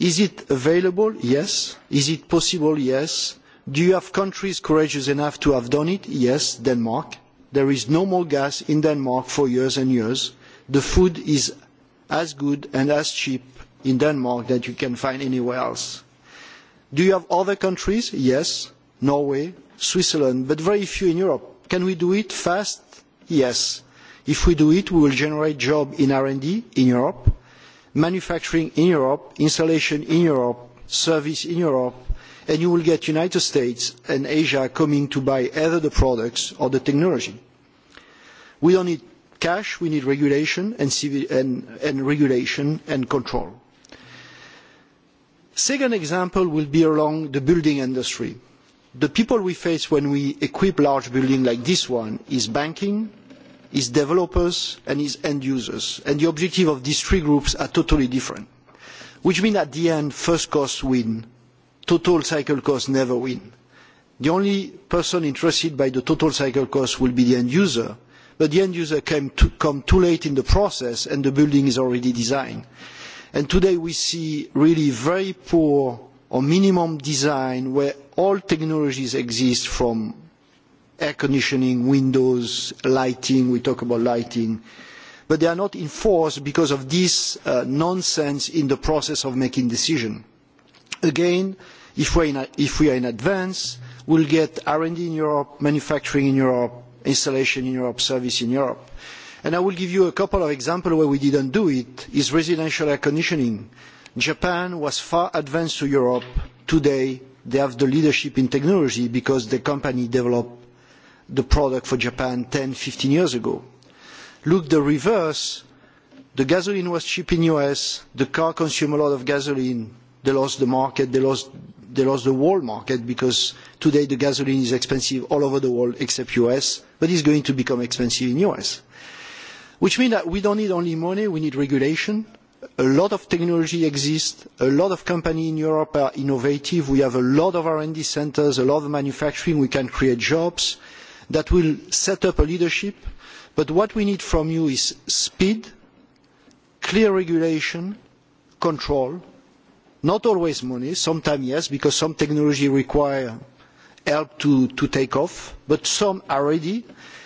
Is it available? Yes. Is it possible? Yes. Do you have countries courageous enough to have done it? Yes, Denmark. There is no more gas in Denmark for years and years. The food is as good and as cheap in Denmark that you can find anywhere else. Do you have other countries? Yes, Norway, Switzerland, but very few in Europe. Can we do it fast? Yes. If we do it, we will generate jobs in R&D in Europe, manufacturing in Europe, installation in Europe, service in Europe, and you will get United States and Asia coming to buy either the products or the technology. We don't need cash, we need regulation and, civil, and, and regulation and control. Second example will be along the building industry. The people we face when we equip large buildings like this one is banking, is developers and is end users. And the objective of these three groups are totally different. Which means at the end, first costs win total cycle cost never win. The only person interested by the total cycle cost will be the end user, but the end user came to, come too late in the process and the building is already designed. And today we see really very poor or minimum design where all technologies exist from air conditioning, windows, lighting, we talk about lighting, but they are not enforced because of this uh, nonsense in the process of making decisions. Again, if we are in advance, we will get R&D in Europe, manufacturing in Europe, installation in Europe, service in Europe. And I will give you a couple of examples where we did not do it, is residential air conditioning. Japan was far advanced to Europe. Today, they have the leadership in technology because the company developed the product for Japan ten, fifteen years ago. Look the reverse. The gasoline was cheap in the US. The car consumed a lot of gasoline they lost the market, they lost, they lost the world market because today the gasoline is expensive all over the world except US, but it's going to become expensive in US. Which means that we don't need only money, we need regulation. A lot of technology exists, a lot of companies in Europe are innovative, we have a lot of R&D centers, a lot of manufacturing, we can create jobs that will set up a leadership. But what we need from you is speed, clear regulation, control, Not always money, sometimes yes, because some technology require help to, to take off, but some are ready,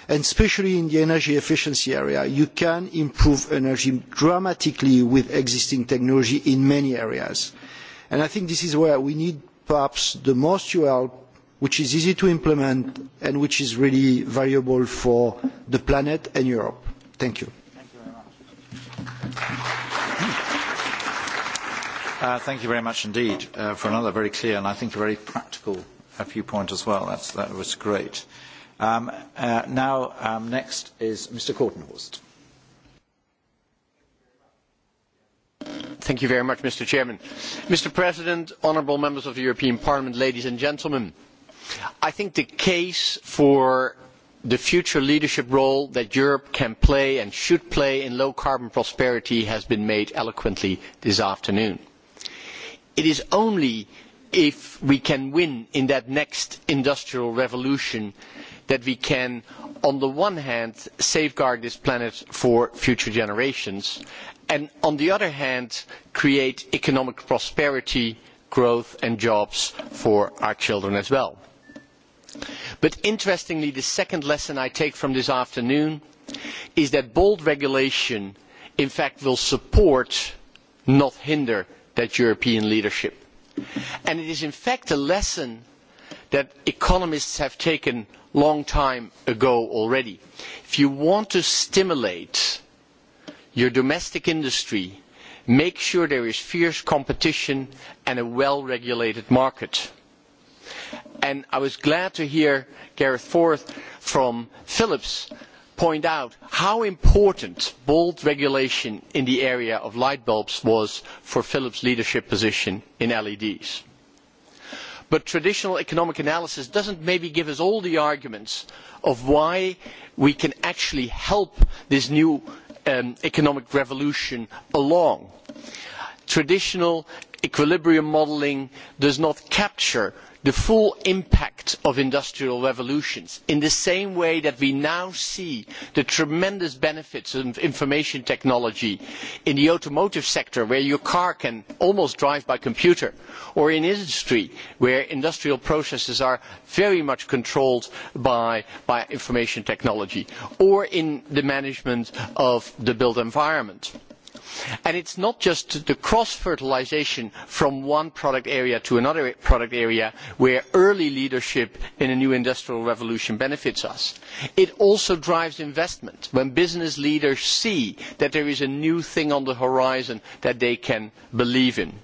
and especially in the energy efficiency area, you can improve energy dramatically with existing technology in many areas. And I think this is where we need perhaps the most your help, which is easy to implement and which is really valuable for the planet and Europe. Thank you. Thank you Uh, thank you very much indeed uh, for another very clear and I think a very practical viewpoint as well. That's, that was great. Um, uh, now, um, next is Mr. Kortenhorst. Thank you very much, Mr. Chairman. Mr. President, honourable members of the European Parliament, ladies and gentlemen, I think the case for the future leadership role that Europe can play and should play in low carbon prosperity has been made eloquently this afternoon. It is only if we can win in that next industrial revolution that we can, on the one hand, safeguard this planet for future generations, and on the other hand, create economic prosperity, growth and jobs for our children as well. But interestingly, the second lesson I take from this afternoon is that bold regulation, in fact, will support, not hinder, that European leadership. And it is in fact a lesson that economists have taken a long time ago already. If you want to stimulate your domestic industry, make sure there is fierce competition and a well-regulated market. And I was glad to hear Gareth Forth from Philips point out how important bold regulation in the area of light bulbs was for Philips' leadership position in LEDs. But traditional economic analysis does not maybe give us all the arguments of why we can actually help this new um, economic revolution along traditional equilibrium modelling does not capture the full impact of industrial revolutions in the same way that we now see the tremendous benefits of information technology in the automotive sector where your car can almost drive by computer or in industry where industrial processes are very much controlled by, by information technology or in the management of the built environment. And it is not just the cross-fertilisation from one product area to another product area where early leadership in a new industrial revolution benefits us. It also drives investment when business leaders see that there is a new thing on the horizon that they can believe in.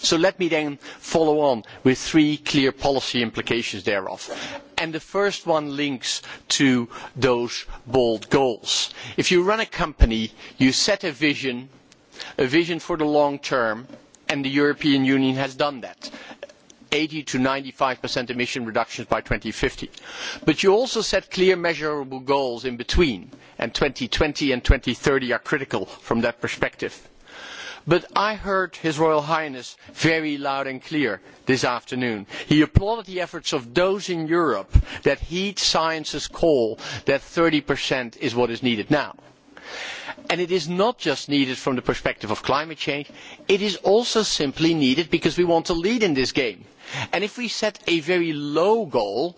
So let me then follow on with three clear policy implications thereof. And the first one links to those bold goals. If you run a company, you set a vision, a vision for the long term, and the European Union has done that. 80 to 95% emission reductions by 2050. But you also set clear measurable goals in between, and 2020 and 2030 are critical from that perspective. But I heard His Royal Highness very loud and clear this afternoon. He applauded the efforts of those in Europe that heed science's call that 30% is what is needed now. And it is not just needed from the perspective of climate change, it is also simply needed because we want to lead in this game. And if we set a very low goal,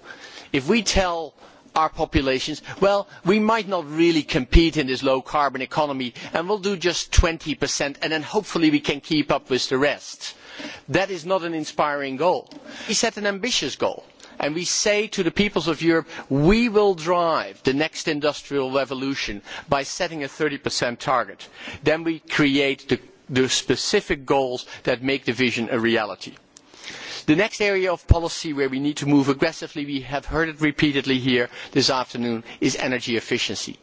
if we tell our populations, well, we might not really compete in this low carbon economy and we'll do just 20% and then hopefully we can keep up with the rest. That is not an inspiring goal. We set an ambitious goal and we say to the peoples of Europe, we will drive the next industrial revolution by setting a 30% target. Then we create the, the specific goals that make the vision a reality. The next area of policy where we need to move aggressively, we have heard it repeatedly here this afternoon, is energy efficiency.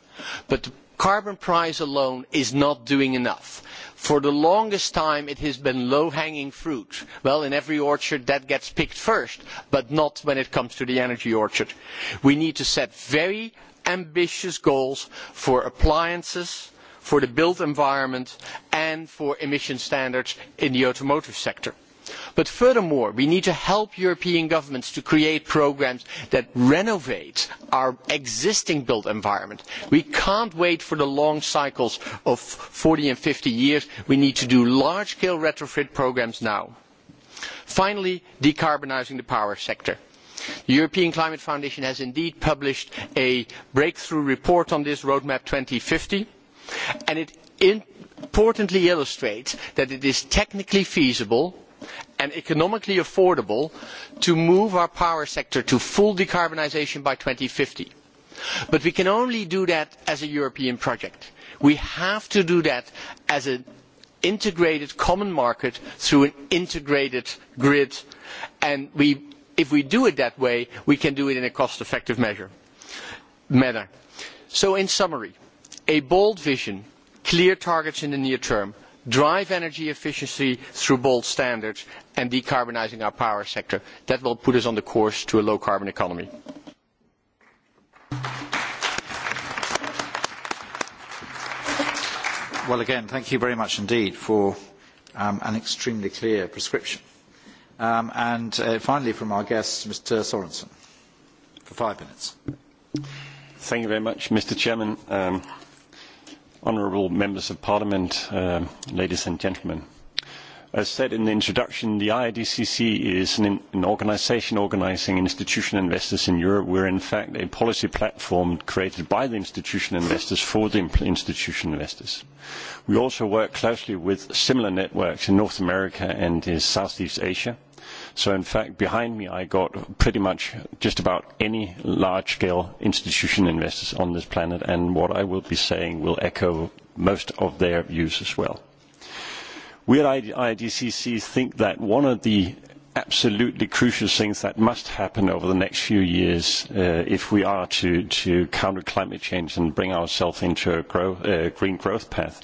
But the carbon price alone is not doing enough. For the longest time, it has been low-hanging fruit. Well, in every orchard, that gets picked first, but not when it comes to the energy orchard. We need to set very ambitious goals for appliances, for the built environment, and for emission standards in the automotive sector. But furthermore, we need to help European governments to create programmes that renovate our existing built environment. We cannot wait for the long cycles of forty and fifty years. We need to do large-scale retrofit programmes now. Finally, decarbonising the power sector. The European Climate Foundation has indeed published a breakthrough report on this Roadmap fifty, and it importantly illustrates that it is technically feasible and economically affordable to move our power sector to full decarbonisation by fifty. But we can only do that as a European project. We have to do that as an integrated common market through an integrated grid. And we, if we do it that way, we can do it in a cost-effective measure, manner. So in summary, a bold vision, clear targets in the near term, drive energy efficiency through bold standards and decarbonising our power sector. That will put us on the course to a low carbon economy. Well, again, thank you very much indeed for um, an extremely clear prescription. Um, and uh, finally, from our guest, Mr. Sorensen, for five minutes. Thank you very much, Mr. Chairman. Um, honourable members of parliament, uh, ladies and gentlemen. As said in the introduction, the IDCC is an, an organisation organising institutional investors in Europe. We're in fact a policy platform created by the institutional investors for the institutional investors. We also work closely with similar networks in North America and in Southeast Asia So in fact, behind me, I got pretty much just about any large-scale institution investors on this planet, and what I will be saying will echo most of their views as well. We at IDCC think that one of the absolutely crucial things that must happen over the next few years uh, if we are to, to counter climate change and bring ourselves into a grow uh, green growth path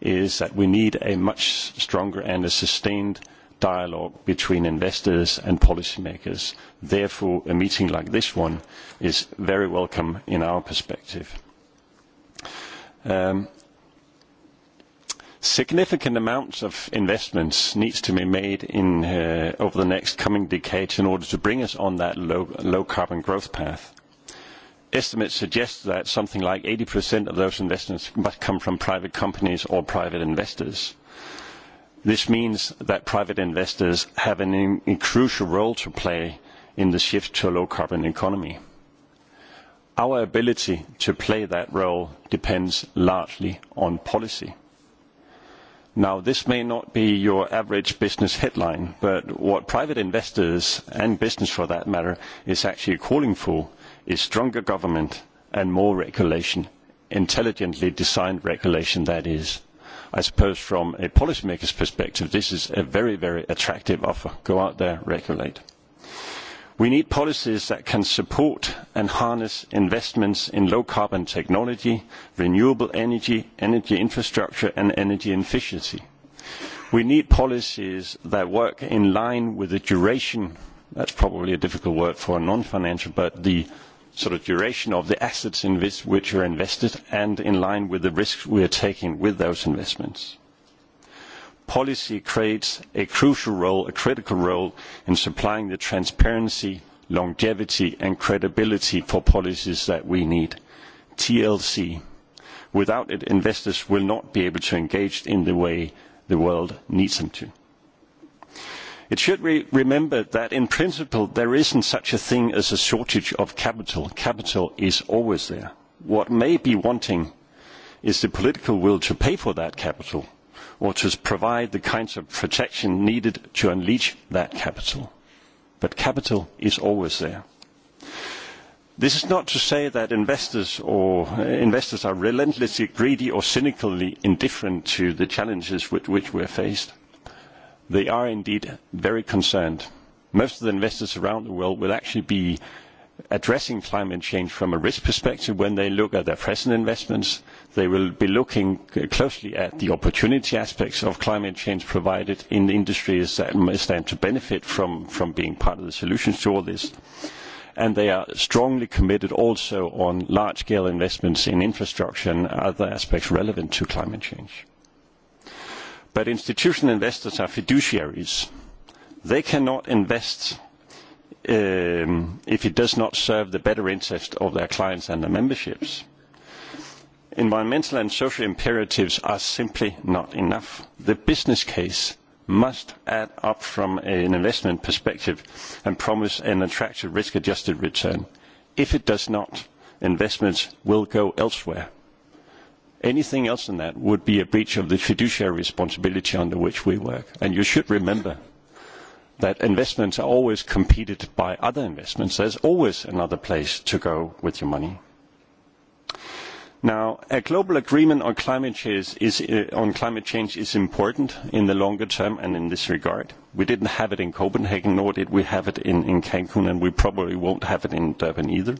is that we need a much stronger and a sustained dialogue between investors and policymakers. Therefore, a meeting like this one is very welcome in our perspective. Um, significant amounts of investments needs to be made in, uh, over the next coming decades in order to bring us on that low, low carbon growth path. Estimates suggest that something like 80% of those investments must come from private companies or private investors This means that private investors have an a crucial role to play in the shift to a low carbon economy. Our ability to play that role depends largely on policy. Now, this may not be your average business headline, but what private investors and business for that matter is actually calling for is stronger government and more regulation, intelligently designed regulation that is. I suppose from a policymaker's perspective, this is a very, very attractive offer. Go out there, regulate. We need policies that can support and harness investments in low carbon technology, renewable energy, energy infrastructure and energy efficiency. We need policies that work in line with the duration, that's probably a difficult word for a non-financial, but the sort of duration of the assets in this which are invested and in line with the risks we are taking with those investments. Policy creates a crucial role, a critical role in supplying the transparency, longevity and credibility for policies that we need. TLC. Without it, investors will not be able to engage in the way the world needs them to. It should be remembered that in principle there isn't such a thing as a shortage of capital. Capital is always there. What may be wanting is the political will to pay for that capital or to provide the kinds of protection needed to unleash that capital. But capital is always there. This is not to say that investors or uh, investors are relentlessly greedy or cynically indifferent to the challenges with which we are faced they are indeed very concerned. Most of the investors around the world will actually be addressing climate change from a risk perspective when they look at their present investments. They will be looking closely at the opportunity aspects of climate change provided in the industries that stand to benefit from, from being part of the solutions to all this. And they are strongly committed also on large-scale investments in infrastructure and other aspects relevant to climate change. But institutional investors are fiduciaries. They cannot invest um, if it does not serve the better interest of their clients and their memberships. Environmental and social imperatives are simply not enough. The business case must add up from an investment perspective and promise an attractive risk-adjusted return. If it does not, investments will go elsewhere. Anything else than that would be a breach of the fiduciary responsibility under which we work. And you should remember that investments are always competed by other investments. There's always another place to go with your money. Now, a global agreement on climate change is, uh, on climate change is important in the longer term and in this regard. We didn't have it in Copenhagen, nor did we have it in, in Cancun, and we probably won't have it in Durban either.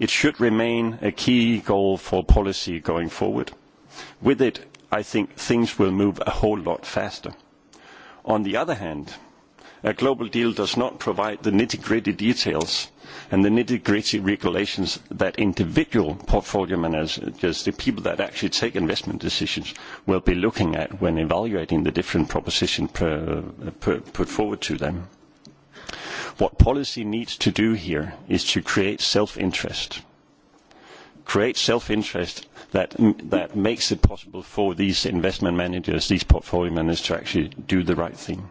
It should remain a key goal for policy going forward. With it, I think things will move a whole lot faster. On the other hand, a global deal does not provide the nitty-gritty details and the nitty-gritty regulations that individual portfolio managers, the people that actually take investment decisions, will be looking at when evaluating the different propositions put forward to them. What policy needs to do here is to create self-interest. Create self-interest that, that makes it possible for these investment managers, these portfolio managers to actually do the right thing.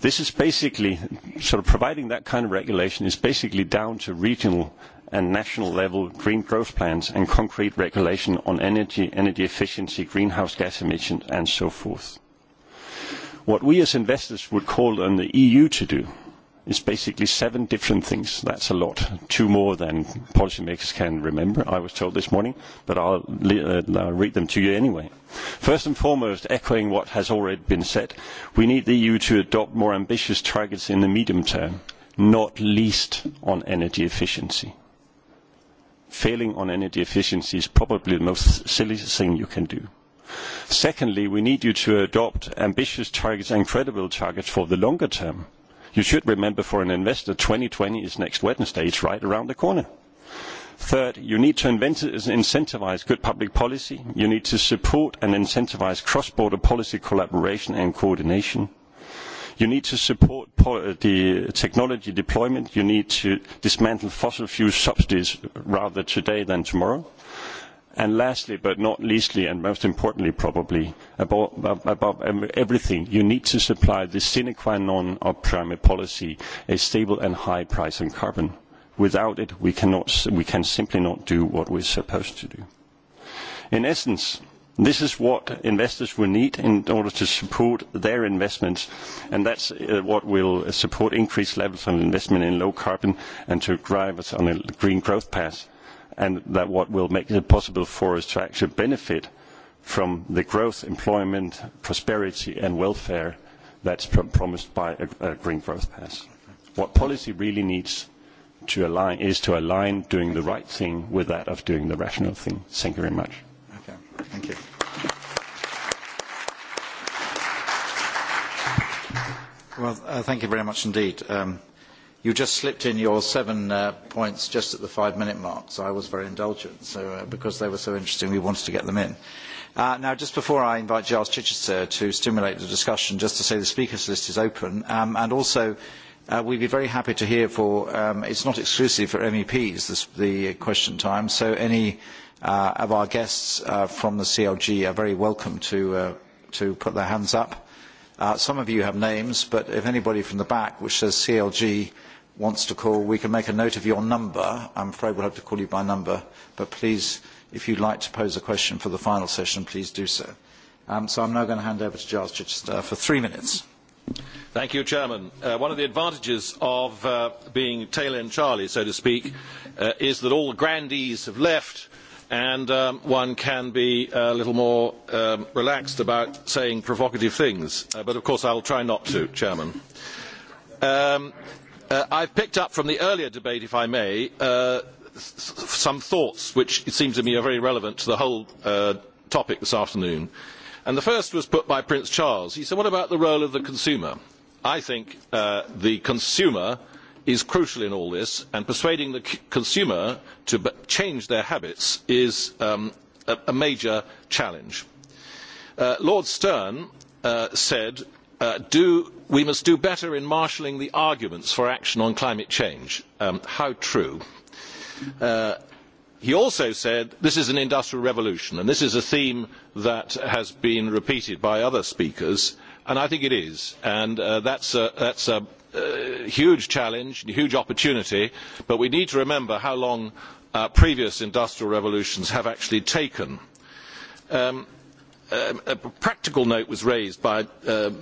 This is basically, sort of providing that kind of regulation is basically down to regional and national level green growth plans and concrete regulation on energy, energy efficiency, greenhouse gas emissions and so forth. What we as investors would call on the EU to do is basically seven different things. That's a lot. Two more than policymakers can remember, I was told this morning, but I'll, uh, I'll read them to you anyway. First and foremost, echoing what has already been said, we need the EU to adopt more ambitious targets in the medium term, not least on energy efficiency. Failing on energy efficiency is probably the most silly thing you can do. Secondly, we need you to adopt ambitious targets and credible targets for the longer term You should remember for an investor, 2020 is next Wednesday. It's right around the corner. Third, you need to invent and incentivize good public policy. You need to support and incentivize cross-border policy collaboration and coordination. You need to support uh, the technology deployment. You need to dismantle fossil fuel subsidies rather today than tomorrow. And lastly, but not leastly, and most importantly probably, above, above everything, you need to supply the sine qua non of climate policy, a stable and high price on carbon. Without it, we, cannot, we can simply not do what we're supposed to do. In essence, This is what investors will need in order to support their investments, and that's uh, what will support increased levels of investment in low carbon and to drive us on a green growth path and that what will make it possible for us to actually benefit from the growth, employment, prosperity and welfare that's pr promised by a, a green growth pass. What policy really needs to align is to align doing the right thing with that of doing the rational thing. Thank you very much. Okay. Thank you. Well, uh, thank you very much indeed. Um, You just slipped in your seven uh, points just at the five minute mark, so I was very indulgent. So, uh, because they were so interesting, we wanted to get them in. Uh, now, just before I invite Giles Chichester to stimulate the discussion, just to say the speakers list is open, um, and also uh, we'd be very happy to hear for, um, it's not exclusive for MEPs, this, the question time, so any uh, of our guests uh, from the CLG are very welcome to, uh, to put their hands up. Uh, some of you have names, but if anybody from the back which says CLG, wants to call, we can make a note of your number. I'm afraid we'll have to call you by number, but please, if you'd like to pose a question for the final session, please do so. Um, so I'm now going to hand over to Giles Chichester for three minutes. Thank you, Chairman. Uh, one of the advantages of uh, being Taylor and Charlie, so to speak, uh, is that all the grandees have left and um, one can be a little more um, relaxed about saying provocative things. Uh, but of course, I will try not to, Chairman. Um, Uh, I have picked up from the earlier debate, if I may, uh, some thoughts which it seems to me are very relevant to the whole uh, topic this afternoon. And the first was put by Prince Charles. He said, what about the role of the consumer? I think uh, the consumer is crucial in all this, and persuading the consumer to change their habits is um, a, a, major challenge. Uh, Lord Stern uh, said, do We must do better in marshalling the arguments for action on climate change. Um, how true. Uh, he also said this is an industrial revolution, and this is a theme that has been repeated by other speakers, and I think it is. And uh, that's a, that's a uh, huge challenge, a huge opportunity, but we need to remember how long uh, previous industrial revolutions have actually taken. Um, Um, a practical note was raised by uh,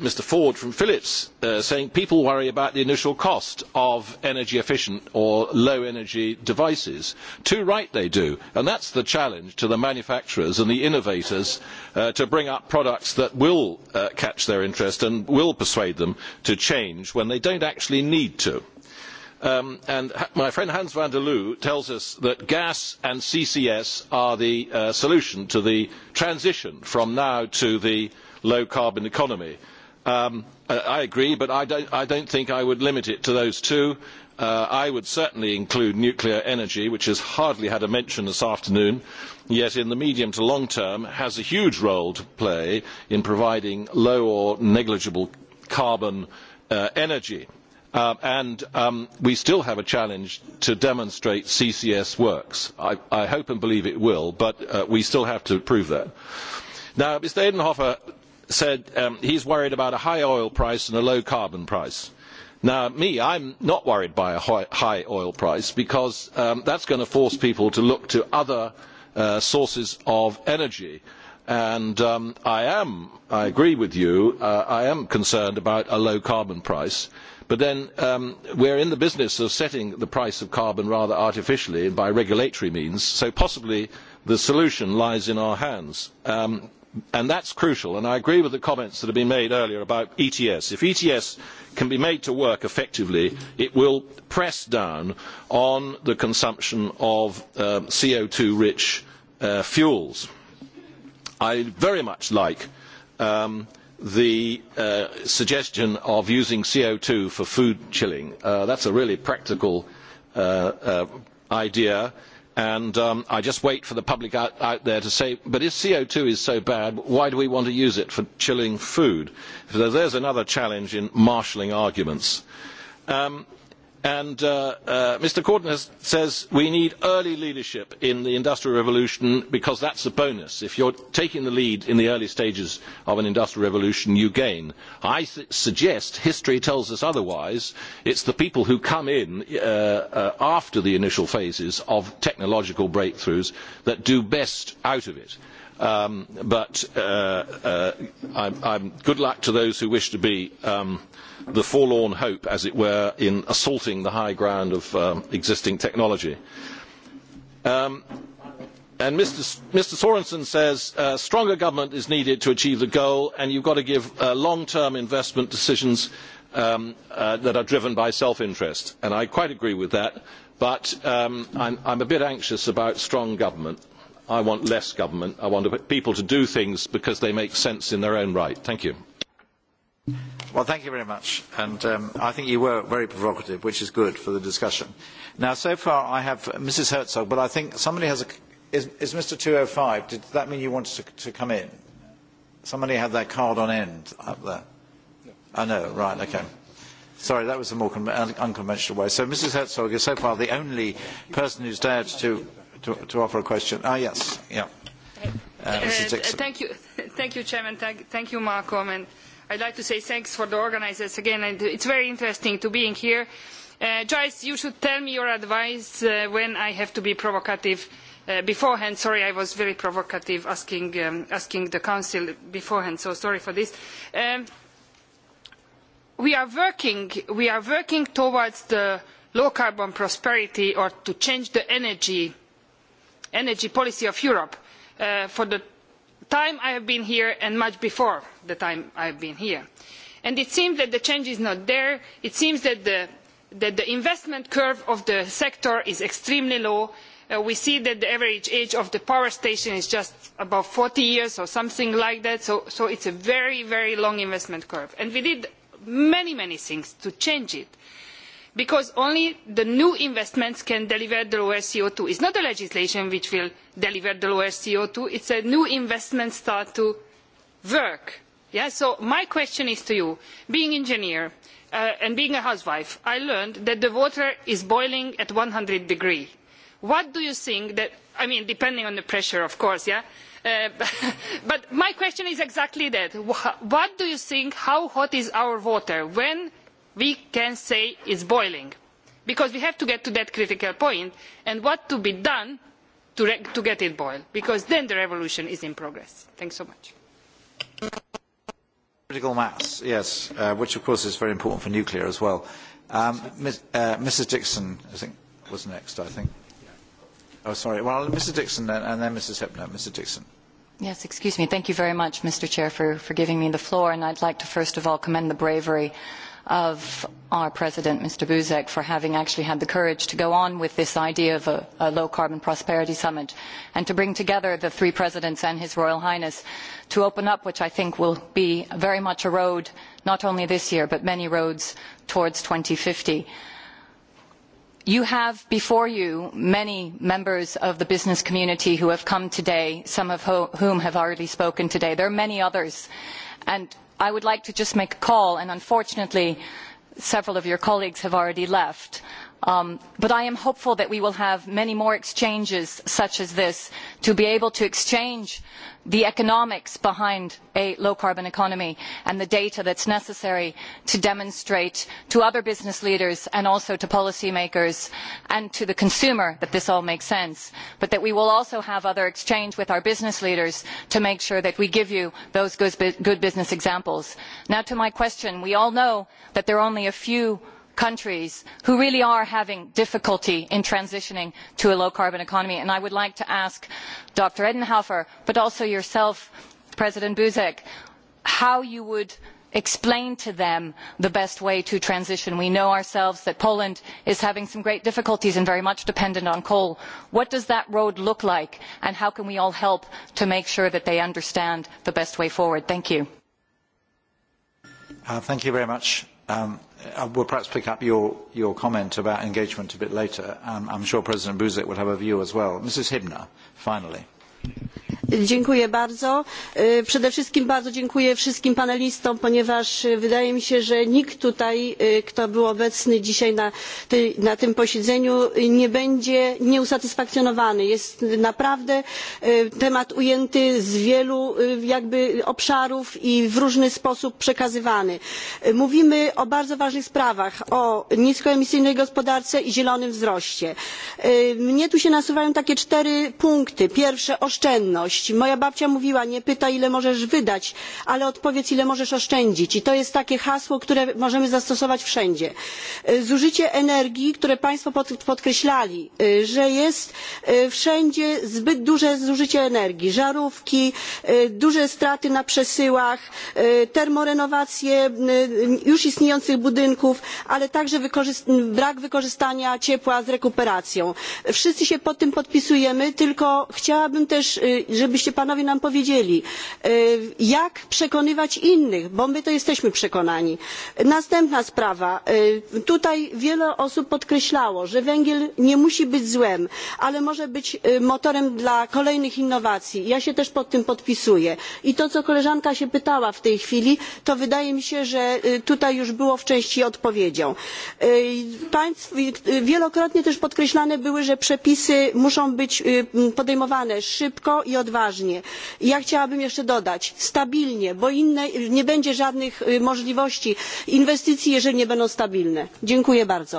Mr. Ford from Phillips uh, saying people worry about the initial cost of energy efficient or low energy devices. Too right they do. And that is the challenge to the manufacturers and the innovators uh, to bring up products that will catch their interest and will persuade them to change when they do not actually need to. Um, and my friend Hans van der Loo tells us that gas and CCS are the uh, solution to the transition from now to the low carbon economy. Um, I agree, but I don't, I don't think I would limit it to those two. Uh, I would certainly include nuclear energy, which has hardly had a mention this afternoon, yet in the medium to long term has a huge role to play in providing low or negligible carbon uh, energy. Uh, and um, we still have a challenge to demonstrate CCS works. I, I hope and believe it will, but uh, we still have to prove that. Now, Mr. Edenhofer said um, he is worried about a high oil price and a low carbon price. Now, me, I am not worried by a high oil price because um, that is going to force people to look to other uh, sources of energy. And um, I am, I agree with you, uh, I am concerned about a low carbon price. Uh, But then um, we are in the business of setting the price of carbon rather artificially by regulatory means, so possibly the solution lies in our hands. Um, and that is crucial, and I agree with the comments that have been made earlier about ETS. If ETS can be made to work effectively, it will press down on the consumption of uh, um, co two rich uh, fuels. I very much like um, the uh, suggestion of using co two for food chilling. Uh, That is a really practical uh, uh, idea, and um, I just wait for the public out, out, there to say, but if co two is so bad, why do we want to use it for chilling food? So there is another challenge in marshalling arguments. Um, And uh, uh, Mr. Cordner says we need early leadership in the Industrial Revolution because that is a bonus. If you are taking the lead in the early stages of an Industrial Revolution, you gain. I suggest history tells us otherwise. It is the people who come in uh, uh, after the initial phases of technological breakthroughs that do best out of it. Um, but uh, uh, I'm, I'm, good luck to those who wish to be um, the forlorn hope, as it were, in assaulting the high ground of um, existing technology. Um, and Mr. S Mr. Sorensen says uh, stronger government is needed to achieve the goal, and you have got to give uh, long-term investment decisions um, uh, that are driven by self-interest. And I quite agree with that, but I am um, a bit anxious about strong government. I want less government. I want people to do things because they make sense in their own right. Thank you. Well, thank you very much. And um, I think you were very provocative, which is good for the discussion. Now, so far I have Mrs. Herzog, but I think somebody has a... Is, is Mr. 205, did that mean you wanted to, to come in? Somebody had their card on end up there. I oh, know, right, okay. Sorry, that was a more con un unconventional way. So Mrs. Herzog is so far the only person who's dared to to, to offer a question. Ah, yes, yeah. Uh, uh, uh thank you, thank you, Chairman. Thank, thank you, Malcolm. And I'd like to say thanks for the organizers again. And it's very interesting to in here. Uh, Joyce, you should tell me your advice uh, when I have to be provocative. Uh, beforehand, sorry, I was very provocative asking, um, asking the Council beforehand, so sorry for this. Um, we are working, we are working towards the low carbon prosperity or to change the energy energy policy of Europe uh, for the time I have been here and much before the time I have been here. And it seems that the change is not there. It seems that the, that the investment curve of the sector is extremely low. Uh, we see that the average age of the power station is just above forty years or something like that. So, so it is a very, very long investment curve. And we did many, many things to change it. Uh, because only the new investments can deliver the lower co two. It is not the legislation which will deliver the lower co two, it is a new investment start to work. Yeah? So my question is to you, being an engineer uh, and being a housewife, I learned that the water is boiling at one hundred degrees. What do you think that, I mean, depending on the pressure, of course, yeah? Uh, but my question is exactly that. What do you think, how hot is our water? When we can say is boiling because we have to get to that critical point and what to be done to, to get it boiled because then the revolution is in progress. Thanks so much. Critical mass, yes, uh, which of course is very important for nuclear as well. Um, Ms, uh, Mrs. Dixon, I think, was next, I think. Oh, sorry. Well, Mrs. Dixon then, and then Mrs. Hepner. Mrs. Dixon. Yes, excuse me. Thank you very much, Mr. Chair, for, for giving me the floor. And I'd like to first of all commend the bravery of our president, Mr. Buzek, for having actually had the courage to go on with this idea of a, a low-carbon prosperity summit and to bring together the three presidents and His Royal Highness to open up, which I think will be very much a road, not only this year, but many roads towards fifty. You have before you many members of the business community who have come today, some of whom have already spoken today. There are many others. And I would like to just make a call, and unfortunately, several of your colleagues have already left. Um, but I am hopeful that we will have many more exchanges such as this to be able to exchange the economics behind a low carbon economy and the data that is necessary to demonstrate to other business leaders and also to policymakers and to the consumer that this all makes sense. But that we will also have other exchange with our business leaders to make sure that we give you those good business examples. Now to my question, we all know that there are only a few countries who really are having difficulty in transitioning to a low carbon economy. And I would like to ask Dr. Edenhofer, but also yourself, President Buzek, how you would explain to them the best way to transition. We know ourselves that Poland is having some great difficulties and very much dependent on coal. What does that road look like and how can we all help to make sure that they understand the best way forward? Thank you. Uh, thank you very much. Um, I uh, will perhaps pick up your, your comment about engagement a bit later. Um, I'm sure President Buzek will have a view as well. Mrs. Hibner, finally. Dziękuję bardzo. E, przede wszystkim bardzo dziękuję wszystkim panelistom, ponieważ wydaje mi się, że nikt tutaj, e, kto był obecny dzisiaj na, na tym posiedzeniu, nie będzie nieusatysfakcjonowany. Jest naprawdę e, temat ujęty z wielu jakby obszarów i w różny sposób przekazywany. Mówimy o bardzo ważnych sprawach, o niskoemisyjnej gospodarce i zielonym wzroście. Mnie tu się nasuwają takie cztery punkty. Pierwsze oszczędność oszczędności. Moja babcia mówiła, nie pytaj ile możesz wydać, ale odpowiedz ile możesz oszczędzić. I to jest takie hasło, które możemy zastosować wszędzie. Zużycie energii, które Państwo podkreślali, że jest wszędzie zbyt duże zużycie energii. Żarówki, duże straty na przesyłach, termorenowacje już istniejących budynków, ale także brak wykorzystania ciepła z rekuperacją. Wszyscy się pod tym podpisujemy, tylko chciałabym też, żeby żebyście panowie nam powiedzieli, e, jak przekonywać innych, bo my to jesteśmy przekonani. Następna sprawa. E, tutaj wiele osób podkreślało, że węgiel nie musi być złem, ale może być e, motorem dla kolejnych innowacji. Ja się też pod tym podpisuję. I to, co koleżanka się pytała w tej chwili, to wydaje mi się, że tutaj już było w części odpowiedzią. Państw, wielokrotnie też podkreślane były, że przepisy muszą być podejmowane szybko i od odważnie. ja chciałabym jeszcze dodać stabilnie, bo inne, nie będzie żadnych możliwości inwestycji, jeżeli nie będą stabilne. Dziękuję bardzo.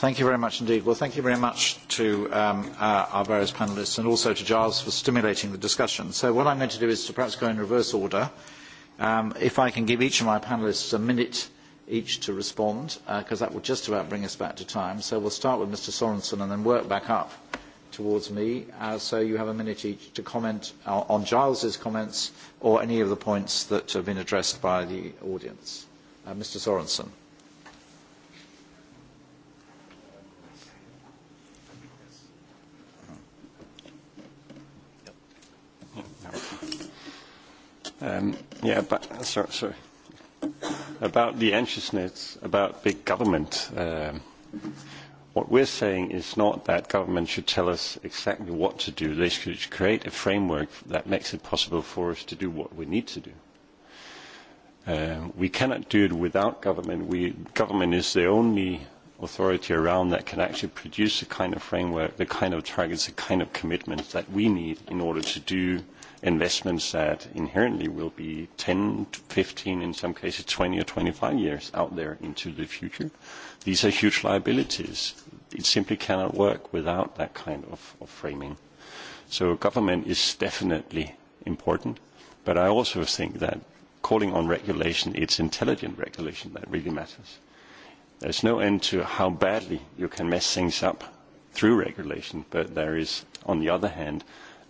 Thank you very much indeed. Well, thank you very much to um, uh, our various panelists and also to Giles for stimulating the discussion. So what I'm going to do is to perhaps go in reverse order. Um, if I can give each of my panelists a minute each to respond, because uh, that would just about bring us back to time. So we'll start with Mr. Sorensen and then work back up towards me. Uh, so you have a minute each to comment uh, on Giles's comments or any of the points that have been addressed by the audience. Uh, Mr. Sorensen. Um, yeah, but sorry, sorry about the anxiousness about big government. Um, what we're saying is not that government should tell us exactly what to do. They should create a framework that makes it possible for us to do what we need to do. Um, we cannot do it without government. We, government is the only authority around that can actually produce the kind of framework, the kind of targets, the kind of commitments that we need in order to do investments that inherently will be 10, 15, in some cases 20 or 25 years out there into the future. These are huge liabilities. It simply cannot work without that kind of, of framing. So government is definitely important, but I also think that calling on regulation, it's intelligent regulation that really matters. There's no end to how badly you can mess things up through regulation, but there is, on the other hand,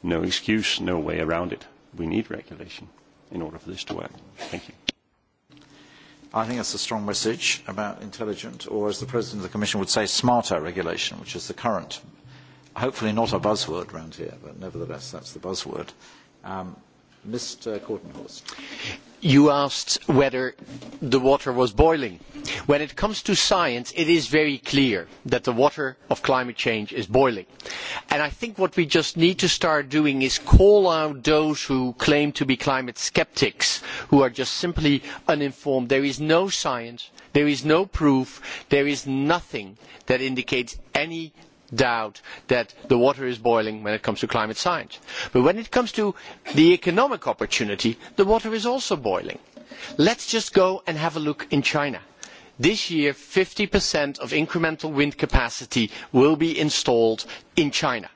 no excuse, no way around it. We need regulation in order for this to work. Thank you. I think that's a strong message about intelligent, or as the President of the Commission would say, smarter regulation, which is the current, hopefully not a buzzword around here, but nevertheless that's the buzzword. Um, Mr. Kortenhorst. You asked whether the water was boiling. When it comes to science, it is very clear that the water of climate change is boiling. And I think what we just need to start doing is call out those who claim to be climate sceptics, who are just simply uninformed. There is no science, there is no proof, there is nothing that indicates any doubt that the water is boiling when it comes to climate science. But when it comes to the economic opportunity, the water is also boiling. Let us just go and have a look in China. This year, 50% of incremental wind capacity will be installed in China.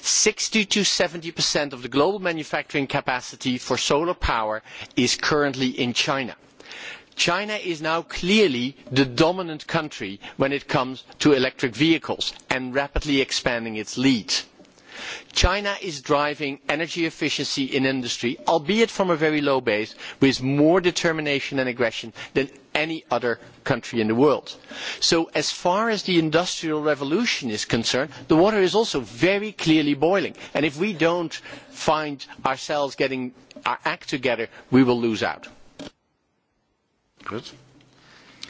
60 to 70% of the global manufacturing capacity for solar power is currently in China China is now clearly the dominant country when it comes to electric vehicles and rapidly expanding its lead. China is driving energy efficiency in industry, albeit from a very low base, with more determination and aggression than any other country in the world. So as far as the industrial revolution is concerned, the water is also very clearly boiling. And if we do not find ourselves getting our act together, we will lose out. Good.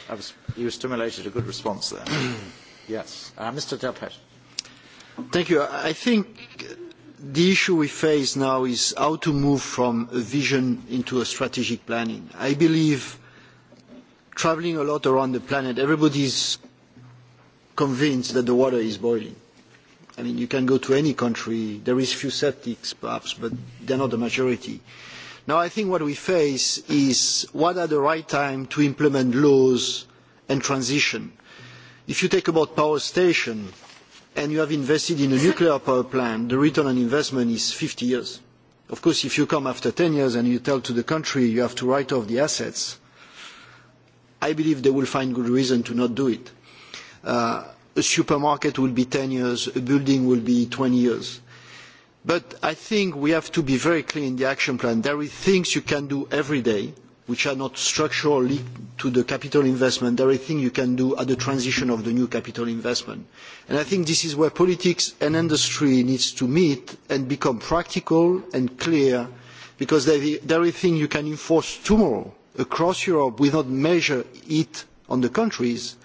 I was, you stimulated a good response there. yes. Uh, Mr. Delpet. Thank you. I think the issue we face now is how to move from a vision into a strategic planning. I believe traveling a lot around the planet, everybody is convinced that the water is boiling. I mean, you can go to any country, there is few septics perhaps, but they're not the majority. Uh, Now, I think what we face is what are the right time to implement laws and transition. If you take about power station and you have invested in a nuclear power plant, the return on investment is fifty years. Of course, if you come after ten years and you tell to the country you have to write off the assets, I believe they will find good reason to not do it. Uh, a supermarket will be ten years, a building will be twenty years But I think we have to be very clear in the action plan. There are things you can do every day which are not structurally to the capital investment. There are things you can do at the transition of the new capital investment. And I think this is where politics and industry needs to meet and become practical and clear because there are things you can enforce tomorrow across Europe without measure it on the countries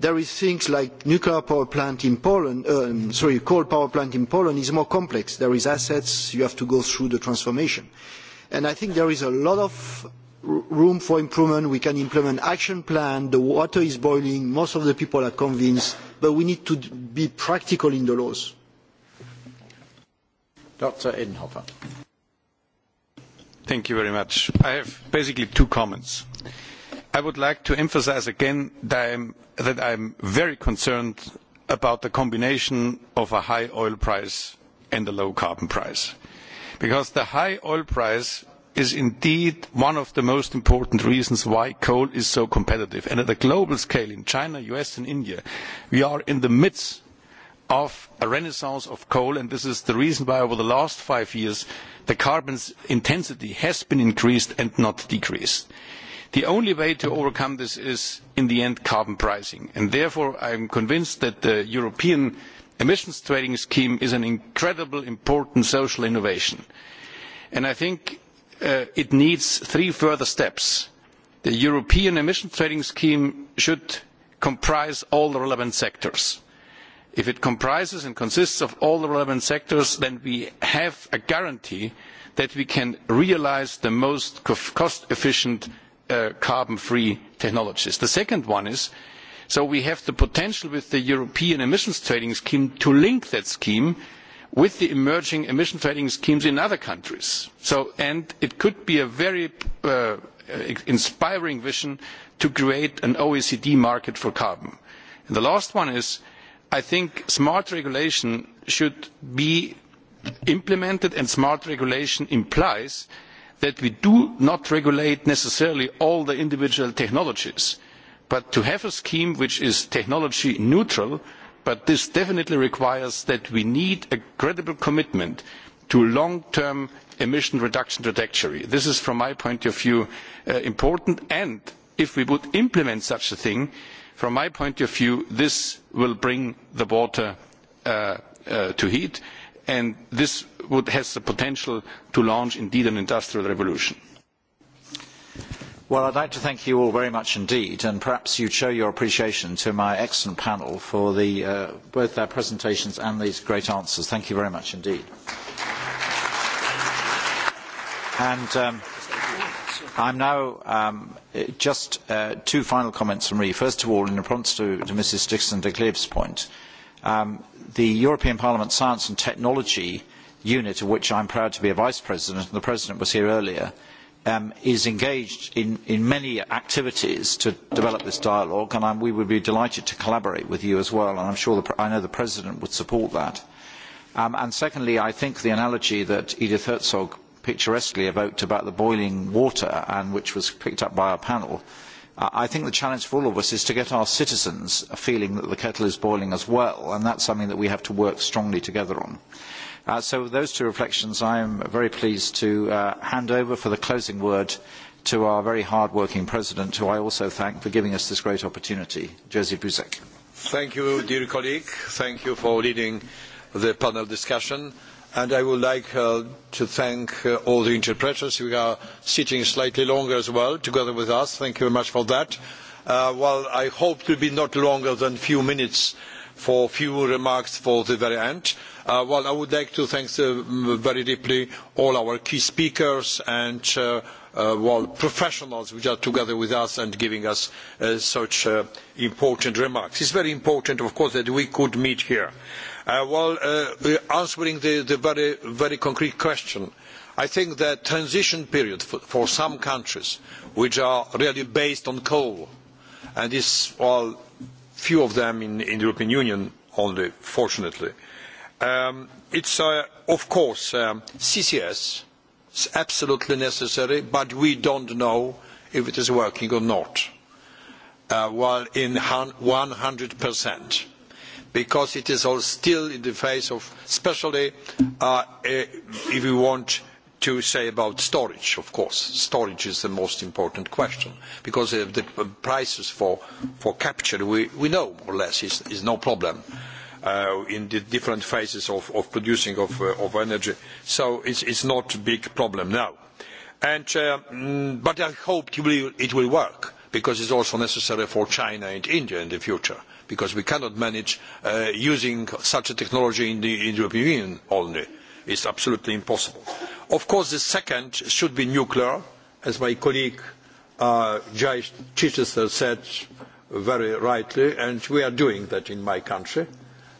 there is things like nuclear power plant in Poland, uh, um, sorry, coal power plant in Poland is more complex. There is assets, you have to go through the transformation. And I think there is a lot of room for improvement. We can implement action plan. The water is boiling. Most of the people are convinced, but we need to be practical in the laws. Dr. Edenhofer. Thank you very much. I have basically two comments. Uh, I would like to emphasise again that I am very concerned about the combination of a high oil price and a low carbon price. Because the high oil price is indeed one of the most important reasons why coal is so competitive. And at a global scale, in China, the US and India, we are in the midst of a renaissance of coal, and this is the reason why over the last five years, the carbon intensity has been increased and not decreased. The only way to overcome this is, in the end, carbon pricing. And therefore, I am convinced that the European emissions trading scheme is an incredibly important social innovation. And I think uh, it needs three further steps. The European emissions trading scheme should comprise all the relevant sectors. If it comprises and consists of all the relevant sectors, then we have a guarantee that we can realise the most cost-efficient uh, carbon-free technologies. The second one is, so we have the potential with the European emissions trading scheme to link that scheme with the emerging emission trading schemes in other countries. So, and it could be a very uh, inspiring vision to create an OECD market for carbon. And the last one is, I think smart regulation should be implemented and smart regulation implies that we do not regulate necessarily all the individual technologies, but to have a scheme which is technology neutral, but this definitely requires that we need a credible commitment to long-term emission reduction trajectory. This is, from my point of view, uh, important, and if we would implement such a thing, from my point of view, this will bring the water uh, uh, to heat and this would, has the potential to launch indeed an industrial revolution. Well, I'd like to thank you all very much indeed, and perhaps you'd show your appreciation to my excellent panel for the, uh, both their presentations and these great answers. Thank you very much indeed. And um, I'm now um, just uh, two final comments from me. First of all, in response to, to Mrs. Dixon de Kleb's point, um, the European Parliament Science and Technology unit, of which I am proud to be a vice president, and the president was here earlier, um, is engaged in, in, many activities to develop this dialogue, and I'm, we would be delighted to collaborate with you as well, and I'm sure the, I know the president would support that. Um, and secondly, I think the analogy that Edith Herzog picturesquely evoked about the boiling water, and which was picked up by our panel, I think the challenge for all of us is to get our citizens feeling that the kettle is boiling as well, and that is something that we have to work strongly together on. Uh, so with those two reflections, I am very pleased to uh, hand over for the closing word to our very hard-working president, who I also thank for giving us this great opportunity, Jerzy Buzek. Thank you, dear colleague. Thank you for leading the panel discussion. And I would like uh, to thank uh, all the interpreters who are sitting slightly longer as well, together with us. Thank you very much for that. Uh, well, I hope to be not longer than a few minutes for a few remarks for the very end. Uh, well, I would like to thank uh, very deeply all our key speakers and uh, Uh, well, professionals which are together with us and giving us uh, such uh, important remarks. It is very important, of course, that we could meet here. while answering the, the very, very, concrete question, I think the transition period for, for some countries which are really based on coal, and this, well, few of them in, in the European Union only, fortunately, um, it's, uh, of course, um, CCS, is absolutely necessary, but we do not know if it is working or not, uh, while in one 100%, because it is all still in the face of, especially uh, eh, if we want to say about storage, of course. Storage is the most important question because the prices for, for capture, we, we know more or less is, is no problem uh, in the different phases of, of producing of, uh, of energy. So it's, it's not a big problem now. And, uh, mm, but I hope it will, it will work because it's also necessary for China and India in the future because we cannot manage uh, using such a technology in the, in the European Union only. It's absolutely impossible. Of course, the second should be nuclear, as my colleague uh, Jai Chichester said very rightly, and we are doing that in my country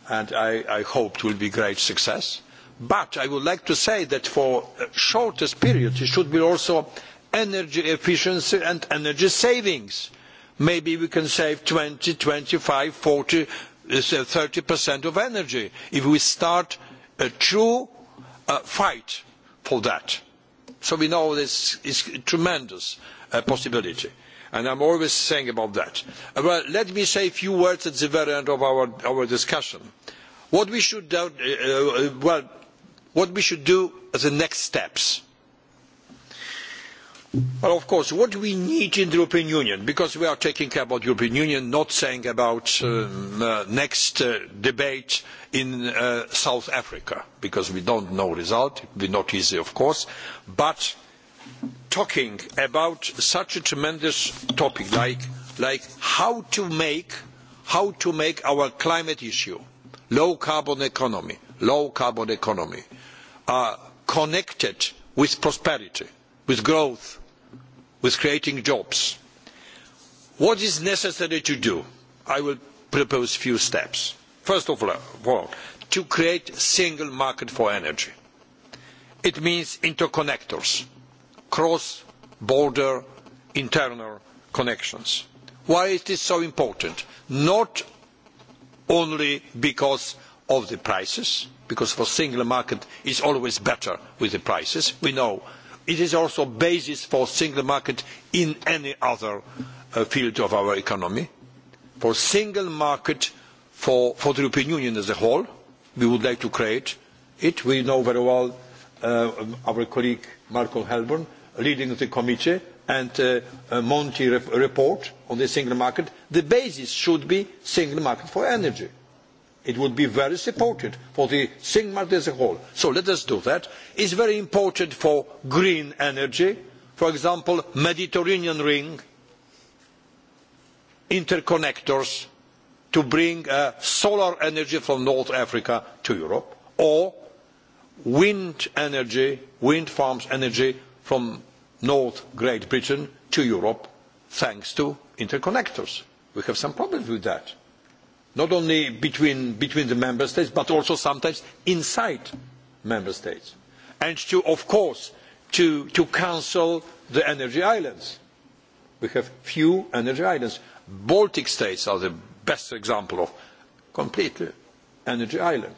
and I, I hope it will be a great success. But I would like to say that for the shortest period, it should be also energy efficiency and energy savings. Maybe we can save twenty, twenty five, forty, 30 uh, percent of energy if we start a true uh, fight for that. So we know this is a tremendous uh, possibility and I am always saying about that. Uh, well, let me say a few words at the very end of our, our discussion. What we should do, uh, uh well, what we should do as the next steps. Well, of course, what we need in the European Union, because we are talking about the European Union, not saying about um, uh, next uh, debate in uh, South Africa, because we don't know result, it will be not easy, of course, but talking about such a tremendous topic like, like how, to make, how to make our climate issue, low carbon economy, low carbon economy, uh, connected with prosperity, with growth, with creating jobs. What is necessary to do? I will propose a few steps. First of all, to create a single market for energy. It means interconnectors cross-border internal connections. Why is this so important? Not only because of the prices, because for single market is always better with the prices, we know. It is also basis for single market in any other uh, field of our economy. For single market for, for the European Union as a whole, we would like to create it. We know very well uh, our colleague Marco Helborn leading the committee and uh, uh, Monti rep report on the single market, the basis should be single market for energy. It would be very supported for the single market as a whole. So let us do that. It is very important for green energy, for example, Mediterranean ring, interconnectors to bring uh, solar energy from North Africa to Europe, or wind energy, wind farms energy from North Great Britain to Europe thanks to interconnectors. We have some problems with that. Not only between, between the member states, but also sometimes inside member states. And to, of course, to, to cancel the energy islands. We have few energy islands. Baltic states are the best example of completely energy island.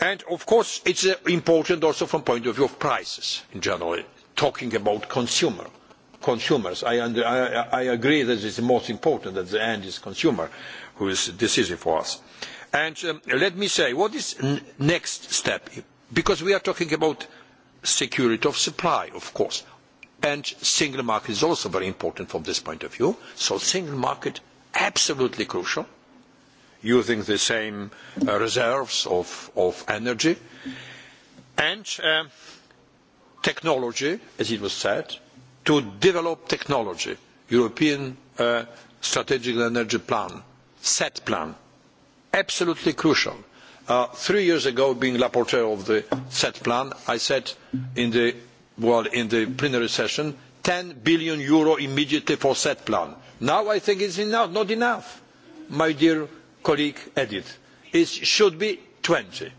And of course, it's uh, important also from the point of view of prices in general talking about consumer, consumers. I, under, I, I agree that it's most important at the end is consumer who is decisive for us. And um, let me say, what is n next step? Because we are talking about security of supply, of course. And single market is also very important from this point of view. So single market, absolutely crucial, using the same uh, reserves of, of energy. And... Uh, technology, as it was said, to develop technology, European uh, strategic energy plan, set plan, absolutely crucial. Uh, three years ago, being rapporteur of the set plan, I said in the, well, in the plenary session, 10 billion euro immediately for set plan. Now I think it's enough, not enough, my dear colleague Edith. It should be 20.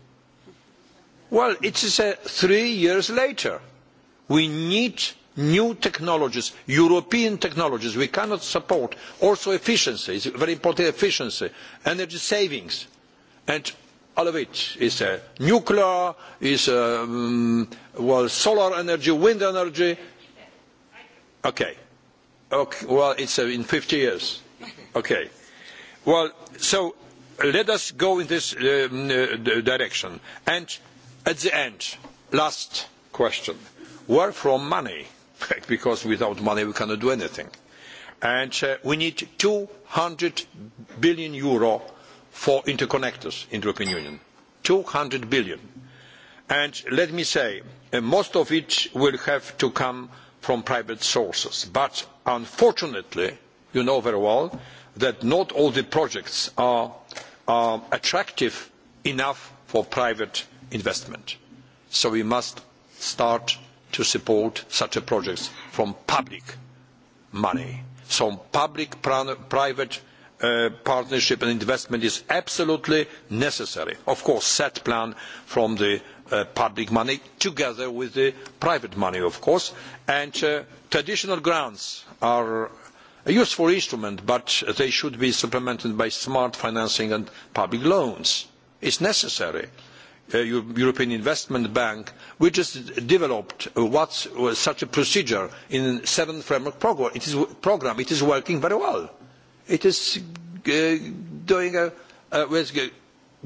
Well, it is uh, three years later. We need new technologies, European technologies. We cannot support also efficiency, it's very important efficiency, energy savings, and all of it is uh, nuclear, is um, well solar energy, wind energy. Okay, okay well it's uh, in 50 years. Okay, well so let us go in this um, uh, mm, uh direction. And at the end, last question were from money, because without money we cannot do anything. And uh, we need 200 billion euro for interconnectors in the European Union. 200 billion. And let me say, uh, most of it will have to come from private sources. But unfortunately, you know very well that not all the projects are, are attractive enough for private investment. So we must start to support such a projects from public money. So public-private uh, partnership and investment is absolutely necessary. Of course, set plan from the uh, public money together with the private money, of course. And uh, traditional grants are a useful instrument, but they should be supplemented by smart financing and public loans. It is necessary. Uh, European Investment Bank, which has developed uh, such a procedure in the seventh framework program. It is, program. It is working very well. It is uh, doing a, uh,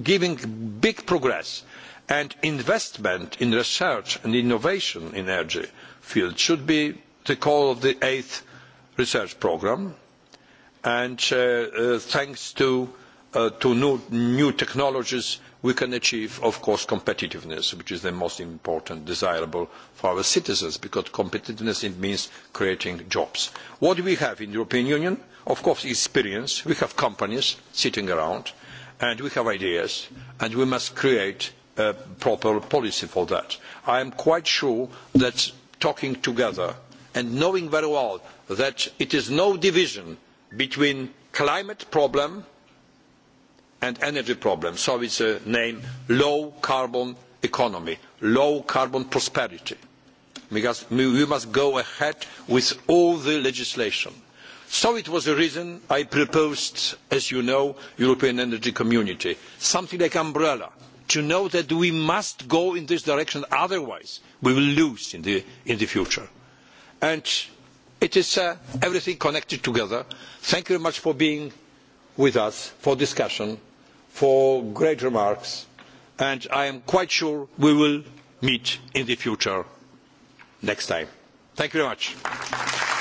giving big progress. And investment in research and innovation in energy field should be the call of the eighth research program. And uh, uh, thanks to uh, to new, new technologies, we can achieve, of course, competitiveness, which is the most important, desirable for our citizens, because competitiveness it means creating jobs. What do we have in the European Union, of course, experience. We have companies sitting around, and we have ideas, and we must create a proper policy for that. I am quite sure that talking together and knowing very well that it is no division between climate problem and energy problems, So it's a name, low carbon economy, low carbon prosperity. Because we must go ahead with all the legislation. So it was the reason I proposed, as you know, European Energy Community, something like umbrella, to know that we must go in this direction, otherwise we will lose in the, in the future. And it is uh, everything connected together. Thank you very much for being with us for discussion for great remarks, and I am quite sure we will meet in the future next time. Thank you very much.